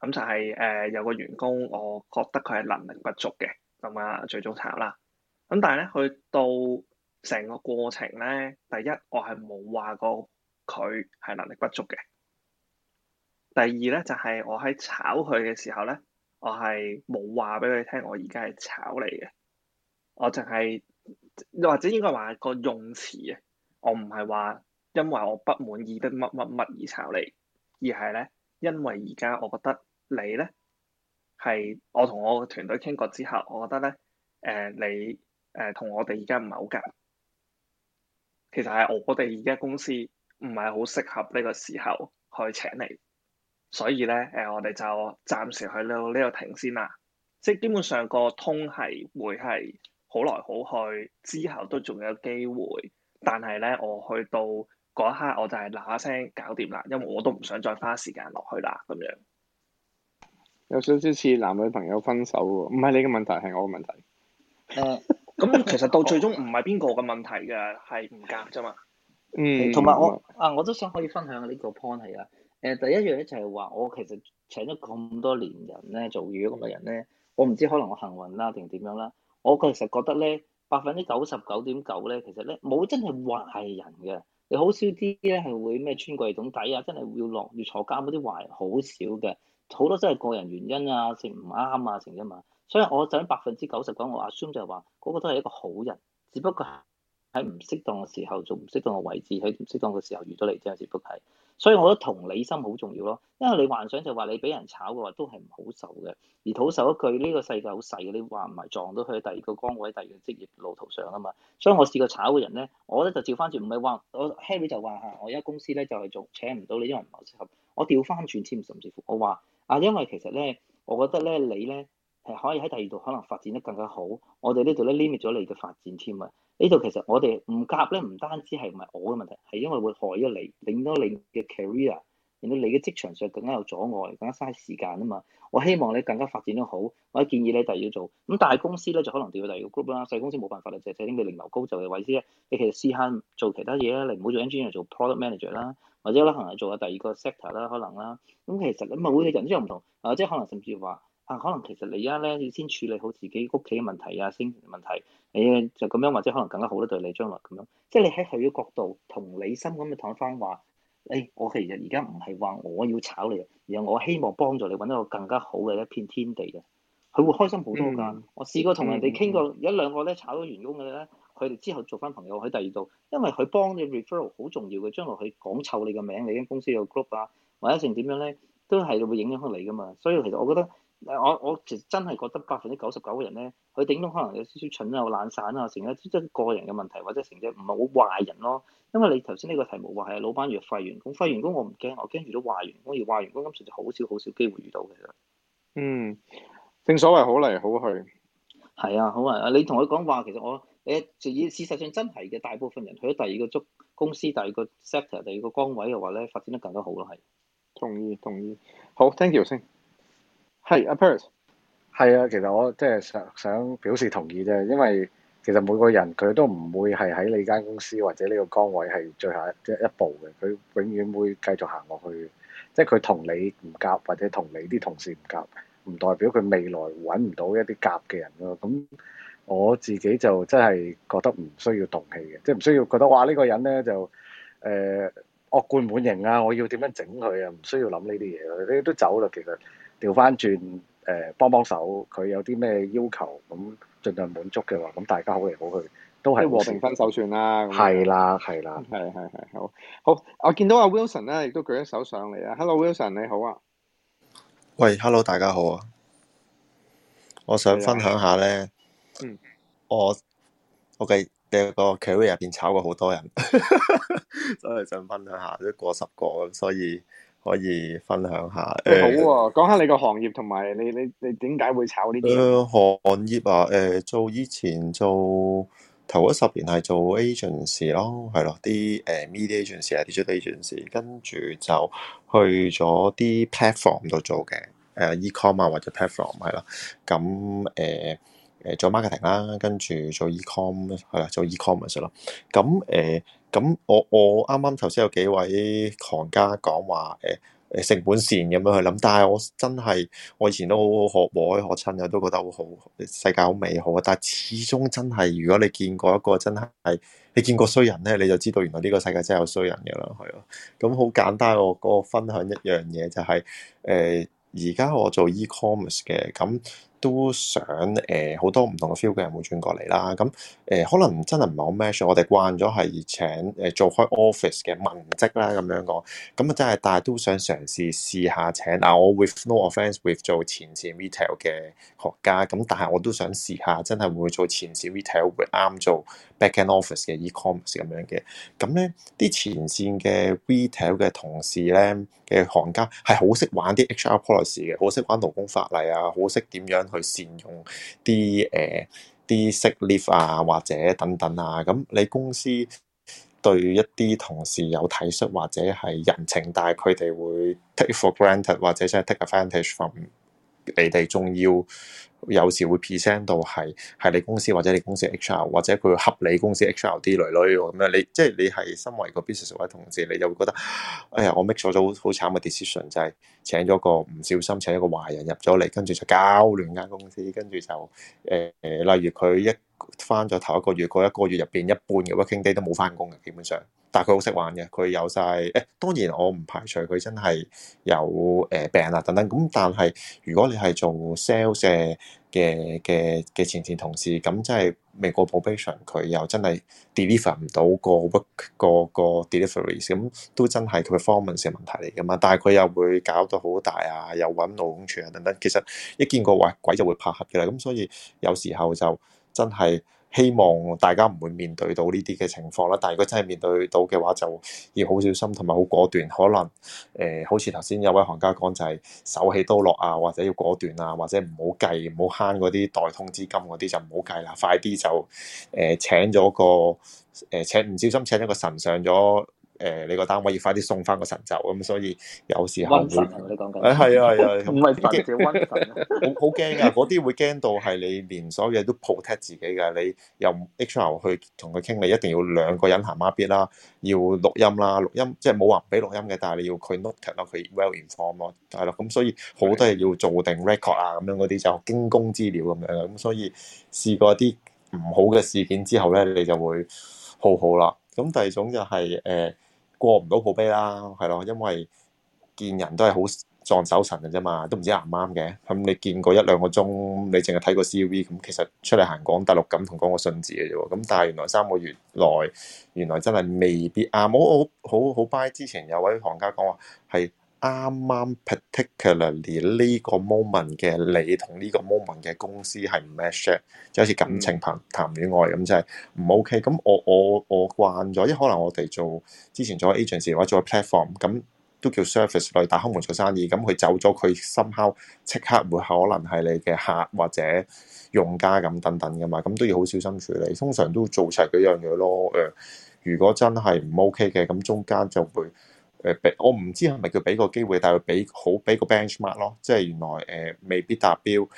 S5: 咁就係、是、誒、呃、有個員工，我覺得佢係能力不足嘅，咁啊最終炒啦，咁但係咧去到成個過程咧，第一我係冇話過佢係能力不足嘅，第二咧就係、是、我喺炒佢嘅時候咧，我係冇話俾佢聽我而家係炒你嘅，我淨係。或者應該話個用詞啊，我唔係話因為我不滿意的乜乜乜而炒你，而係咧因為而家我覺得你咧係我同我個團隊傾過之後，我覺得咧誒、呃、你誒同、呃、我哋而家唔係好夾，其實係我哋而家公司唔係好適合呢個時候去請你，所以咧誒、呃、我哋就暫時去呢度呢度停先啦。即係基本上個通係會係。好來好去，之後都仲有機會，但係咧，我去到嗰一刻，我就係嗱聲搞掂啦，因為我都唔想再花時間落去啦。咁樣
S3: 有少少似男女朋友分手喎，唔係你嘅問題，係
S5: 我嘅問題。誒、 呃，咁其實到最終唔係邊個嘅問題㗎，係唔夾
S10: 啫嘛。嗯，
S9: 同埋我、嗯、
S10: 啊，我都想可以分享呢個 point 係啦。誒、呃，第一樣咧就係話，我其實請咗咁多年人咧，做語咁嘅人咧，我唔知可能我幸運啦，定點樣啦。我其實覺得咧，百分之九十九點九咧，其實咧冇真係壞人嘅。你好少啲咧係會咩穿櫃筒底啊，真係要落要坐監嗰啲壞人好少嘅。好多真係個人原因啊，成唔啱啊，成一嘛。所以我想百分之九十九，我阿 s 就係話嗰個都係一個好人，只不過喺唔適當嘅時候做唔適當嘅位置，喺唔適當嘅時候遇到你，即係至福係。所以我覺得同理心好重要咯。因為你幻想就話你俾人炒嘅話都係唔好受嘅，而好受一句呢個世界好細嘅，你話唔係撞到佢第二個崗位、第二個職業路途上啊嘛。所以我試過炒嘅人咧，我咧就照翻轉，唔係話我 Harry 就話嚇我而家公司咧就係、是、做請唔到你，因為唔合適。我調翻轉添，甚至乎我話啊，因為其實咧，我覺得咧，你咧係可以喺第二度可能發展得更加好。我哋呢度咧 limit 咗你嘅發展添啊。呢度其實我哋唔夾咧，唔單止係唔係我嘅問題，係因為會害咗你，令到你嘅 career，令到你嘅職場上更加有阻礙，更加嘥時間啊嘛。我希望你更加發展得好，我建議你第二要做咁但大公司咧就可能調去第二個 group 啦，細公司冇辦法啦，就係因定你另謀高就嘅位先啦。你其實試下做其他嘢啦，你唔好做 engineer 做 product manager 啦，或者咧可能做下第二個 sector 啦，可能啦。咁其實咁每個人都有唔同，即係可能甚至話～啊，可能其實你而家咧要先處理好自己屋企嘅問題啊、升問題，誒就咁樣，或者可能更加好咧對你將來咁樣，即係你喺佢嘅角度同理心咁樣談翻話，誒、哎、我其實而家唔係話我要炒你，而係我希望幫助你揾一個更加好嘅一片天地嘅，佢會開心好多㗎。嗯、我試過同人哋傾過有、嗯、一兩個咧炒咗員工嘅咧，佢哋之後做翻朋友喺第二度，因為佢幫你 referral 好重要嘅，將來佢講臭你嘅名，你間公司有 group 啊，或者成點樣咧，都係會影響到你㗎嘛。所以其實我覺得。我我其實真係覺得百分之九十九嘅人咧，佢頂多可能有少少蠢啊、懶散啊，成日即係個人嘅問題，或者成日唔係好壞人咯。因為你頭先呢個題目話係老闆遇廢員工，廢員工我唔驚，我驚遇到壞員工。而壞員工今次就好少好少機會遇到嘅。嗯，正所謂好嚟好去。係啊，好啊，你同佢講話，其實我誒，事實上真係嘅，大部分人去咗第二個足公司、第二個 sector、第二個崗位嘅話咧，發展得更加好咯。係。同意同意，好，thank you 先。
S8: 係、Hey, a Paris 係啊。其實我即係想想表示同意啫，因為其實每個人佢都唔會係喺你間公司或者呢個崗位係最後一、即係、一步嘅。佢永遠會繼續行落去，即係佢同你唔夾或者同你啲同事唔夾，唔代表佢未來揾唔到一啲夾嘅人咯。咁我自己就真係覺得唔需要動氣嘅，即係唔需要覺得哇呢、呢個人呢就誒、呃、惡貫滿盈啊！我要點樣整佢啊？唔需要諗呢啲嘢，你都走啦。其實。調翻轉誒，幫幫手，佢有啲咩要求，咁盡量滿足嘅話。咁大家好嚟好去，都係和平分手
S3: 算啦。係啦，係啦，係係係，好好。我見到阿 Wilson 咧，亦都舉一手上嚟啦。Hello，Wilson，你好啊。
S11: 喂，Hello，大家好啊。我想分享下咧。嗯的。我我嘅嘅個 career 入邊炒過好多人， 所以想分享下，都過十個咁，所以。可以分享下，好啊！
S3: 講、呃、下你個行業同埋、呃、你你你點解會炒呢
S11: 啲？呃、行業啊，誒、呃，做以前做頭嗰十年係做 agency 咯，係咯啲誒 media agency 啊，digital agency，跟住就去咗啲 platform 度做嘅，誒、呃、ecom 啊或者 platform 係咯，咁誒誒做 marketing 啦，跟住做 ecom 係啦，做 e-commerce 咯，啊，咁誒、e。咁我我啱啱頭先有幾位行家講話，誒誒成本線咁樣去諗，但係我真係我以前都好可可可親，我親友都覺得好好世界好美好啊！但係始終真係如果你見過一個真係你見過衰人咧，你就知道原來呢個世界真係有衰人嘅啦，係咯。咁好簡單，我嗰個分享一樣嘢就係、是、誒，而、呃、家我做 e-commerce 嘅咁。都想誒好、呃、多唔同嘅 feel 嘅人會轉過嚟啦，咁、嗯、誒、呃、可能真係唔係好 match 我哋慣咗係請誒、呃、做開 office 嘅文職啦咁樣講，咁啊真係，但係都想嘗試試下請，啊、呃、我 with no offense with 做前線 retail 嘅學家，咁但係我都想試下真係會做前線 retail 會啱做 back end office 嘅 e-commerce 咁樣嘅，咁咧啲前線嘅 retail 嘅同事咧。嘅行家係好識玩啲 HR policy 嘅，好識玩勞工法例啊，好識點樣去善用啲誒啲 sick leave 啊，或者等等啊。咁你公司對一啲同事有體恤或者係人情，但係佢哋會 take for granted 或者想 take advantage from 你哋仲要。有時會 present 到係係你公司或者你公司 HR 或者佢恰你公司 HR 啲女女喎，咁樣，你即係你係身為一個 business 嗰啲同事，你就會覺得，哎呀，我 make 錯咗好好慘嘅 decision，就係請咗個唔小心請一個壞人入咗嚟，跟住就搞亂間公司，跟住就誒、呃、例如佢一。翻咗頭一個月，嗰一個月入邊一半嘅 working day 都冇翻工嘅，基本上。但係佢好識玩嘅，佢有晒誒、欸。當然我唔排除佢真係有誒病啊等等。咁但係如果你係做 sales 嘅嘅嘅前線同事，咁、嗯、即係未過 probation 佢又真係 deliver 唔到、個 work 個個 delivery 咁都真係佢 performance 問題嚟噶嘛。但係佢又會搞到好大啊，又搵勞工處啊等等。其實一見過話鬼就會怕黑噶啦，咁、嗯、所以有時候就。真係希望大家唔會面對到呢啲嘅情況啦，但係如果真係面對到嘅話，就要好小心同埋好果斷。可能誒、呃，好似頭先有位行家講就係、是、手起刀落啊，或者要果斷啊，或者唔好計，唔好慳嗰啲代通知金嗰啲就唔好計啦，快啲就誒、呃、請咗個誒請唔小心請咗個神上咗。誒，你個單位要快啲送翻個神咒咁，所以有時候溫神、啊，你講緊，誒係啊係啊，唔係溫神，好好驚啊！嗰啲、 嗯、 會驚到係你連所有嘢都 protect 自己嘅，你又 email 去同佢傾，你一定要兩個人行孖必啦，要錄音啦，錄音即係冇話俾錄音嘅，但係你要佢 note 咯，佢 well informed 咯，係咯，咁所以好多嘢要做定 record 啊，咁、就是、樣嗰啲就驚弓之鳥咁樣，咁所以試過啲唔好嘅事件之後咧，你就會好好啦。咁第二種就係誒。過唔到普杯啦，係咯，因為見人都係好撞手神嘅啫嘛，都唔知啱唔啱嘅。咁你見過一兩個鐘，你淨係睇過 C.V. 咁，其實出嚟行講第六感同講個信字嘅啫。咁但係原來三個月內，原來真係未必啱，啊。我我好好 buy 之前有位行家講話係。啱啱 particularly 呢個 moment 嘅你同呢個 moment 嘅公司係唔 match，就好似感情，談談戀愛咁，即係唔 OK。咁我我我慣咗，因為可能我哋做之前做 agency 或者做 platform，咁都叫 service 嚟打開門做生意，咁佢走咗，佢心口即刻會可能係你嘅客或者用家咁等等噶嘛，咁都要好小心處理。通常都做齊嗰樣嘢咯。誒，如果真係唔 OK 嘅，咁中間就會。誒，俾我唔知係咪叫俾個機會，但係佢俾好俾個 benchmark 咯，即係原來誒、呃、未必達標，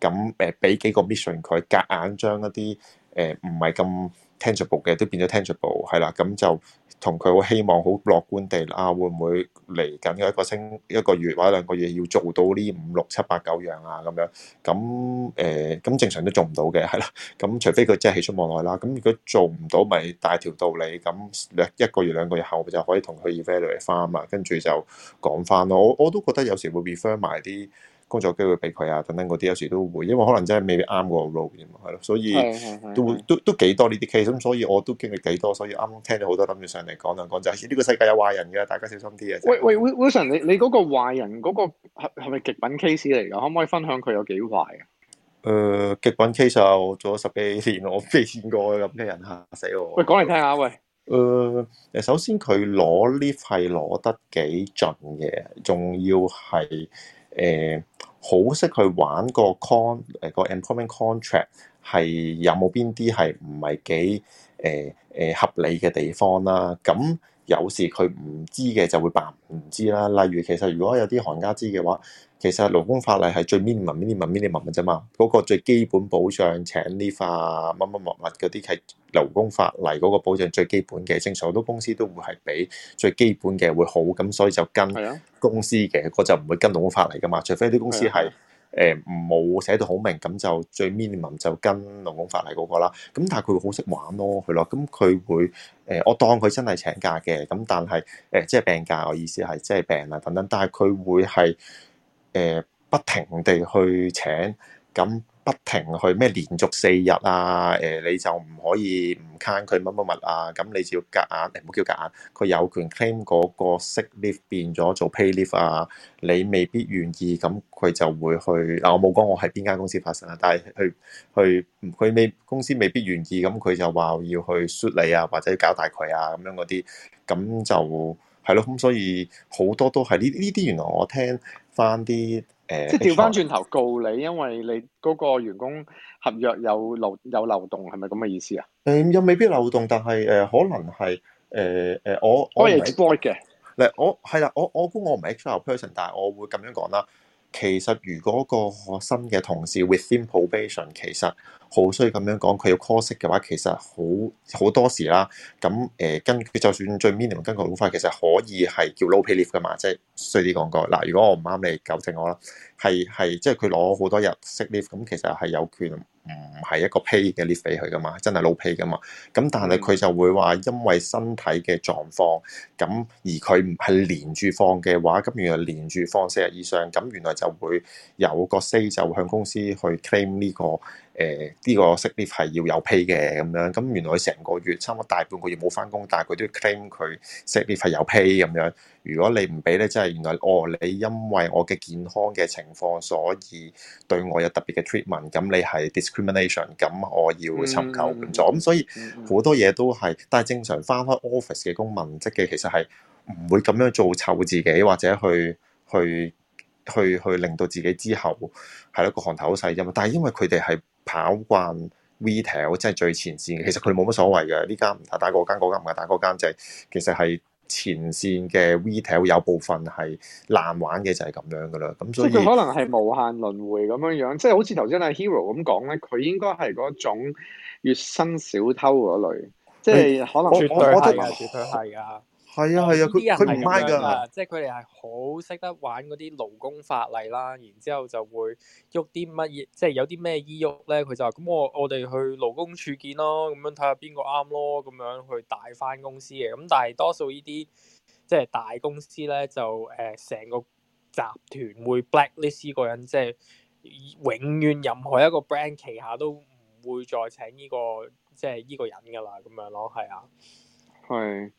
S11: 咁誒俾幾個 mission 佢夾硬將一啲誒唔、呃、係咁 tangible 嘅都變咗 tangible，係啦，咁就。同佢好希望好樂觀地啊，會唔會嚟緊嘅一個星一個月或者兩個月要做到呢五六七八九樣啊咁樣？咁誒咁正常都做唔到嘅，係啦。咁除非佢真係喜出望外啦。咁如果做唔到，咪、就是、大條道理咁，約一個月兩個月後，就可以同佢 evaluate 翻嘛。跟住就講翻咯。我我都覺得有時會 refer 埋啲。工作機會俾佢啊，等等嗰啲有時都會，因為可能真係未必啱個 role 啫嘛，係咯，所以都會都都幾多呢啲 case，咁所以我都經歷幾多，所以啱啱聽到好多，諗住上嚟講兩講就係、係、呢個世界有壞人㗎，大家小心啲啊！喂
S3: 喂，Wilson，、嗯、你你嗰個壞人嗰、嗰個係咪極品 case 嚟㗎？可唔可以分享佢有幾壞呀？誒、呃，
S11: 極品 case 我做咗十幾年，我未見過咁嘅人，嚇死我。喂聽聽
S3: 聽！喂，講嚟聽下喂。
S11: 誒，首先佢攞 leave 係攞得幾盡嘅，仲要係。誒，好識、呃、去玩個 con 誒個 employment contract 係有冇邊啲係唔係幾誒誒、呃呃、合理嘅地方啦咁。有時佢唔知嘅就會扮唔知啦。例如其實如果有啲行家知嘅話，其實勞工法例係最 minimum minimum minimum 嘅啫嘛。嗰個最基本保障請呢化乜乜乜乜，嗰啲係勞工法例嗰個保障最基本嘅。正常好多公司都會係俾最基本嘅會好咁，所以就跟公司嘅，我就唔會跟勞工法例噶嘛，除非啲公司係。誒冇、呃、寫到好明，咁就最 minimum 就跟勞工法例嗰個啦。咁但係佢好識玩咯，係咯。咁佢會誒、呃，我當佢真係請假嘅。咁但係誒、呃，即係病假，我意思係即係病啊等等。但係佢會係誒、呃，不停地去請咁。不停去咩連續四日啊？誒、呃，你就唔可以唔 can 佢乜乜乜啊？咁你只要夾硬，唔好叫夾硬。佢、欸、有權 claim 嗰個 sick leave 變咗做 pay leave 啊！你未必願意，咁佢就會去嗱，我冇講我係邊間公司發生啊，但係去去佢未公司未必願意，咁佢就話要去 sue 你啊，或者要搞大佢啊，咁樣嗰啲，咁就係咯。咁所以好多都係呢呢啲，原來我聽翻啲。即係調翻轉頭
S3: 告你，因為你嗰個員工合約有漏洞有漏洞，係咪咁嘅意思啊？
S11: 誒、呃，又未必漏洞，但係誒、呃，可能係誒誒，我我 boy 嘅。嗱，我係啦，我我估我唔係 expert person，但係我會咁樣講啦。其實如果個新嘅同事 within probation，其實。好，所以咁樣講，佢要 call 息嘅話，其實好好多時啦。咁誒跟，就算最 minimum 跟個好快，其實可以係叫 low pay l i f t e 嘛，即係衰啲講句。嗱，如果我唔啱你，糾正我啦，係係，即係佢攞好多日息 l i f t e 咁其實係有權唔係一個 pay 嘅 l i f t e 俾佢噶嘛，真係 low pay 噶嘛。咁但係佢就會話，因為身體嘅狀況，咁而佢唔係連住放嘅話，咁原來連住放四日以上，咁原來就會有個 say 就會向公司去 claim 呢、這個。誒呢、呃這個 sick leave 係要有 pay 嘅咁樣，咁原來佢成個月差唔多大半個月冇翻工，但係佢都要 claim 佢 s i sick leave 係有 pay 咁樣。如果你唔俾咧，即係原來哦，你因為我嘅健康嘅情況，所以對我有特別嘅 treatment，咁你係 discrimination，咁我要尋求援助。咁、mm hmm. 所以好多嘢都係，但係正常翻返 office 嘅公民，即嘅其實係唔會咁樣做臭自己，或者去去去去，去令到自己之後係一個行頭好細啫嘛。但係因為佢哋係。跑慣 retail 即係最前線嘅，其實佢冇乜所謂嘅。呢間唔打，打嗰間，嗰間唔打，打嗰間就係、是、其實係前線嘅 retail 有部分係難玩嘅，就係咁樣
S3: 噶啦。咁所以佢可能係無限輪迴咁樣樣，即係好似頭先阿 Hero 咁講咧，佢應該係嗰種月薪小偷嗰類，即係可能、嗯、絕對係啊！嗯、絕對係
S6: 係啊係
S5: 啊，佢佢拉噶，
S7: 即係佢哋係好識得玩嗰啲勞工法例啦，然之後就會喐啲乜嘢，即係有啲咩嘢喐咧，佢就咁我我哋去勞工處見咯，咁樣睇下邊個啱咯，咁樣去帶翻公司嘅。咁但係多數呢啲即係大公司咧，就誒成個集團會 blacklist 呢個人，即係永遠任何一個 brand 旗下都唔會再請呢個即係呢個人噶啦，咁樣咯，係啊，
S3: 係。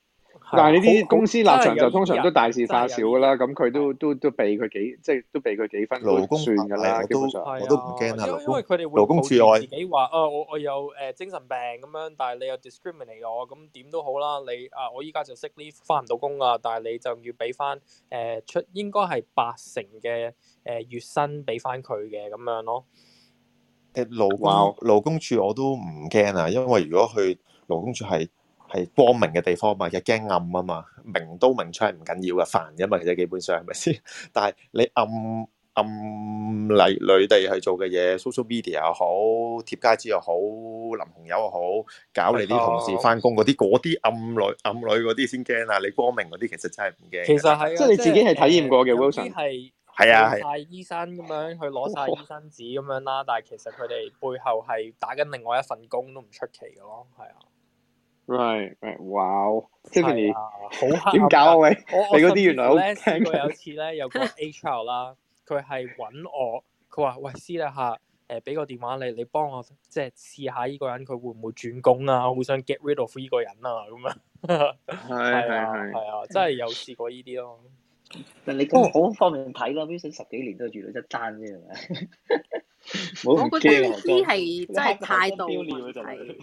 S8: 但嗱，呢啲公司立場就通常都大事化小噶啦，
S3: 咁佢工都都都俾佢幾，即係都俾佢幾分
S8: 去算噶啦。工基本
S3: 上我都唔驚啊。因為佢哋工會好似自己話，
S7: 誒、哦、我我有誒精神病咁樣，但係你又 discriminate 我，咁點都好啦。你啊，我依家就 sick leave 翻唔到工啊，但係你就要俾翻誒出應該係八成嘅誒、呃、月薪俾翻佢嘅咁樣咯。
S11: 誒勞工勞工處我都唔驚啊，因為如果去勞工處係，係光明嘅地方嘛，佢驚暗啊嘛，明刀明槍係唔緊要嘅，煩嘅嘛，其實基本上係咪先？但係你暗暗女女地去做嘅嘢，social media 又好，貼街紙又好，淋紅油又好，搞你啲同事返工嗰啲，嗰啲暗，暗女暗女嗰啲先驚啊！你光明嗰啲其實真係唔驚。其實係，即係你自己係體驗過嘅。嗰啲係係啊，派
S7: 醫生咁樣去攞晒醫生紙咁樣啦，啊哦、但係其實佢哋背後係打緊另外一份工都唔出奇嘅咯，係啊。
S3: Right, right, wow, Tiffany，好黑點搞啊你？你嗰啲原來好聽過有
S7: 次咧，有個 HR 啦，佢係揾我，佢話：喂，私底下，誒俾個電話你，你幫我即係試下依個人佢會唔會轉工啊？我好想 get rid of 依個人啊咁樣。
S10: 係啊，係啊，啊，啊，啊，真係有試過依啲咯。但你咁好方便睇咯，表示十幾年都係遇到一單啫，係咪？我覺得呢啲係真係態度問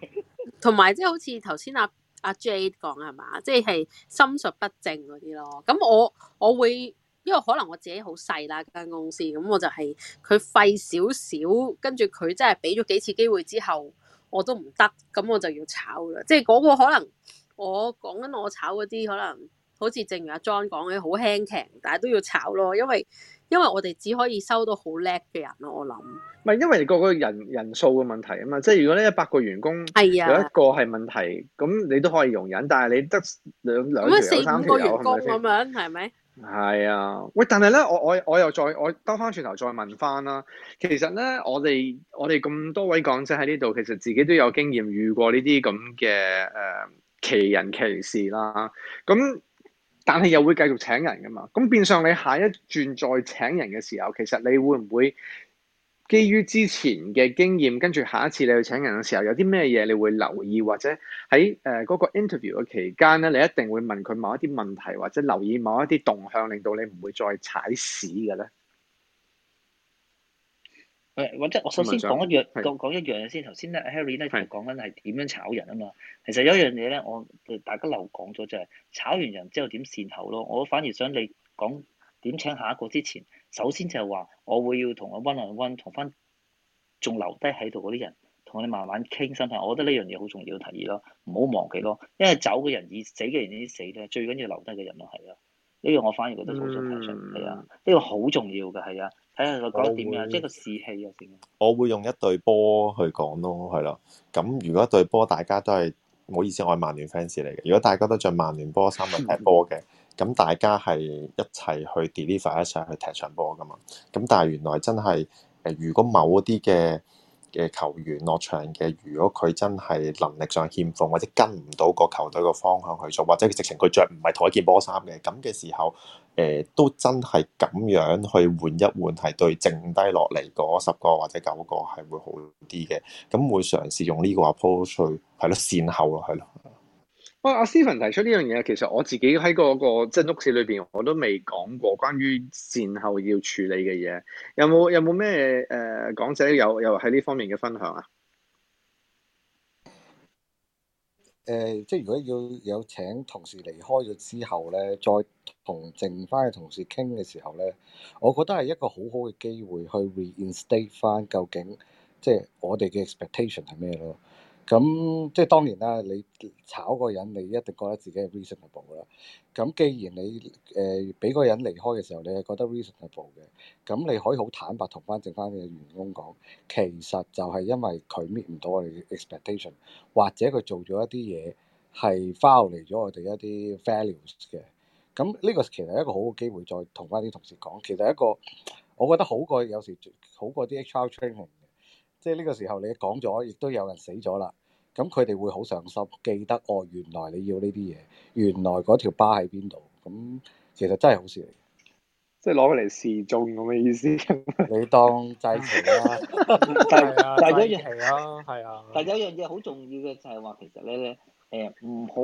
S1: 題。同埋即係好似頭先阿阿 Jade 講係嘛，即係、係、心術不正嗰啲咯。咁我我會，因為可能我自己好細啦間公司，咁我就係佢廢少少，跟住佢真係俾咗幾次機會之後，我都唔得，咁我就要炒啦。即係嗰個可能，我講緊我炒嗰啲可能。好似正如阿 John 講嘅，好輕騎，但係都要炒咯，因為因為我哋只可以收到好叻嘅人咯，我諗。
S3: 唔係因為個個人人數嘅問題啊嘛，即係如果呢一百個員工，哎、呀有一個係問題，咁你都可以容忍，但係你得兩兩四五個員工咁樣，係咪？係啊，喂！但係咧，我我我又再我兜翻轉頭再問翻啦。其實咧，我哋我哋咁多位講者喺呢度，其實自己都有經驗遇過呢啲咁嘅誒奇人奇事啦。咁但係又會繼續請人㗎嘛？咁變相你下一轉再請人嘅時候，其實你會唔會基於之前嘅經驗，跟住下一次你去請人嘅時候，有啲咩嘢你會留意，或者喺誒嗰個 interview 嘅期間咧，你一定會問佢某一啲問題，或者留意某一啲動向，令到你唔會再踩屎嘅咧？
S10: 或者我首了先講一，是先一樣講講一樣先，頭先咧 Harry 咧就講緊係點樣炒人啊嘛。是其實有一樣嘢咧，我大家漏講咗就係炒完人之後點善後咯。我反而想你講點請下一個之前，首先就係話我會要同佢溫兩温同翻仲留低喺度嗰啲人，同你慢慢傾心態。我覺得呢樣嘢好重要提議咯，唔好忘記咯。因為走嘅人已死嘅人已經死咧，最緊要留低嘅人咯，就是，係啊。呢個我反而覺得好，嗯啊，重要，係啊，呢個好重要嘅，係啊。
S11: 誒，我得點樣？即係個士氣又點？我會用一隊波去講咯，係咯。咁如果一隊波大家都係，唔好意思，我係曼聯 fans 嚟嘅。如果大家都着曼聯波衫去踢波嘅，咁大家係一齊去 deliver，一齊去踢場波噶嘛。咁但係原來真係，誒，如果某啲嘅嘅球員落場嘅，如果佢真係能力上欠奉，或者跟唔到個球隊個方向去做，或者直情佢着唔係同一件波衫嘅，咁嘅時候。誒、呃、都真係咁樣去換一換，係對剩低落嚟嗰十個或者九個係會好啲嘅，咁會嘗試用呢個 approach 去係咯善後咯，係
S3: 咯。哇！阿、啊、Stephen 提出呢樣嘢，其實我自己喺嗰、那個、那個、即係屋企裏邊我都未講過關於善後要處理嘅嘢，有冇有冇咩誒講者有有喺呢方面嘅分享啊？
S8: 誒、呃，即係如果要有請同事離開咗之後咧，再同剩翻嘅同事傾嘅時候咧，我覺得係一個好好嘅機會去 reinstate 翻究竟，即係我哋嘅 expectation 係咩咯？咁即係當然啦！你炒個人，你一定覺得自己係 reasonable 啦。咁既然你誒俾、呃、個人離開嘅時候，你係覺得 reasonable 嘅，咁你可以好坦白同翻剩翻你嘅員工講，其實就係因為佢搣唔到我哋 expectation，或者佢做咗一啲嘢係 fail 嚟咗我哋一啲 values 嘅。咁呢個其實一個好嘅機會再同翻啲同事講，其實一個我覺得好過有時好過啲 HR training 嘅。即係呢個時候你講咗，亦都有人死咗啦。咁佢哋會好上心，記得哦。原來你要呢啲嘢，原來嗰條巴喺邊度。咁其實真係好事嚟，即係攞佢嚟示眾咁嘅意思。 你當祭旗啦，祭旗啦，係
S10: 啊。但有一樣嘢好 重要嘅就係話，其實咧咧誒唔好，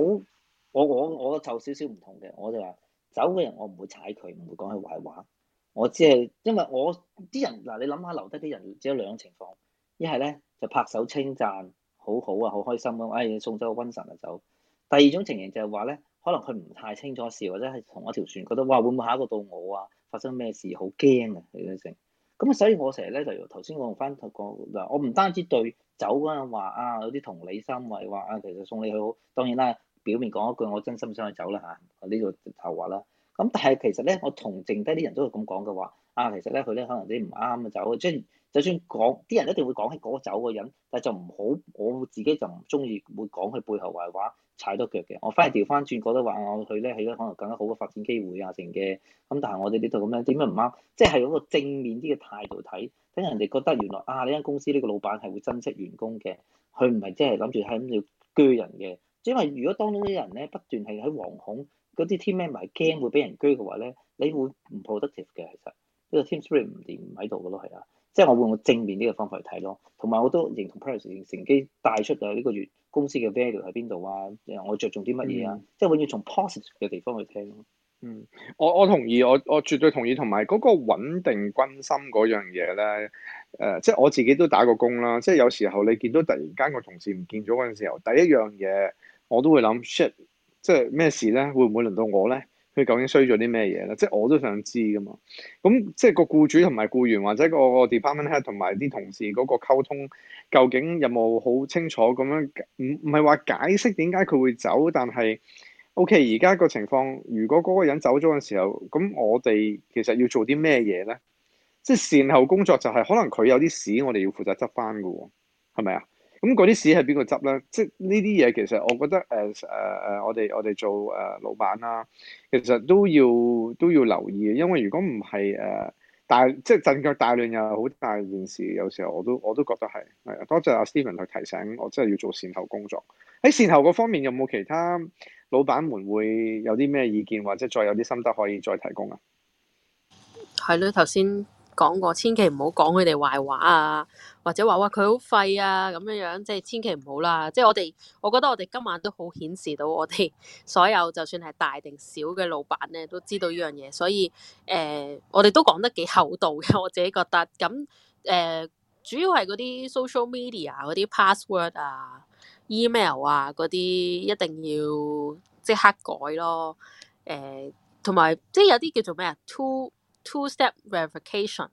S10: 我我我就少少唔同嘅，我就話走嘅人我唔會踩佢，唔會講佢壞話。我只係因為我啲人嗱、啊，你諗下留低啲人只有兩種情況，一係咧就拍手稱讚。好好啊，好開心咯！誒，送走個瘟神啊，走。第二種情形就係話咧，可能佢唔太清楚事，或者係同一條船，覺得哇，會唔會下一個到我啊？發生咩事，好驚啊！成。咁所以，我成日咧就頭先我用翻頭講嗱，我唔單止對走嗰陣話啊，有啲同理心，為話啊，其實送你去好，當然啦，表面講一句，我真心想去走啦嚇，呢個頭話啦。咁但係其實咧，我同剩低啲人都係咁講嘅話，啊，其實咧佢咧可能啲唔啱啊，走即係。就算講啲人一定會講起嗰個走嘅人，但係就唔好我自己就唔中意會講佢背後壞話踩多腳嘅。我反而調翻轉覺得話，我佢咧係一個可能更加好嘅發展機會啊，成嘅咁。但係我哋呢度咁樣點樣唔啱？即係用嗰個正面啲嘅態度睇，等人哋覺得原來啊，呢間公司呢個老闆係會珍惜員工嘅，佢唔係即係諗住喺咁樣鋸人嘅。因為如果當中啲人咧不斷係喺惶恐嗰啲 team member 係驚會俾人鋸嘅話咧，你會唔 productive 嘅。其實呢個 team spirit 唔掂唔喺度嘅咯，係啊。即係我會用正面呢個方法去睇咯，同埋我都認同 process 成機帶出咗呢個月公司嘅 value 喺邊度啊！我着重啲乜嘢啊？嗯、即係永遠從 positive 嘅地方去聽咯。嗯，
S3: 我我同意，我我絕對同意，同埋嗰個穩定軍心嗰樣嘢咧。誒、呃，即係我自己都打過工啦。即係有時候你見到突然間個同事唔見咗嗰陣時候，第一樣嘢我都會諗 shit，即係咩事咧？會唔會輪到我咧？佢究竟衰咗啲咩嘢咧？即係我都想知噶嘛。咁、嗯、即係個僱主同埋僱員，或者個 department head 同埋啲同事嗰個溝通，究竟有冇好清楚咁樣？唔唔係話解釋點解佢會走，但係 OK。而家個情況，如果嗰個人走咗嘅時候，咁我哋其實要做啲咩嘢咧？即係善後工作就係可能佢有啲事我哋要負責執翻噶喎，係咪啊？咁嗰啲屎係邊個執咧？即係呢啲嘢，就是、其實我覺得誒誒誒，我哋我哋做誒老闆啦、啊，其實都要都要留意嘅。因為如果唔係誒大，即係陣腳大亂又好大件事，有時候我都我都覺得係係啊。多謝阿 Steven 去提醒我，真係要做善後工作。喺善後嗰方面，有冇其他老闆們會有啲咩意見，或者再有啲心得可以再提供啊？
S1: 係咯，頭先。講過，千祈唔好講佢哋壞話啊，或者話哇佢好廢啊咁樣樣，即係千祈唔好啦。即係我哋，我覺得我哋今晚都好顯示到我哋所有，就算係大定小嘅老闆咧，都知道呢樣嘢。所以誒、呃，我哋都講得幾厚道嘅，我自己覺得。咁誒、呃，主要係嗰啲 social media 嗰啲 password 啊、email 啊嗰啲，一定要即刻改咯。誒、呃，同埋即係有啲叫做咩啊？To two-step verification，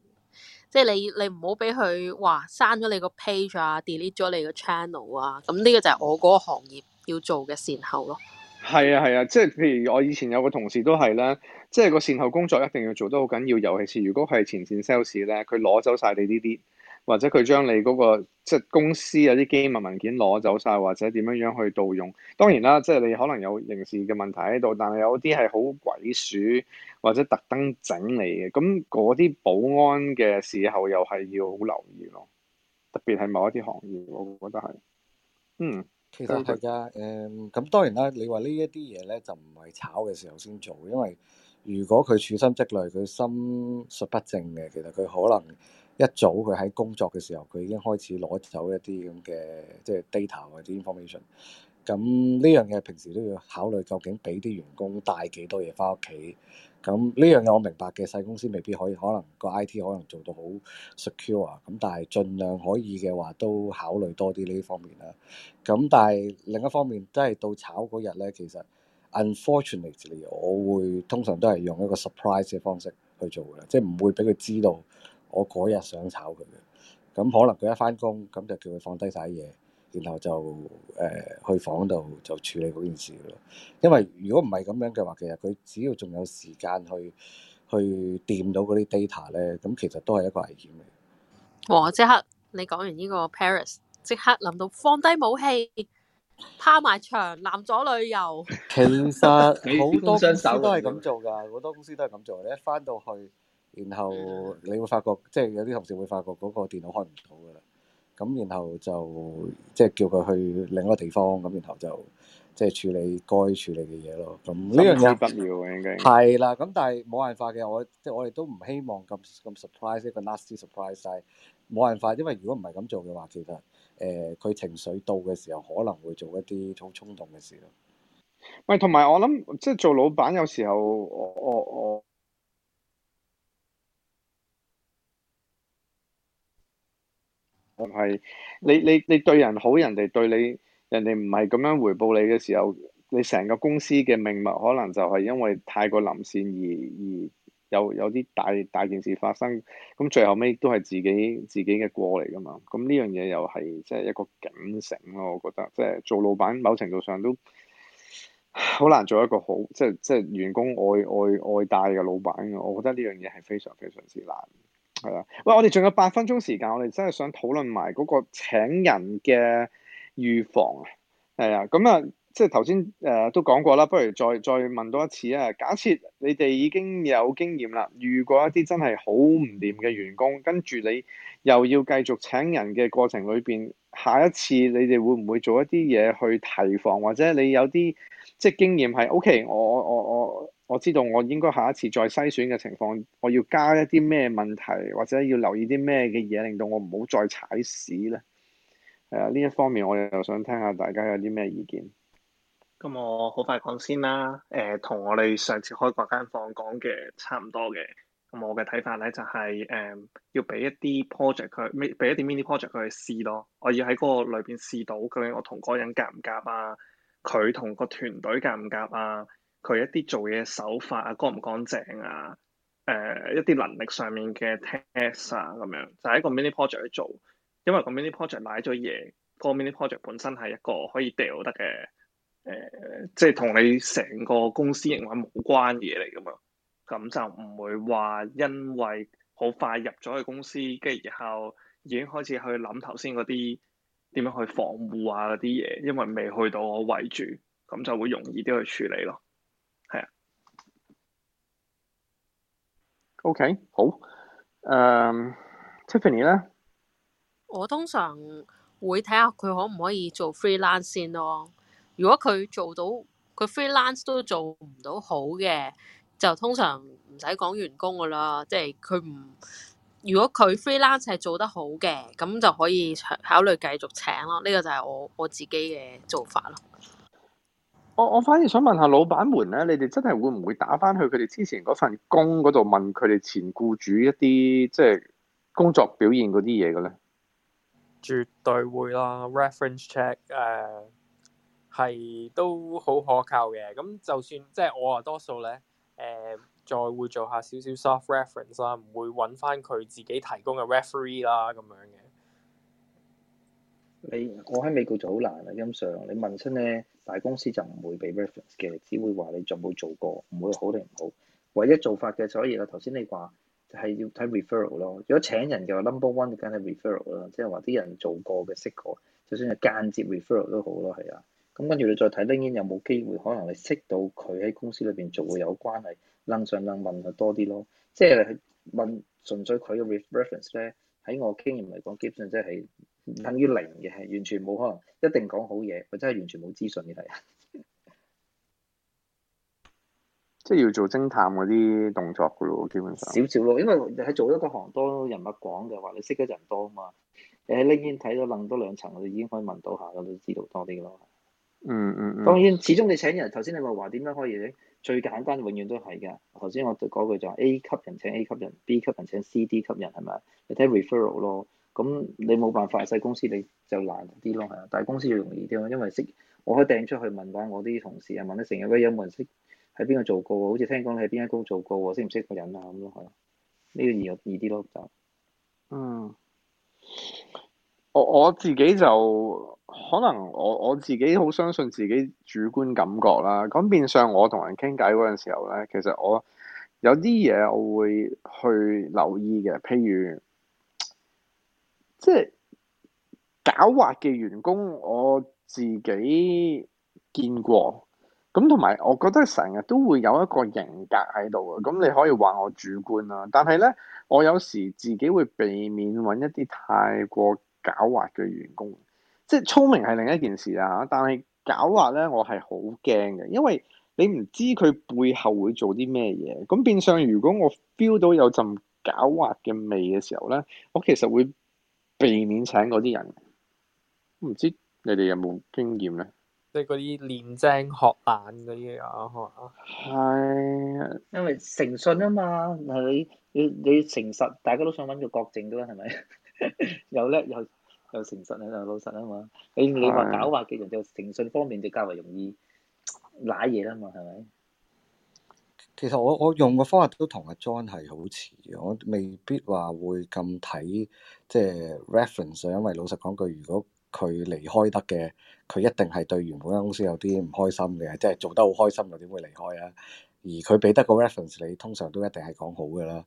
S1: 即係你你唔好俾佢嘩刪咗你個 page 啊，delete 咗你個 channel 啊、嗯，咁、這、呢個就係我嗰個行業要做嘅善後咯。
S3: 係啊係啊，即係譬如我以前有個同事都係啦，即係個善後工作一定要做得好緊要，尤其是如果佢係前線 sales 咧，佢攞走晒你呢啲。或者佢將你嗰個即係公司有啲機密文件攞走晒，或者點樣樣去盜用？當然啦，即係你可能有刑事嘅問題喺度，但係有啲係好鬼鼠，或者特登整你嘅。咁嗰啲保安嘅時候又係要好留意咯。特別係某一啲行業，我覺得係。嗯，
S8: 其實係嘅。誒、嗯，咁就、嗯、當然啦。你話呢一啲嘢咧，就唔係炒嘅時候先做，因為如果佢處心積慮，佢心術不正嘅，其實佢可能。一早佢喺工作嘅時候，佢已經開始攞走一啲咁嘅即係 data 或者 information。咁呢樣嘢平時都要考慮究竟俾啲員工帶幾多嘢翻屋企？咁呢樣嘢我明白嘅，細公司未必可以，可能個 IT 可能做到好 secure 啊。咁但係盡量可以嘅話都考慮多啲呢方面啦。咁但係另一方面，都係到炒嗰日咧，其實 unfortunately 我會通常都係用一個 surprise 嘅方式去做嘅，即係唔會俾佢知道。我嗰日想炒佢嘅，咁可能佢一翻工，咁就叫佢放低曬嘢，然後就誒去房度就處理嗰件事咯。因為如果唔係咁樣嘅話，其實佢只要仲有時間去去掂到嗰啲 data 咧，咁其實都係一個危險嘅。
S1: 哇！即刻你講完呢個 Paris，即刻諗到放低武器，趴埋牆，男左女右。
S8: 其實好多公司都係咁做㗎，好多公司都係咁做。你一翻到去。然後你會發覺，即係有啲同事會發覺嗰個電腦開唔到㗎啦。咁然後就即係叫佢去另一個地方。咁然後就即係處理該處理嘅嘢咯。咁呢樣嘢係啦。咁但係冇辦法嘅，我即係我哋都唔希望咁咁 surprise 一個 nasty surprise。冇辦法，因為如果唔係咁做嘅話，其實誒佢情緒到嘅時候，可能會做一啲好衝動嘅事咯。
S3: 喂，同埋我諗，即係做老闆有時候，我我我。我係你你你對人好，人哋對你，人哋唔係咁樣回報你嘅時候，你成個公司嘅命脈可能就係因為太過臨線而而有有啲大大件事發生，咁最後尾都係自己自己嘅過嚟噶嘛。咁呢樣嘢又係即係一個警醒咯、啊，我覺得即係、即係、做老闆某程度上都好難做一個好即係即係員工愛愛愛戴嘅老闆嘅。我覺得呢樣嘢係非常非常之難。係啦，喂，我哋仲有八分鐘時間，我哋真係想討論埋嗰個請人嘅預防啊。係啊，咁、嗯、啊、嗯，即係頭先誒都講過啦，不如再再問多一次啊。假設你哋已經有經驗啦，遇過一啲真係好唔掂嘅員工，跟住你又要繼續請人嘅過程裏邊，下一次你哋會唔會做一啲嘢去提防，或者你有啲即係經驗係 OK，我我我。我我我知道我應該下一次再篩選嘅情況，我要加一啲咩問題，或者要留意啲咩嘅嘢，令到我唔好再踩屎咧。係啊，呢一方面我又想聽下大家有啲咩意見。
S5: 咁我好快講先啦。誒、呃，同我哋上次開嗰間房講嘅差唔多嘅。咁我嘅睇法咧就係、是、誒、呃，要俾一啲 project 佢，俾一啲 mini project 佢去試咯。我要喺嗰個裏邊試到究竟我同嗰個人夾唔夾啊？佢同個團隊夾唔夾啊？佢一啲做嘢手法啊，乾唔乾淨啊？誒、呃，一啲能力上面嘅 test 啊，咁樣，就係、一個 mini project 去做。因為個 mini project 買咗嘢，個 mini project 本身係一個可以掉得嘅，誒，即係同你成個公司認為冇關嘅嘢嚟咁嘛，咁就唔會話因為好快入咗去公司，跟住然後已經開始去諗頭先嗰啲點樣去防護啊嗰啲嘢，因為未去到我圍住，咁就會容易啲去處理咯。
S3: OK，好，誒、um,，Tiffany 咧，
S1: 我通常會睇下佢可唔可以做 freelance 先咯、啊。如果佢做到佢 freelance 都做唔到好嘅，就通常唔使講員工噶啦。即係佢唔如果佢 freelance 係做得好嘅，咁就可以考慮繼續請咯、啊。呢、這個就係我我自己嘅做法咯。
S3: 我我反而想問下老闆們咧，你哋真係會唔會打翻去佢哋之前嗰份工嗰度問佢哋前僱主一啲即係工作表現嗰啲嘢嘅咧？
S7: 絕對會啦，reference check 誒、呃、係都好可靠嘅。咁就算即係我啊，多數咧誒、呃、再會做下少少 soft reference 啦，唔會揾翻佢自己提供嘅 referee 啦咁樣嘅。
S10: 你我喺美國就好難啊，欣上你問親咧。大公司就唔會俾 reference 嘅，只會話你做冇做過，唔會好定唔好。唯一做法嘅，所以我頭先你話係、就係、要睇 referral 咯。如果請人嘅話，number one 梗係 referral 啦，即係話啲人做過嘅識過，就算係間接 referral 都好咯，係啊。咁跟住你再睇 LinkedIn 有冇機會，可能你識到佢喺公司裏邊做會有關係，能上能問就多啲咯。即、就、係、係、問純粹佢嘅 reference 咧，喺我經驗嚟講，基本上即係。唔等於零嘅，完全冇可能，一定講好嘢，我真係完全冇資訊嘅啊， 即
S3: 係要做偵探嗰啲動作嘅咯，基本上少少咯，
S10: 因為喺做一個行，多人物講嘅話，你識嘅人多啊嘛。喺拎煙睇到楞多兩層，我哋已經可以問到下，我哋知道多啲咯。嗯嗯。嗯嗯，當然，始終你請人頭先，你咪話點解可以？最簡單，永遠都係嘅。頭先我講句就係 A 級人請 A 級人，B 級人請 C、D 級人，係咪？你睇 referral 咯。咁你冇辦法，細公司你就難啲咯，係啊。大公司就容易啲咯，因為識我可以掟出去問下我啲同事啊，問你成日都有冇人識喺邊度做過，好似聽講你喺邊間工做過喎，識唔識個人啊咁咯，係。呢個易又易啲咯，就。嗯。我我
S3: 自己就可能我我自己好相信自己主觀感覺啦。咁變相我同人傾偈嗰陣時候咧，其實我有啲嘢我會去留意嘅，譬如。即係狡猾嘅員工，我自己見過。咁同埋，我覺得成日都會有一個人格喺度啊。咁你可以話我主觀啦，但係呢，我有時自己會避免揾一啲太過狡猾嘅員工。即係聰明係另一件事啊，但係狡猾呢，我係好驚嘅，因為你唔知佢背後會做啲咩嘢。咁變相，如果我 feel 到有陣狡猾嘅味嘅時候呢，我其實會。避免請嗰啲人，唔知
S10: 你哋有冇經驗咧？
S7: 即係嗰啲練精學硬嗰啲啊，係
S10: 啊，因為誠信啊嘛，嗱你你你誠實，大家都想揾個郭靖噶啦，係咪？ 又叻又又誠實啊，又老實啊嘛，你你話狡猾嘅人就的誠信方面就較為容易賴嘢啊嘛，係咪？
S8: 其實我我用個方法都同阿 John 係好似嘅，我未必話會咁睇即係、就是、reference，因為老實講句，如果佢離開得嘅，佢一定係對原本間公司有啲唔開心嘅，即係做得好開心又點會離開啊？而佢俾得個 reference，你通常都一定係講好嘅啦。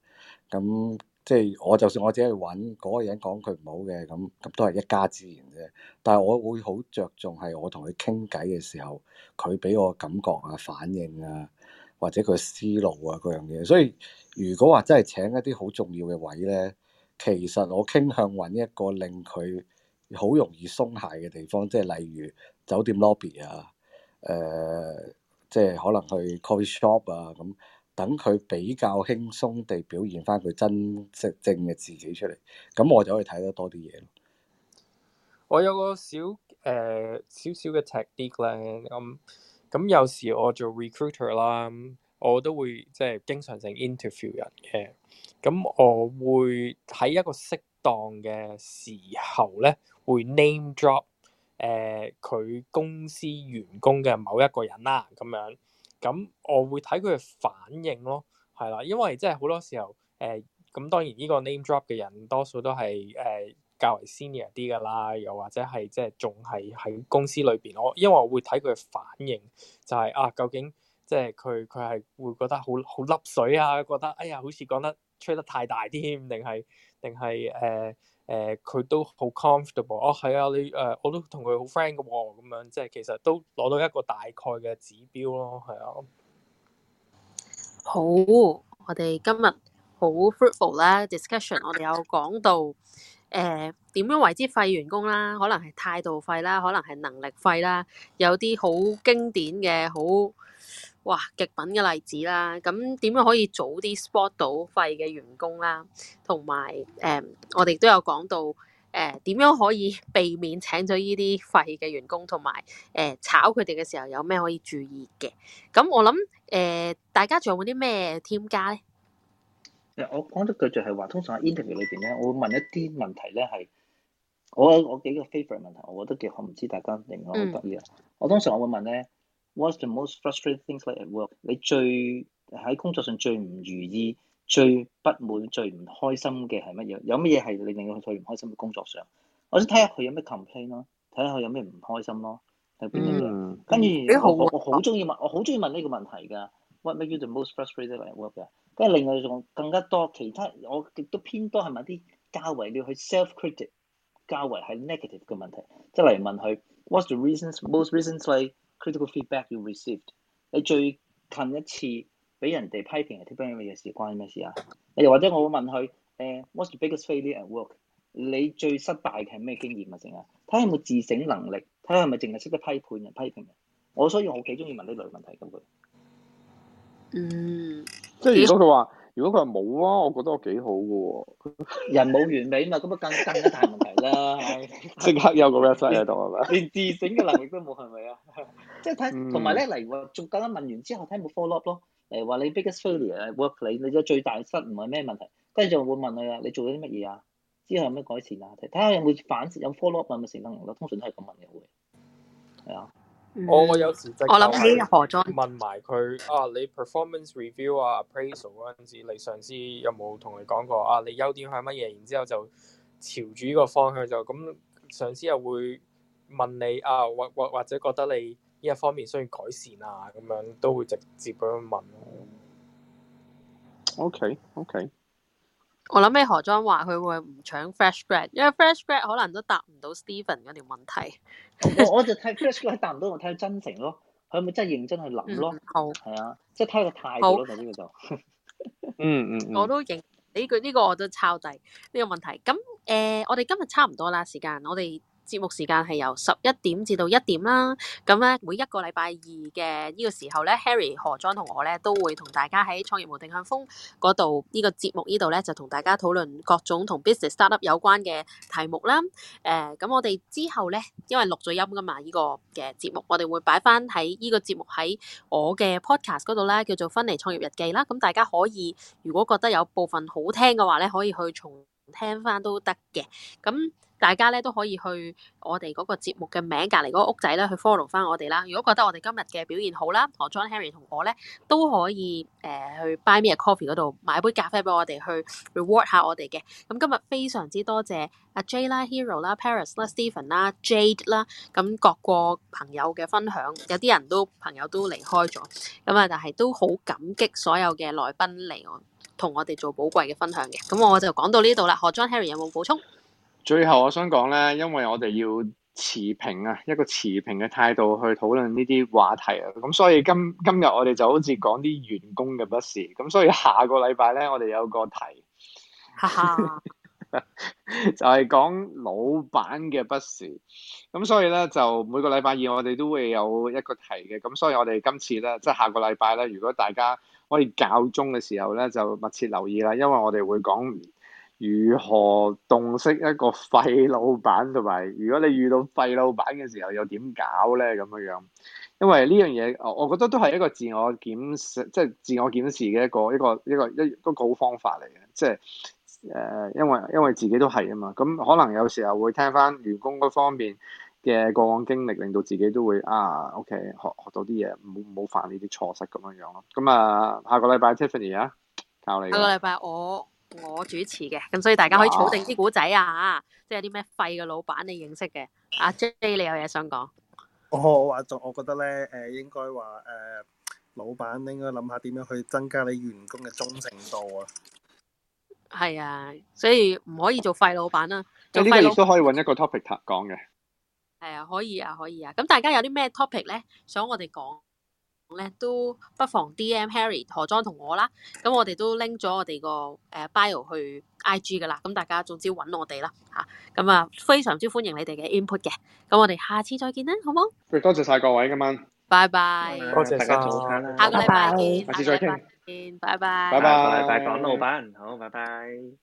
S8: 咁即係我就算我自己去搵嗰個人講佢唔好嘅，咁咁都係一家之言啫。但係我會好着重係我同佢傾偈嘅時候，佢俾我感覺啊，反應啊。或者佢思路啊，嗰樣嘢，所以如果話真係請一啲好重要嘅位咧，其實我傾向搵一個令佢好容易鬆懈嘅地方，即係例如酒店 lobby 啊，誒、呃，即係可能去 coffee shop 啊，咁等佢比較輕鬆地表現返佢真正嘅自己出嚟，咁我就可以睇得多啲嘢。
S7: 我有個小誒少少嘅 technique 咧，咁、呃。小小咁有時我做 recruiter 啦，我都會即係經常性 interview 人嘅。咁我會喺一個適當嘅時候咧，會 name drop 誒、呃、佢公司員工嘅某一個人啦，咁樣。咁我會睇佢嘅反應咯，係啦，因為即係好多時候誒，咁、呃、當然呢個 name drop 嘅人多數都係誒。呃較為 senior 啲㗎啦，又或者係即係仲係喺公司裏邊。我因為我會睇佢反應，就係、是、啊，究竟即係佢佢係會覺得好好甩水啊，覺得哎呀，好似講得吹得太大添，定係定係誒誒，佢、呃呃、都好 comfortable 哦，係啊，你誒、呃、我都同佢好 friend 㗎喎、啊，咁樣即係其實都攞到一個大概嘅指標咯。係啊，
S1: 好，我哋今日好 fruitful 啦，discussion 我哋有講到。誒點、呃、樣為之廢員工啦？可能係態度廢啦，可能係能力廢啦，有啲好經典嘅好哇極品嘅例子啦。咁點樣可以早啲 spot 到廢嘅員工啦？同埋誒，我哋都有講到誒點、呃、樣可以避免請咗呢啲廢嘅員工，同埋誒炒佢哋嘅時候有咩可以注意嘅？咁我諗誒、呃，大家仲有冇啲咩添加咧？我講的句就係話，通常喺
S10: interview 裏邊咧，我會問一啲問題咧係，我我幾個 favourite 問題，我覺得幾好，唔知大家定我好得意啊！嗯、我通常我會問咧，What's the most frustrating things like at work？你最喺工作上最唔如意、最不滿、最唔開心嘅係乜嘢？有乜嘢係令到佢最唔開心嘅工作上？我想睇下佢有咩 complain 咯，睇下佢有咩唔開心咯，係邊一樣？嗯嗯、跟住，嗯、我好中意問，嗯、我好中意問呢個問題㗎。What make you the most frustrated at work？跟住另外仲更加多，其他我亦都偏多係咪啲較為你去 self-critique 較為係 negative 嘅問題，即係例如問佢 what's the reasons most reasons why critical feedback you received？你最近一次俾人哋批評係點樣嘅嘢事，關咩事啊？又或者我會問佢，誒，what's the biggest failure at work？你最失敗嘅係咩經驗啊？成日睇下有冇自省能力，睇下係咪淨係識得批判人、批評人。我所以我幾中意問呢類問題嘅佢。嗯。即係如果佢話，如果佢話冇啊，我覺得我幾好嘅喎、
S5: 啊。 人冇完美嘛，咁咪更更加
S10: 大問題啦。
S5: 即刻有個 respon se 喺度，係咪？連
S10: 自醒嘅能力都冇，係咪啊？即係睇，同埋咧，例如話，逐間問完之後睇下冇 follow up 咯。例如話你 biggest failure，work 你你嘅最大失唔係咩問題？跟住就會問佢啦，你做咗啲乜嘢啊？之後有咩改善啊？睇下有冇反有 follow up，有咪承認能力。通常都係咁問嘅會。係啊。
S7: Mm, 我我有時即係我諗起何
S10: 在問埋佢
S7: 啊，你 performance review 啊，appraisal 嗰陣時，你上司有冇同你講過啊？你優點係乜嘢？然之後就朝住呢個方向就咁，上司又會問你啊，或或或者覺得你呢一方面需要改善啊，咁樣都會直接咁樣
S3: 問咯。
S1: OK OK。我諗起何莊話佢會唔搶 fresh grad 因為 fresh grad 可能都答唔到 Stephen 嗰條問題。
S10: 我就睇 fresh grad 答唔到，我睇佢真誠咯，佢咪真係認真去諗咯？係、嗯、啊，即係睇個態度咯好。總之、啊
S9: 這個、就，嗯 嗯，嗯嗯
S1: 我都認呢句呢個我都抄低呢、這個問題。咁誒、呃，我哋今日差唔多啦，時間我哋。節目時間係由十一點至到一點啦，咁咧每一個禮拜二嘅呢個時候咧，Harry 何莊同我咧都會同大家喺創業無定向瘋嗰度呢個節目呢度咧就同大家討論各種同 business startup 有關嘅題目啦。誒、呃，咁我哋之後咧，因為錄咗音噶嘛，這個、節個節呢個嘅節目我哋會擺翻喺呢個節目喺我嘅 podcast 嗰度咧叫做芬尼創業日記啦。咁、嗯、大家可以如果覺得有部分好聽嘅話咧，可以去重聽翻都得嘅。咁、嗯大家咧都可以去我哋嗰個節目嘅名隔離嗰個屋仔咧去 follow 翻我哋啦。如果覺得我哋今日嘅表現好啦，何莊 Harry 同我咧都可以誒、呃、去 Buy Me a Coffee 嗰度買杯咖啡俾我哋去 reward 下我哋嘅。咁、嗯、今日非常之多謝阿 Jay 啦、Hero 啦、Paris 啦、Stephen 啦、Jade 啦，咁各個朋友嘅分享。有啲人都朋友都離開咗，咁、嗯、啊，但係都好感激所有嘅來賓嚟我同我哋做寶貴嘅分享嘅。咁、嗯、我就講到呢度啦。何莊 Harry 有冇補充？
S3: 最後，我想講呢，因為我哋要持平啊，一個持平嘅態度去討論呢啲話題啊，咁所以今今日我哋就好似講啲員工嘅不是，咁所以下個禮拜呢，我哋有個題，哈哈，就係講老闆嘅不是，咁所以呢，就每個禮拜二我哋都會有一個題嘅，咁所以我哋今次呢，即係下個禮拜呢，如果大家可以較鐘嘅時候呢，就密切留意啦，因為我哋會講。如何洞悉一個廢老闆，同埋如果你遇到廢老闆嘅時候又點搞咧？咁樣樣，因為呢樣嘢，我我覺得都係一個自我檢，即係自我檢視嘅一個一個一個一一個好方法嚟嘅。即係誒、呃，因為因為自己都係啊嘛，咁、嗯、可能有時候會聽翻員工嗰方面嘅過往經歷，令到自己都會啊，OK，學學到啲嘢，唔好唔好犯呢啲錯失咁樣樣咯。咁、嗯、啊、呃，下個禮拜，Tiffany 啊，靠你。下個禮
S1: 拜我。我主持嘅，咁所以大家可以儲定啲古仔啊，哇即係有啲咩廢嘅老闆你認識嘅，阿 J 你有嘢想
S6: 講？我我話我覺得咧，誒，應該話誒，老闆應該諗下點樣去增加你員工嘅忠誠度啊。
S1: 係啊，所以唔可以做廢老闆啦。即係呢，都可
S3: 以搵一個 topic 講嘅。
S1: 係啊，可以啊，可以啊。咁大家有啲咩 topic 咧，想我哋講？咧都不妨 DM Harry 何莊同我啦，咁我哋都拎咗我哋個誒 bio 去 I G 噶啦，咁大家總之要揾我哋啦吓，咁啊非常之歡迎你哋嘅 input 嘅，咁我哋下次再見啦，好唔
S3: 好？多謝晒各位今晚，拜拜 bye，多謝大家早餐
S1: 啦，好 bye bye 下個禮拜見，下次再見，拜拜 bye，拜拜，
S5: 拜拜 bye，講老闆，好，拜拜。